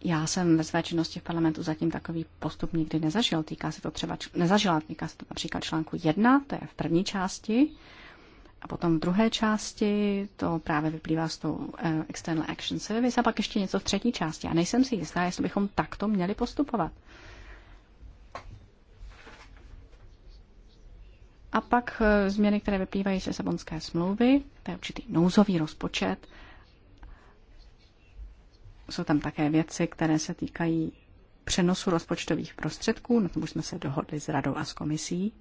Já jsem ve své činnosti v parlamentu zatím takový postup nikdy nezažil. Týká se to třeba, nezažila, týká se to například článku 1, to je v první části, a potom v druhé části to právě vyplývá z toho eh, External Action Service a pak ještě něco v třetí části. A nejsem si jistá, jestli bychom takto měli postupovat. A pak eh, změny, které vyplývají z Lisabonské smlouvy, to je určitý nouzový rozpočet, jsou tam také věci, které se týkají přenosu rozpočtových prostředků, na tom už jsme se dohodli s radou a s komisí.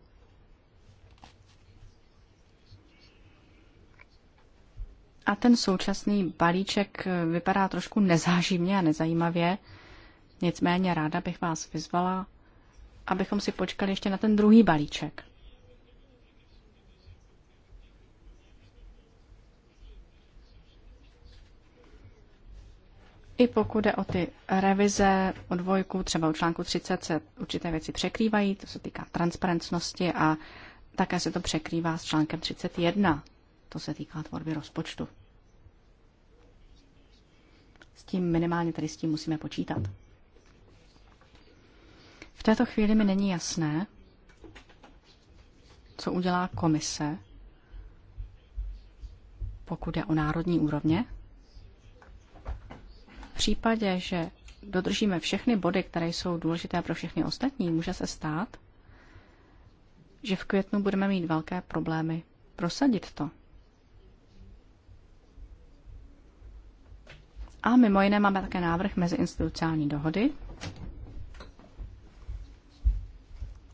A ten současný balíček vypadá trošku nezáživně a nezajímavě, nicméně ráda bych vás vyzvala, abychom si počkali ještě na ten druhý balíček. I pokud jde o ty revize, o dvojku, třeba u článku 30 se určité věci překrývají, to se týká transparentnosti a také se to překrývá s článkem 31, to se týká tvorby rozpočtu. S tím minimálně tedy s tím musíme počítat. V této chvíli mi není jasné, co udělá komise, pokud je o národní úrovně, v případě, že dodržíme všechny body, které jsou důležité pro všechny ostatní, může se stát, že v květnu budeme mít velké problémy prosadit to. A mimo jiné máme také návrh meziinstitucionální dohody.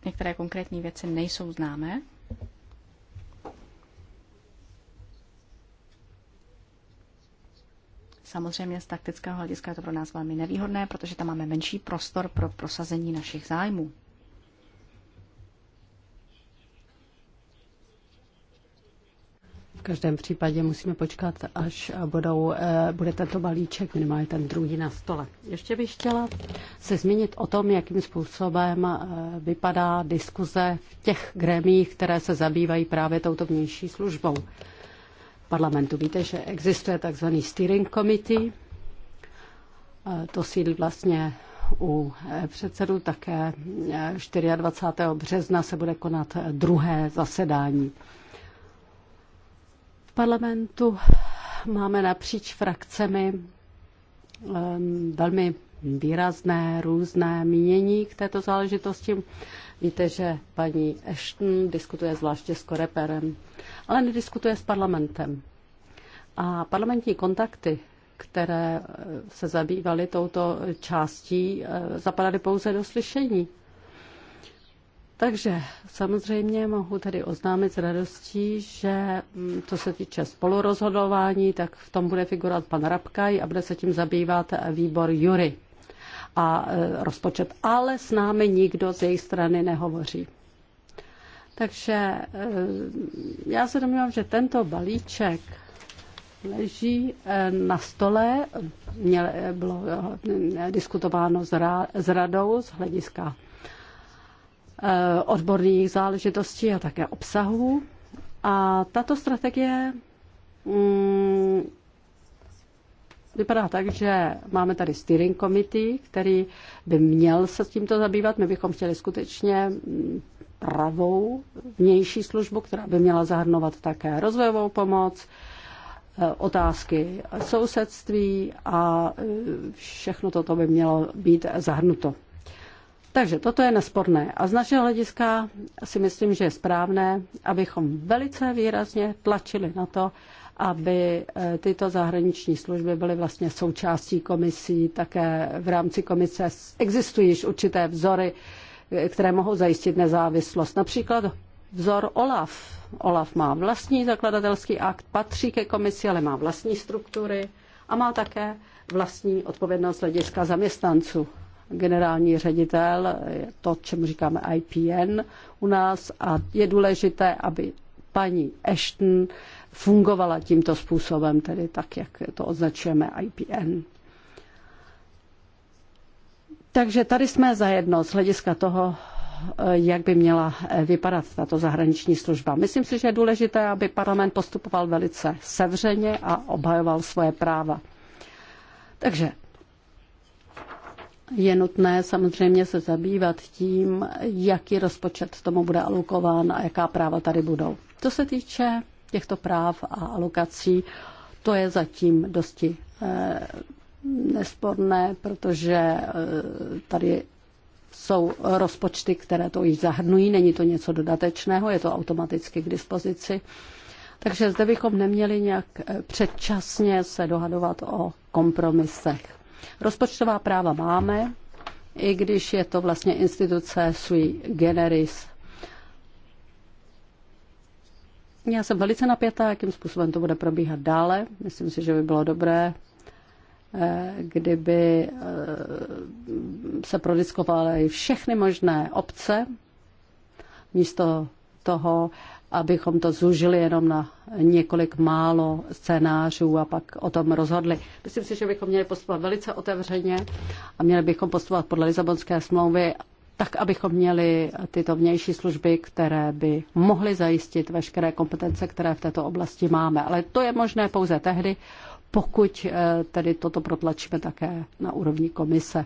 Některé konkrétní věci nejsou známé. Samozřejmě z taktického hlediska je to pro nás velmi nevýhodné, protože tam máme menší prostor pro prosazení našich zájmů. V každém případě musíme počkat, až budou, eh, bude tento balíček, minimálně ten druhý na stole. Ještě bych chtěla se zmínit o tom, jakým způsobem eh, vypadá diskuze v těch grémích, které se zabývají právě touto vnější službou parlamentu. Víte, že existuje tzv. steering committee, e, to sídlí vlastně u e, předsedu také 24. E, března se bude konat druhé zasedání. V parlamentu máme napříč frakcemi velmi výrazné různé mínění k této záležitosti. Víte, že paní Ashton diskutuje zvláště s Koreperem ale nediskutuje s parlamentem. A parlamentní kontakty, které eh, se zabývaly touto částí, eh, zapadaly pouze do slyšení. Takže samozřejmě mohu tady oznámit s radostí, že mm, co se týče spolurozhodování, tak v tom bude figurovat pan Rabkaj a bude se tím zabývat eh, výbor Jury a rozpočet. Ale s námi nikdo z jejich strany nehovoří. Takže eh, já se domnívám, že tento balíček leží eh, na stole, měl, eh, bylo diskutováno s radou z hlediska odborných záležitostí a také obsahu. A tato strategie mm, vypadá tak, že máme tady steering committee, který by měl se s tímto zabývat. My bychom chtěli skutečně mm, pravou vnější službu, která by měla zahrnovat také rozvojovou pomoc, eh, otázky sousedství a eh, všechno toto by mělo být zahrnuto. Takže toto je nesporné. A z našeho hlediska si myslím, že je správné, abychom velice výrazně tlačili na to, aby eh, tyto zahraniční služby byly vlastně součástí komisí, také v rámci komise existují již určité vzory které mohou zajistit nezávislost. Například vzor OLAF. OLAF má vlastní zakladatelský akt, patří ke komisi, ale má vlastní struktury a má také vlastní odpovědnost hlediska zaměstnanců. Generální ředitel, to, čemu říkáme IPN u nás a je důležité, aby paní Ashton fungovala tímto způsobem, tedy tak, jak to označujeme IPN. Takže tady jsme zajedno z hlediska toho, eh, jak by měla eh, vypadat tato zahraniční služba. Myslím si, že je důležité, aby parlament postupoval velice sevřeně a obhajoval svoje práva. Takže je nutné samozřejmě se zabývat tím, jaký rozpočet tomu bude alokován a jaká práva tady budou. Co se týče těchto práv a alokací, to je zatím dosti eh, nesporné, protože eh, tady jsou rozpočty, které to již zahrnují, není to něco dodatečného, je to automaticky k dispozici. Takže zde bychom neměli nějak eh, předčasně se dohadovat o kompromisech. Rozpočtová práva máme, i když je to vlastně instituce sui generis. Já jsem velice napětá, jakým způsobem to bude probíhat dále. Myslím si, že by bylo dobré kdyby eh, se prodiskovaly všechny možné obce, místo toho, abychom to zúžili jenom na několik málo scénářů a pak o tom rozhodli. Myslím si, že bychom měli postupovat velice otevřeně a měli bychom postupovat podle Lisabonské smlouvy tak, abychom měli tyto vnější služby, které by mohly zajistit veškeré kompetence, které v této oblasti máme. Ale to je možné pouze tehdy, pokud eh, tedy toto protlačíme také na úrovni komise.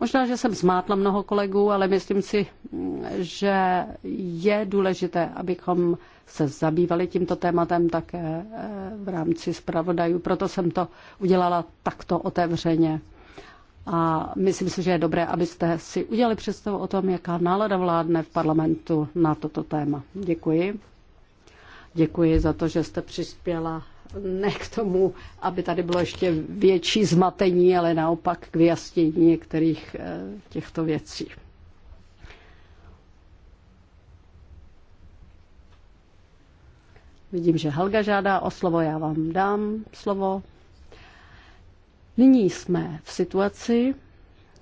Možná, že jsem zmátla mnoho kolegů, ale myslím si, mm, že je důležité, abychom se zabývali tímto tématem také eh, v rámci zpravodajů. Proto jsem to udělala takto otevřeně. A myslím si, že je dobré, abyste si udělali představu o tom, jaká nálada vládne v parlamentu na toto téma. Děkuji. Děkuji za to, že jste přispěla ne k tomu, aby tady bylo ještě větší zmatení, ale naopak k vyjasnění některých eh, těchto věcí. Vidím, že Helga žádá o slovo, já vám dám slovo. Nyní jsme v situaci,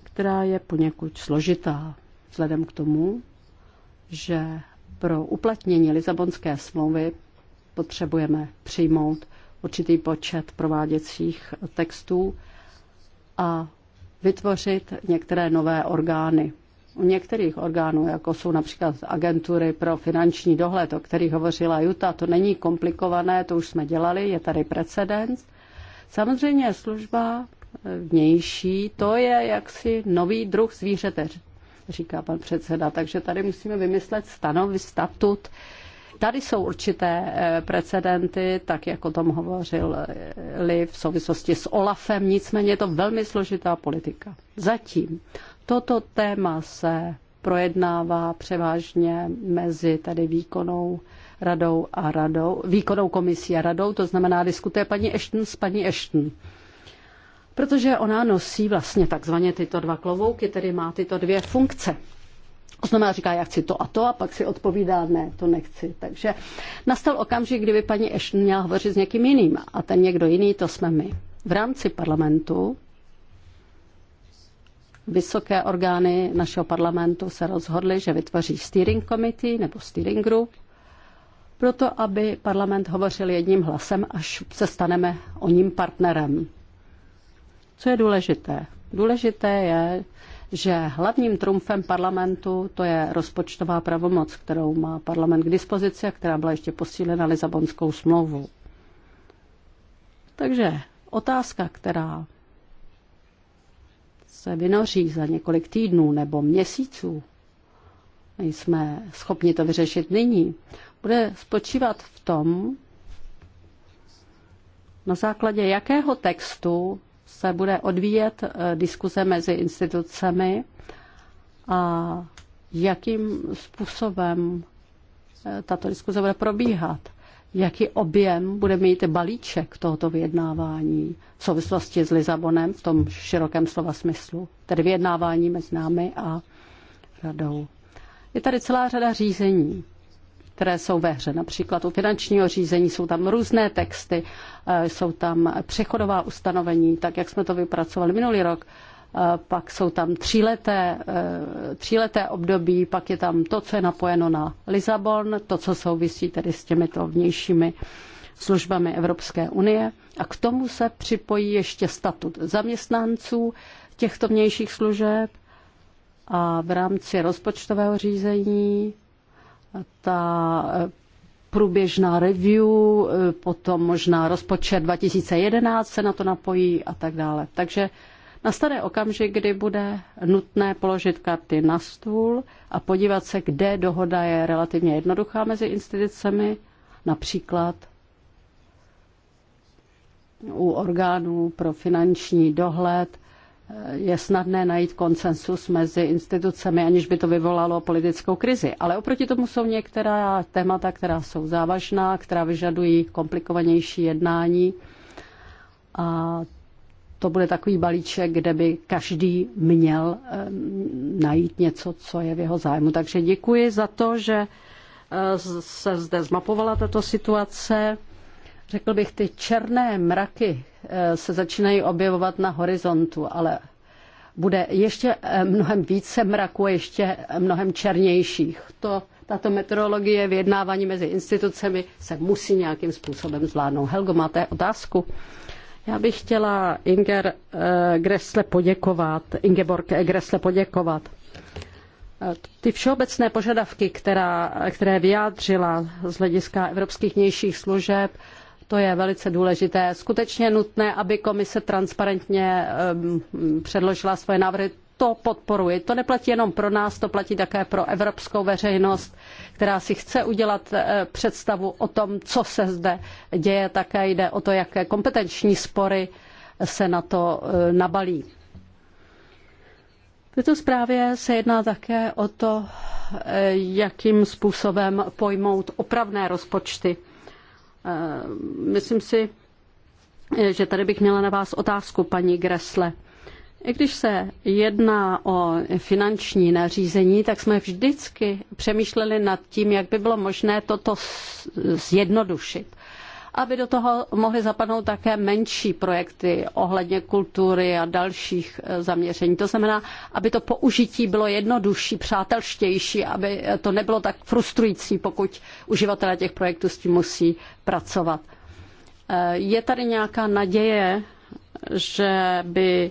která je poněkud složitá, vzhledem k tomu, že pro uplatnění Lisabonské smlouvy potřebujeme přijmout určitý počet prováděcích textů a vytvořit některé nové orgány. U některých orgánů, jako jsou například agentury pro finanční dohled, o kterých hovořila Juta, to není komplikované, to už jsme dělali, je tady precedens. Samozřejmě služba vnější, to je jaksi nový druh zvířete, říká pan předseda, takže tady musíme vymyslet stanov, statut, Tady jsou určité eh, precedenty, tak jak o tom hovořili v souvislosti s Olafem, nicméně je to velmi složitá politika. Zatím toto téma se projednává převážně mezi tady výkonou radou a radou, výkonnou komisí a radou, to znamená diskutuje paní Ashton s paní Ashton. Protože ona nosí vlastně takzvaně tyto dva klovouky, tedy má tyto dvě funkce. To znamená, říká, já chci to a to, a pak si odpovídá, ne, to nechci. Takže nastal okamžik, kdyby paní Ashton měla hovořit s někým jiným a ten někdo jiný, to jsme my. V rámci parlamentu vysoké orgány našeho parlamentu se rozhodly, že vytvoří steering committee nebo steering group, proto aby parlament hovořil jedním hlasem, až se staneme o ním partnerem. Co je důležité? Důležité je, že hlavním trumfem parlamentu to je rozpočtová pravomoc, kterou má parlament k dispozici a která byla ještě posílena Lisabonskou smlouvou. Takže otázka, která se vynoří za několik týdnů nebo měsíců, nejsme schopni to vyřešit nyní, bude spočívat v tom, na základě jakého textu se bude odvíjet eh, diskuze mezi institucemi a jakým způsobem eh, tato diskuze bude probíhat. Jaký objem bude mít balíček tohoto vyjednávání v souvislosti s Lizabonem v tom širokém slova smyslu, tedy vyjednávání mezi námi a radou. Je tady celá řada řízení které jsou ve hře. Například u finančního řízení jsou tam různé texty, eh, jsou tam přechodová ustanovení, tak jak jsme to vypracovali minulý rok. Eh, pak jsou tam tříleté, eh, tříleté období, pak je tam to, co je napojeno na Lisabon, to, co souvisí tedy s těmito vnějšími službami Evropské unie. A k tomu se připojí ještě statut zaměstnanců těchto vnějších služeb a v rámci rozpočtového řízení ta eh, průběžná review, eh, potom možná rozpočet 2011 se na to napojí a tak dále. Takže nastane okamžik, kdy bude nutné položit karty na stůl a podívat se, kde dohoda je relativně jednoduchá mezi institucemi, například u orgánů pro finanční dohled je snadné najít konsensus mezi institucemi, aniž by to vyvolalo politickou krizi. Ale oproti tomu jsou některá témata, která jsou závažná, která vyžadují komplikovanější jednání. A to bude takový balíček, kde by každý měl eh, najít něco, co je v jeho zájmu. Takže děkuji za to, že eh, se zde zmapovala tato situace. Řekl bych, ty černé mraky eh, se začínají objevovat na horizontu, ale bude ještě eh, mnohem více mraků, a ještě eh, mnohem černějších. To, tato meteorologie vyjednávání mezi institucemi se musí nějakým způsobem zvládnout. Helgo, máte otázku? Já bych chtěla Inger Gressle poděkovat, Ingeborg Gressle poděkovat. Ty všeobecné požadavky, která, které vyjádřila z hlediska evropských vnějších služeb, to je velice důležité. Skutečně nutné, aby komise transparentně ehm, předložila svoje návrhy. To podporuji. To neplatí jenom pro nás, to platí také pro evropskou veřejnost, která si chce udělat eh, představu o tom, co se zde děje. Také jde o to, jaké kompetenční spory se na to eh, nabalí. V této zprávě se jedná také o to, eh, jakým způsobem pojmout opravné rozpočty. Eh, myslím si, eh, že tady bych měla na vás otázku, paní Gresle. I když se jedná o finanční nařízení, tak jsme vždycky přemýšleli nad tím, jak by bylo možné toto zjednodušit aby do toho mohly zapadnout také menší projekty ohledně kultury a dalších e, zaměření. To znamená, aby to použití bylo jednodušší, přátelštější, aby to nebylo tak frustrující, pokud uživatelé těch projektů s tím musí pracovat. E, je tady nějaká naděje, že by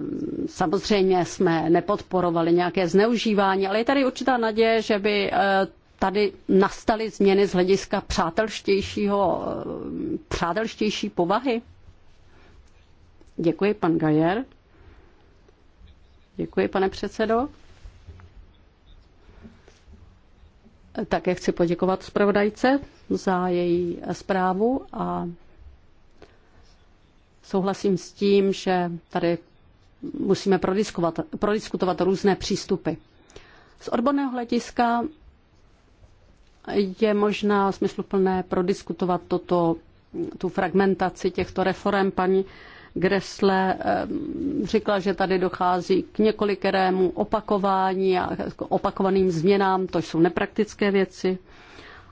mm, Samozřejmě jsme nepodporovali nějaké zneužívání, ale je tady určitá naděje, že by e, tady nastaly změny z hlediska přátelštějšího, eh, přátelštější povahy? Děkuji, pan Gajer. Děkuji, pane předsedo. Také chci poděkovat zpravodajce za její zprávu a souhlasím s tím, že tady musíme prodiskutovat různé přístupy. Z odborného hlediska je možná smysluplné prodiskutovat toto, tu fragmentaci těchto reform. Paní Gressle eh, řekla, že tady dochází k několikerému opakování a opakovaným změnám, to jsou nepraktické věci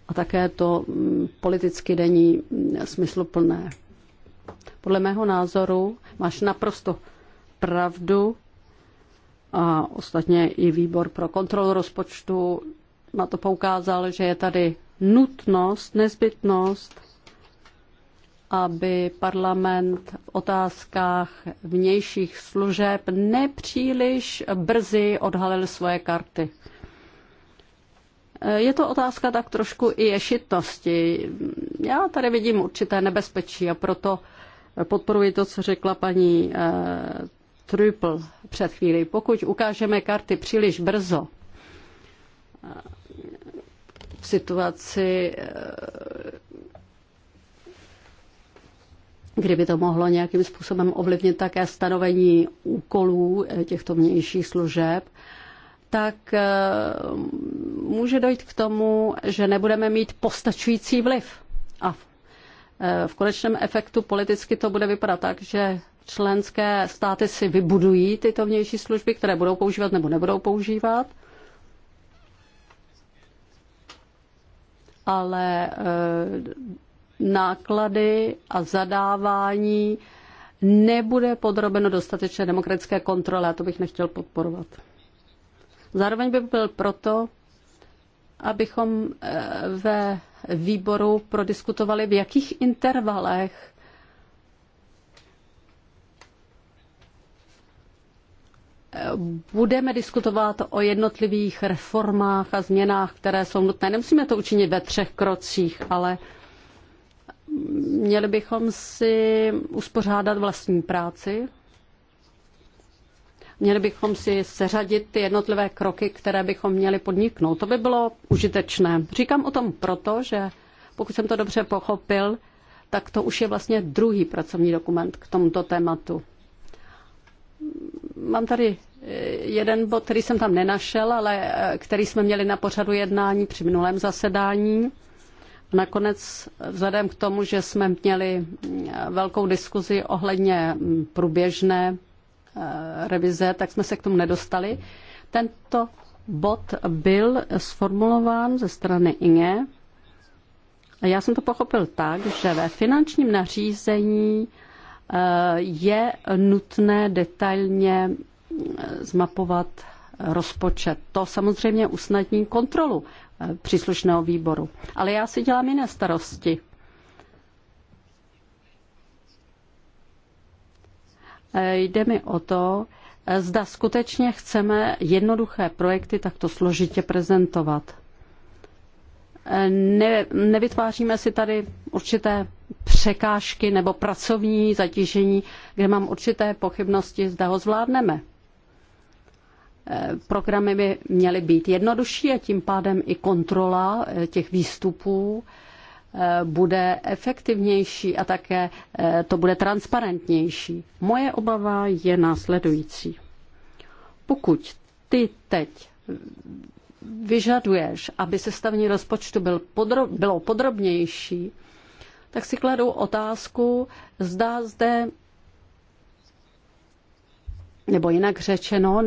a také to mm, politicky není mm, smysluplné. Podle mého názoru máš naprosto pravdu a ostatně i výbor pro kontrolu rozpočtu na to poukázal, že je tady nutnost, nezbytnost, aby parlament v otázkách vnějších služeb nepříliš brzy odhalil svoje karty. Eh, je to otázka tak trošku i ješitnosti. Já tady vidím určité nebezpečí a proto podporuji to, co řekla paní e, před chvílí. Pokud ukážeme karty příliš brzo, v situaci, eh, kdyby to mohlo nějakým způsobem ovlivnit také stanovení úkolů eh, těchto vnějších služeb, tak eh, může dojít k tomu, že nebudeme mít postačující vliv. A v konečném efektu politicky to bude vypadat tak, že členské státy si vybudují tyto vnější služby, které budou používat nebo nebudou používat. ale eh, náklady a zadávání nebude podrobeno dostatečné demokratické kontrole a to bych nechtěl podporovat. Zároveň by byl proto, abychom eh, ve výboru prodiskutovali, v jakých intervalech budeme diskutovat o jednotlivých reformách a změnách, které jsou nutné. Nemusíme to učinit ve třech krocích, ale měli bychom si uspořádat vlastní práci. Měli bychom si seřadit ty jednotlivé kroky, které bychom měli podniknout. To by bylo užitečné. Říkám o tom proto, že pokud jsem to dobře pochopil, tak to už je vlastně druhý pracovní dokument k tomuto tématu. Mám tady jeden bod, který jsem tam nenašel, ale eh, který jsme měli na pořadu jednání při minulém zasedání. Nakonec, vzhledem k tomu, že jsme měli mm, velkou diskuzi ohledně mm, průběžné eh, revize, tak jsme se k tomu nedostali. Tento bod byl sformulován ze strany Inge. A já jsem to pochopil tak, že ve finančním nařízení eh, je nutné detailně zmapovat rozpočet. To samozřejmě usnadní kontrolu eh, příslušného výboru. Ale já si dělám jiné starosti. Eh, jde mi o to, eh, zda skutečně chceme jednoduché projekty takto složitě prezentovat. Ne, nevytváříme si tady určité překážky nebo pracovní zatížení, kde mám určité pochybnosti, zda ho zvládneme. Eh, programy by měly být jednodušší a tím pádem i kontrola eh, těch výstupů eh, bude efektivnější a také to bude transparentnější. Moje obava je následující. Pokud ty teď vyžaduješ, aby sestavní rozpočtu byl podro- bylo podrobnější, tak si kladu otázku, zda zde nebo jinak řečeno,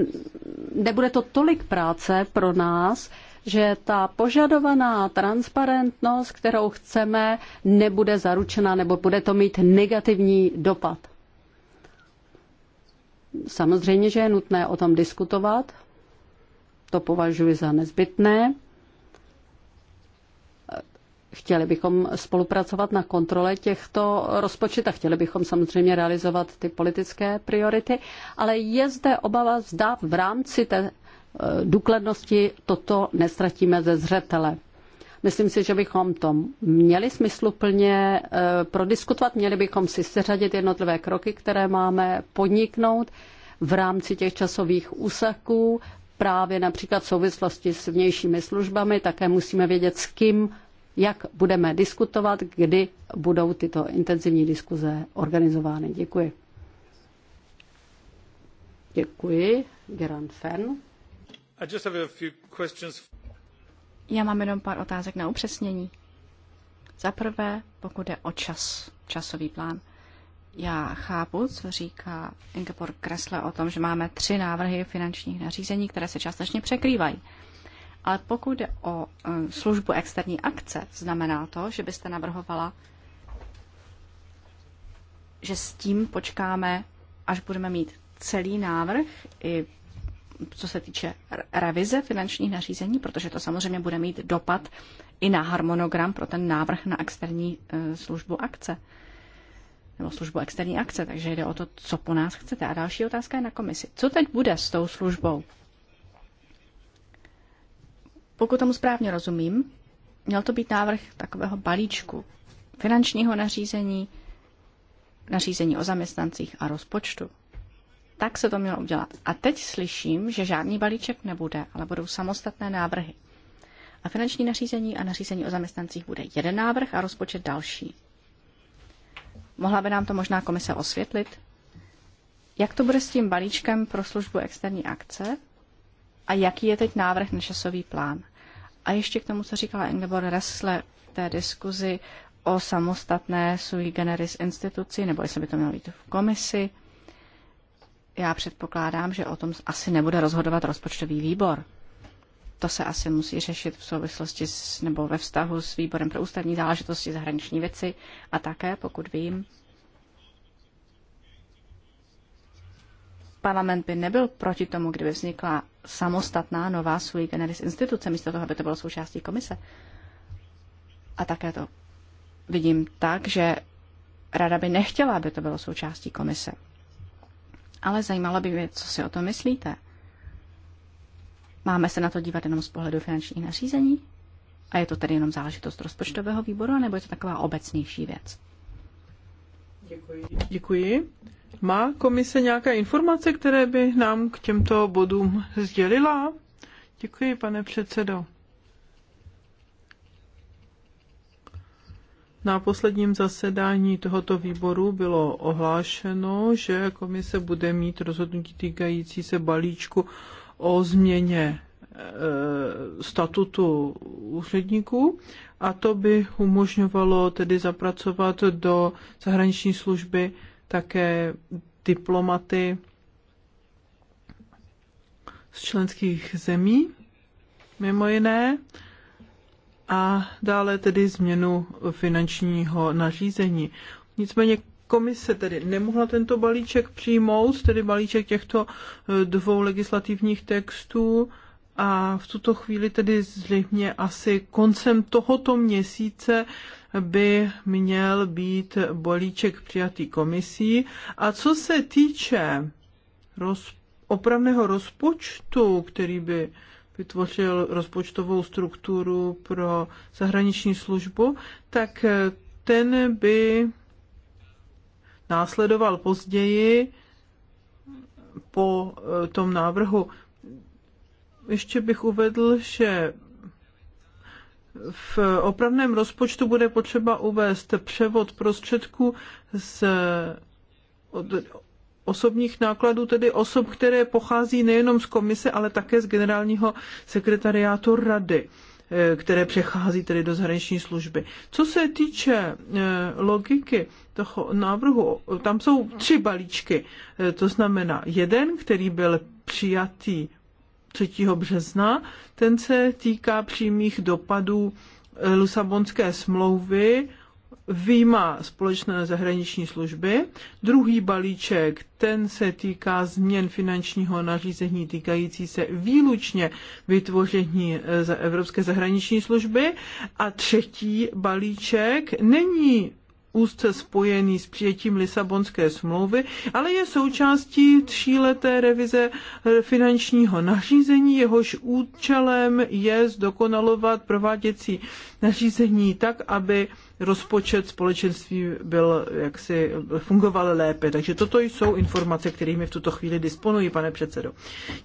nebude to tolik práce pro nás, že ta požadovaná transparentnost, kterou chceme, nebude zaručena nebo bude to mít negativní dopad. Samozřejmě, že je nutné o tom diskutovat, to považuji za nezbytné. Chtěli bychom spolupracovat na kontrole těchto rozpočet a chtěli bychom samozřejmě realizovat ty politické priority, ale je zde obava, zda v rámci té eh, důkladnosti toto nestratíme ze zřetele. Myslím si, že bychom to měli smysluplně eh, prodiskutovat, měli bychom si seřadit jednotlivé kroky, které máme podniknout v rámci těch časových úseků, právě například v souvislosti s vnějšími službami, také musíme vědět, s kým jak budeme diskutovat, kdy budou tyto intenzivní diskuze organizovány. Děkuji. Děkuji. Geran Fern. Já mám jenom pár otázek na upřesnění. Za prvé, pokud je o čas, časový plán. Já chápu, co říká Ingeborg Kresle o tom, že máme tři návrhy finančních nařízení, které se částečně překrývají. Ale pokud jde o eh, službu externí akce, znamená to, že byste navrhovala, že s tím počkáme, až budeme mít celý návrh i co se týče revize finančních nařízení, protože to samozřejmě bude mít dopad i na harmonogram pro ten návrh na externí eh, službu akce nebo službu externí akce, takže jde o to, co po nás chcete. A další otázka je na komisi. Co teď bude s tou službou? Pokud tomu správně rozumím, měl to být návrh takového balíčku finančního nařízení, nařízení o zaměstnancích a rozpočtu. Tak se to mělo udělat. A teď slyším, že žádný balíček nebude, ale budou samostatné návrhy. A finanční nařízení a nařízení o zaměstnancích bude jeden návrh a rozpočet další. Mohla by nám to možná komise osvětlit? Jak to bude s tím balíčkem pro službu externí akce? A jaký je teď návrh na časový plán? A ještě k tomu, co říkala Ingeborg Ressle v té diskuzi o samostatné sui generis instituci, nebo jestli by to mělo být v komisi, já předpokládám, že o tom asi nebude rozhodovat rozpočtový výbor. To se asi musí řešit v souvislosti s, nebo ve vztahu s výborem pro ústavní záležitosti, zahraniční věci a také, pokud vím, parlament by nebyl proti tomu, kdyby vznikla samostatná nová sui generis instituce, místo toho, aby to bylo součástí komise. A také to vidím tak, že rada by nechtěla, aby to bylo součástí komise. Ale zajímalo by mě, co si o tom myslíte. Máme se na to dívat jenom z pohledu finančních nařízení? A je to tedy jenom záležitost rozpočtového výboru, nebo je to taková obecnější věc? Děkuji. Děkuji. Má komise nějaké informace, které by nám k těmto bodům sdělila? Děkuji, pane předsedo. Na posledním zasedání tohoto výboru bylo ohlášeno, že komise bude mít rozhodnutí týkající se balíčku o změně e, statutu úředníků a to by umožňovalo tedy zapracovat do zahraniční služby také diplomaty z členských zemí, mimo jiné, a dále tedy změnu finančního nařízení. Nicméně komise tedy nemohla tento balíček přijmout, tedy balíček těchto dvou legislativních textů, a v tuto chvíli tedy zřejmě asi koncem tohoto měsíce by měl být bolíček přijatý komisí. A co se týče roz, opravného rozpočtu, který by vytvořil rozpočtovou strukturu pro zahraniční službu, tak ten by následoval později po eh, tom návrhu ještě bych uvedl, že v opravném rozpočtu bude potřeba uvést převod prostředků z od, osobních nákladů, tedy osob, které pochází nejenom z komise, ale také z generálního sekretariátu rady eh, které přechází tedy do zahraniční služby. Co se týče eh, logiky toho návrhu, tam jsou tři balíčky. Eh, to znamená jeden, který byl přijatý 3. března. Ten se týká přímých dopadů eh, Lisabonské smlouvy výjima společné zahraniční služby. Druhý balíček, ten se týká změn finančního nařízení týkající se výlučně vytvoření eh, Evropské zahraniční služby. A třetí balíček není úzce spojený s přijetím Lisabonské smlouvy, ale je součástí tříleté revize eh, finančního nařízení, jehož účelem je zdokonalovat prováděcí nařízení tak, aby rozpočet společenství byl, jak si fungoval lépe. Takže toto jsou informace, kterými v tuto chvíli disponuji, pane předsedo.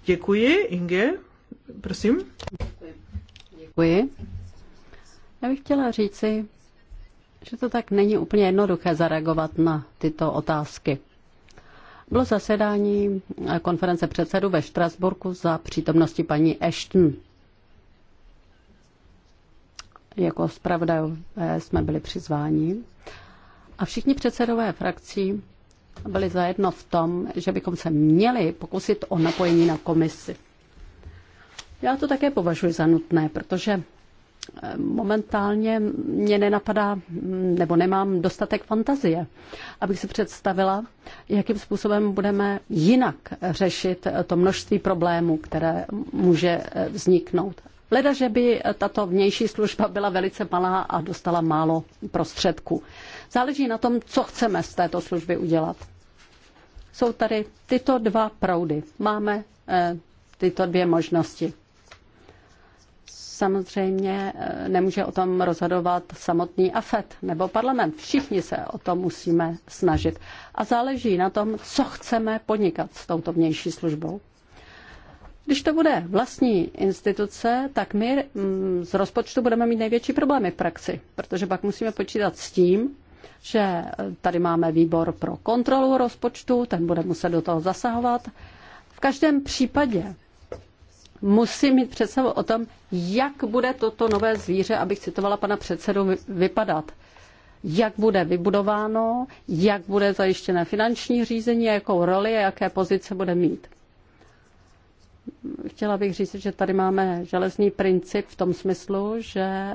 Děkuji, Inge. Prosím. Děkuji. Děkuji. Já bych chtěla říci, že to tak není úplně jednoduché zareagovat na tyto otázky. Bylo zasedání eh, konference předsedů ve Štrasburku za přítomnosti paní Ashton. Jako zpravodajové jsme byli přizváni. A všichni předsedové frakcí byli zajedno v tom, že bychom se měli pokusit o napojení na komisi. Já to také považuji za nutné, protože momentálně mě nenapadá, nebo nemám dostatek fantazie, abych si představila, jakým způsobem budeme jinak řešit to množství problémů, které může vzniknout. Leda, že by tato vnější služba byla velice malá a dostala málo prostředků. Záleží na tom, co chceme z této služby udělat. Jsou tady tyto dva proudy. Máme eh, tyto dvě možnosti samozřejmě eh, nemůže o tom rozhodovat samotný AFET nebo parlament. Všichni se o to musíme snažit. A záleží na tom, co chceme podnikat s touto vnější službou. Když to bude vlastní instituce, tak my mm, z rozpočtu budeme mít největší problémy v praxi, protože pak musíme počítat s tím, že eh, tady máme výbor pro kontrolu rozpočtu, ten bude muset do toho zasahovat. V každém případě musím mít představu o tom, jak bude toto nové zvíře, abych citovala pana předsedu, vypadat. Jak bude vybudováno, jak bude zajištěné finanční řízení, jakou roli a jaké pozice bude mít. Chtěla bych říct, že tady máme železný princip v tom smyslu, že eh,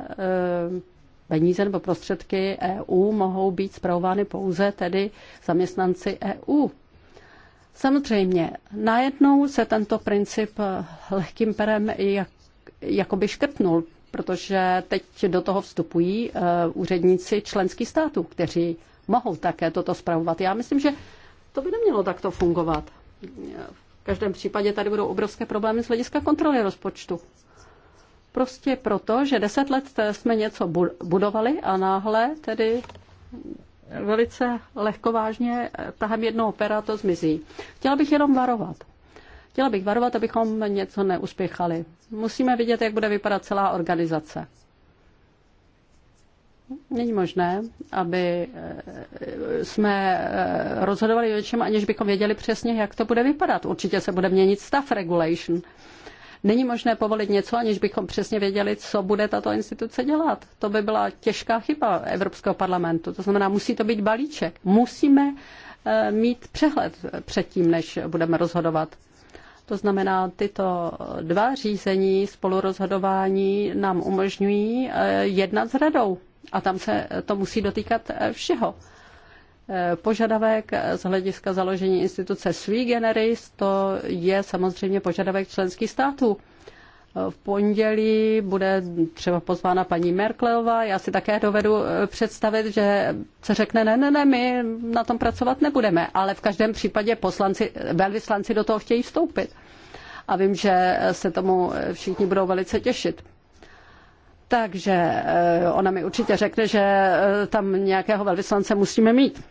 peníze nebo prostředky EU mohou být zpravovány pouze tedy zaměstnanci EU. Samozřejmě, najednou se tento princip lehkým perem jak, jakoby škrtnul, protože teď do toho vstupují eh, úředníci členských států, kteří mohou také toto zpravovat. Já myslím, že to by nemělo takto fungovat. V každém případě tady budou obrovské problémy z hlediska kontroly rozpočtu. Prostě proto, že deset let jsme něco budovali a náhle tedy velice lehkovážně tahem jednoho opera to zmizí. Chtěla bych jenom varovat. Chtěla bych varovat, abychom něco neuspěchali. Musíme vidět, jak bude vypadat celá organizace. Není možné, aby eh, jsme eh, rozhodovali o něčem, aniž bychom věděli přesně, jak to bude vypadat. Určitě se bude měnit staff regulation. Není možné povolit něco, aniž bychom přesně věděli, co bude tato instituce dělat. To by byla těžká chyba Evropského parlamentu. To znamená, musí to být balíček. Musíme eh, mít přehled předtím, než budeme rozhodovat. To znamená, tyto dva řízení spolurozhodování nám umožňují eh, jednat s radou. A tam se to musí dotýkat eh, všeho požadavek z hlediska založení instituce sui generis, to je samozřejmě požadavek členských států. V pondělí bude třeba pozvána paní Merkelová. Já si také dovedu eh, představit, že se řekne, ne, ne, ne, my na tom pracovat nebudeme, ale v každém případě poslanci, velvyslanci do toho chtějí vstoupit. A vím, že se tomu eh, všichni budou velice těšit. Takže eh, ona mi určitě řekne, že tam nějakého velvyslance musíme mít.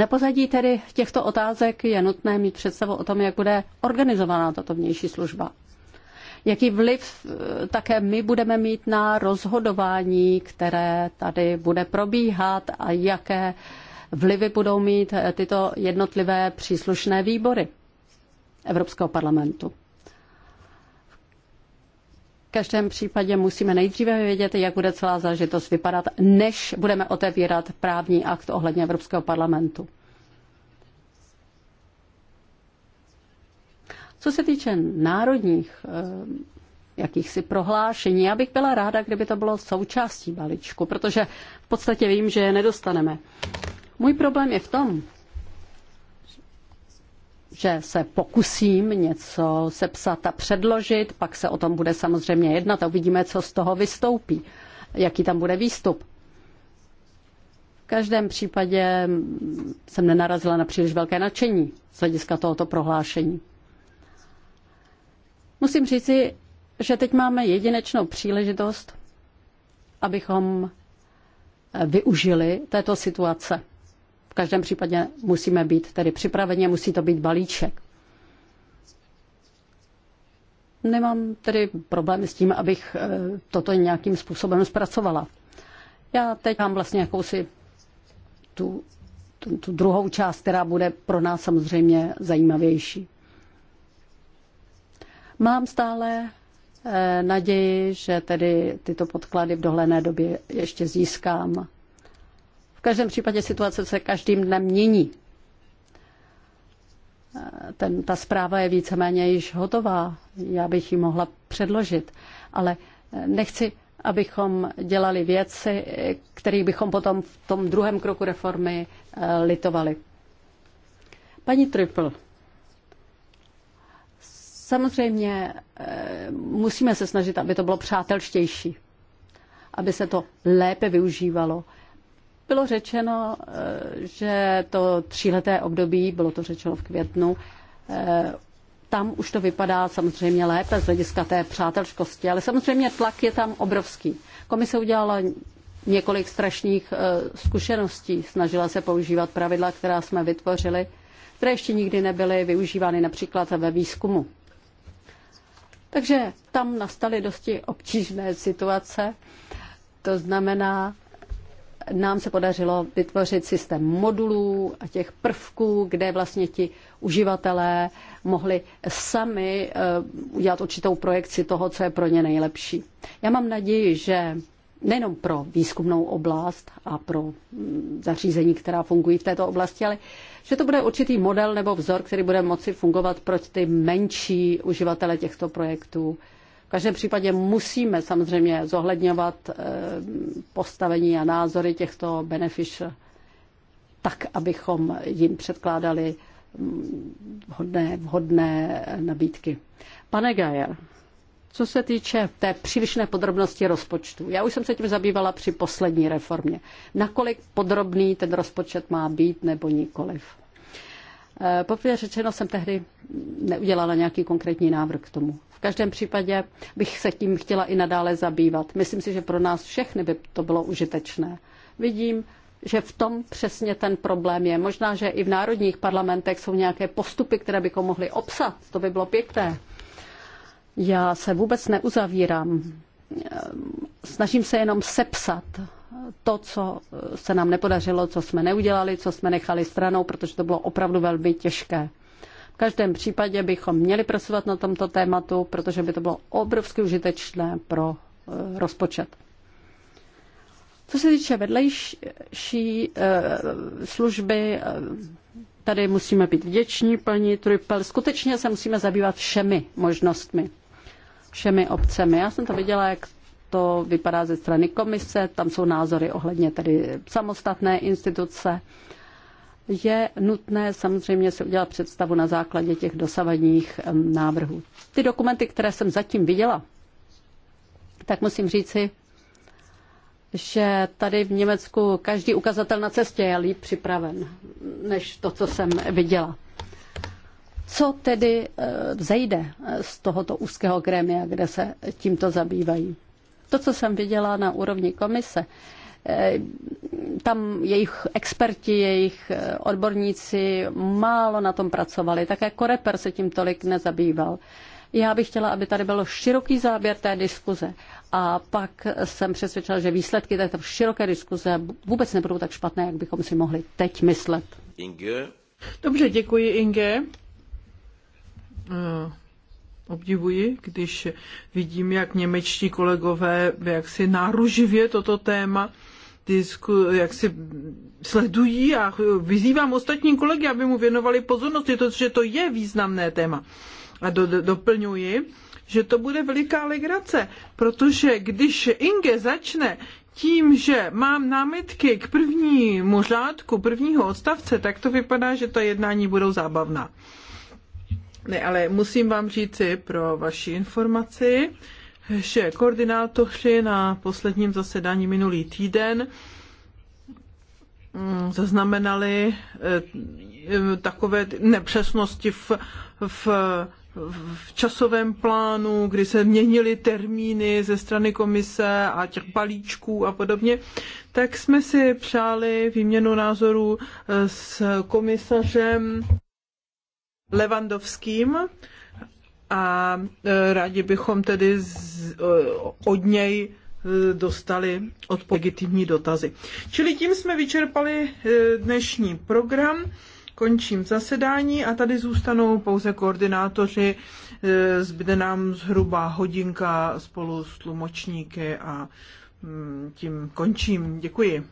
Na pozadí tedy těchto otázek je nutné mít představu o tom, jak bude organizovaná tato vnější služba. Jaký vliv eh, také my budeme mít na rozhodování, které tady bude probíhat a jaké vlivy budou mít eh, tyto jednotlivé příslušné výbory Evropského parlamentu. V každém případě musíme nejdříve vědět, jak bude celá zážitost vypadat, než budeme otevírat právní akt ohledně Evropského parlamentu. Co se týče národních eh, jakýchsi prohlášení, já bych byla ráda, kdyby to bylo součástí balíčku, protože v podstatě vím, že je nedostaneme. Můj problém je v tom, že se pokusím něco sepsat a předložit, pak se o tom bude samozřejmě jednat a uvidíme, co z toho vystoupí, jaký tam bude výstup. V každém případě jsem nenarazila na příliš velké nadšení z hlediska tohoto prohlášení. Musím říci, že teď máme jedinečnou příležitost, abychom využili této situace. V každém případě musíme být tedy připraveni, musí to být balíček. Nemám tedy problémy s tím, abych eh, toto nějakým způsobem zpracovala. Já teď mám vlastně jakousi tu, tu, tu druhou část, která bude pro nás samozřejmě zajímavější. Mám stále eh, naději, že tedy tyto podklady v dohledné době ještě získám. V každém případě situace se každým dnem mění. Ten, ta zpráva je víceméně již hotová, já bych ji mohla předložit, ale nechci, abychom dělali věci, kterých bychom potom v tom druhém kroku reformy eh, litovali. Paní Triple, samozřejmě eh, musíme se snažit, aby to bylo přátelštější, aby se to lépe využívalo. Bylo řečeno, eh, že to tříleté období, bylo to řečeno v květnu, eh, tam už to vypadá samozřejmě lépe z hlediska té přátelškosti, ale samozřejmě tlak je tam obrovský. Komise udělala několik strašných eh, zkušeností, snažila se používat pravidla, která jsme vytvořili, které ještě nikdy nebyly využívány například ve výzkumu. Takže tam nastaly dosti obtížné situace. To znamená, nám se podařilo vytvořit systém modulů a těch prvků, kde vlastně ti uživatelé mohli sami eh, udělat určitou projekci toho, co je pro ně nejlepší. Já mám naději, že nejenom pro výzkumnou oblast a pro mm, zařízení, která fungují v této oblasti, ale že to bude určitý model nebo vzor, který bude moci fungovat pro ty menší uživatele těchto projektů v každém případě musíme samozřejmě zohledňovat eh, postavení a názory těchto beneficer tak, abychom jim předkládali mm, vhodné, vhodné nabídky. Pane Gajer, co se týče té přílišné podrobnosti rozpočtu, já už jsem se tím zabývala při poslední reformě. Nakolik podrobný ten rozpočet má být nebo nikoliv? Eh, poprvé řečeno jsem tehdy neudělala nějaký konkrétní návrh k tomu. V každém případě bych se tím chtěla i nadále zabývat. Myslím si, že pro nás všechny by to bylo užitečné. Vidím, že v tom přesně ten problém je. Možná, že i v národních parlamentech jsou nějaké postupy, které bychom mohli obsat. To by bylo pěkné. Já se vůbec neuzavírám. Snažím se jenom sepsat to, co se nám nepodařilo, co jsme neudělali, co jsme nechali stranou, protože to bylo opravdu velmi těžké každém případě bychom měli pracovat na tomto tématu, protože by to bylo obrovsky užitečné pro eh, rozpočet. Co se týče vedlejší eh, služby, eh, tady musíme být vděční, paní Trupel. Skutečně se musíme zabývat všemi možnostmi, všemi obcemi. Já jsem to viděla, jak to vypadá ze strany komise, tam jsou názory ohledně tedy samostatné instituce je nutné samozřejmě si udělat představu na základě těch dosavadních návrhů. Ty dokumenty, které jsem zatím viděla, tak musím říci, že tady v Německu každý ukazatel na cestě je líp připraven, než to, co jsem viděla. Co tedy eh, vzejde eh, z tohoto úzkého grémia, kde se tímto zabývají? To, co jsem viděla na úrovni komise, Eh, tam jejich experti, jejich eh, odborníci málo na tom pracovali. Také Koreper jako se tím tolik nezabýval. Já bych chtěla, aby tady byl široký záběr té diskuze. A pak jsem přesvědčila, že výsledky této široké diskuze vůbec nebudou tak špatné, jak bychom si mohli teď myslet. Inge. Dobře, děkuji Inge. Uh obdivuji, když vidím, jak němečtí kolegové jak si náruživě toto téma disku, jak si sledují a vyzývám ostatní kolegy, aby mu věnovali pozornost, je to, že to je významné téma. A do, do, doplňuji, že to bude veliká legrace, protože když Inge začne tím, že mám námitky k prvnímu řádku, prvního odstavce, tak to vypadá, že ta jednání budou zábavná. Ne, ale musím vám říci pro vaši informaci, že koordinátoři na posledním zasedání minulý týden mm, zaznamenali eh, eh, takové nepřesnosti v, v v časovém plánu, kdy se měnily termíny ze strany komise a těch balíčků a podobně, tak jsme si přáli výměnu názorů eh, s komisařem Levandovským a e, rádi bychom tedy z, e, od něj e, dostali odpovědní dotazy. Čili tím jsme vyčerpali dnešní program. Končím zasedání a tady zůstanou pouze koordinátoři. Zbyde nám zhruba hodinka spolu s tlumočníky a mm, tím končím. Děkuji.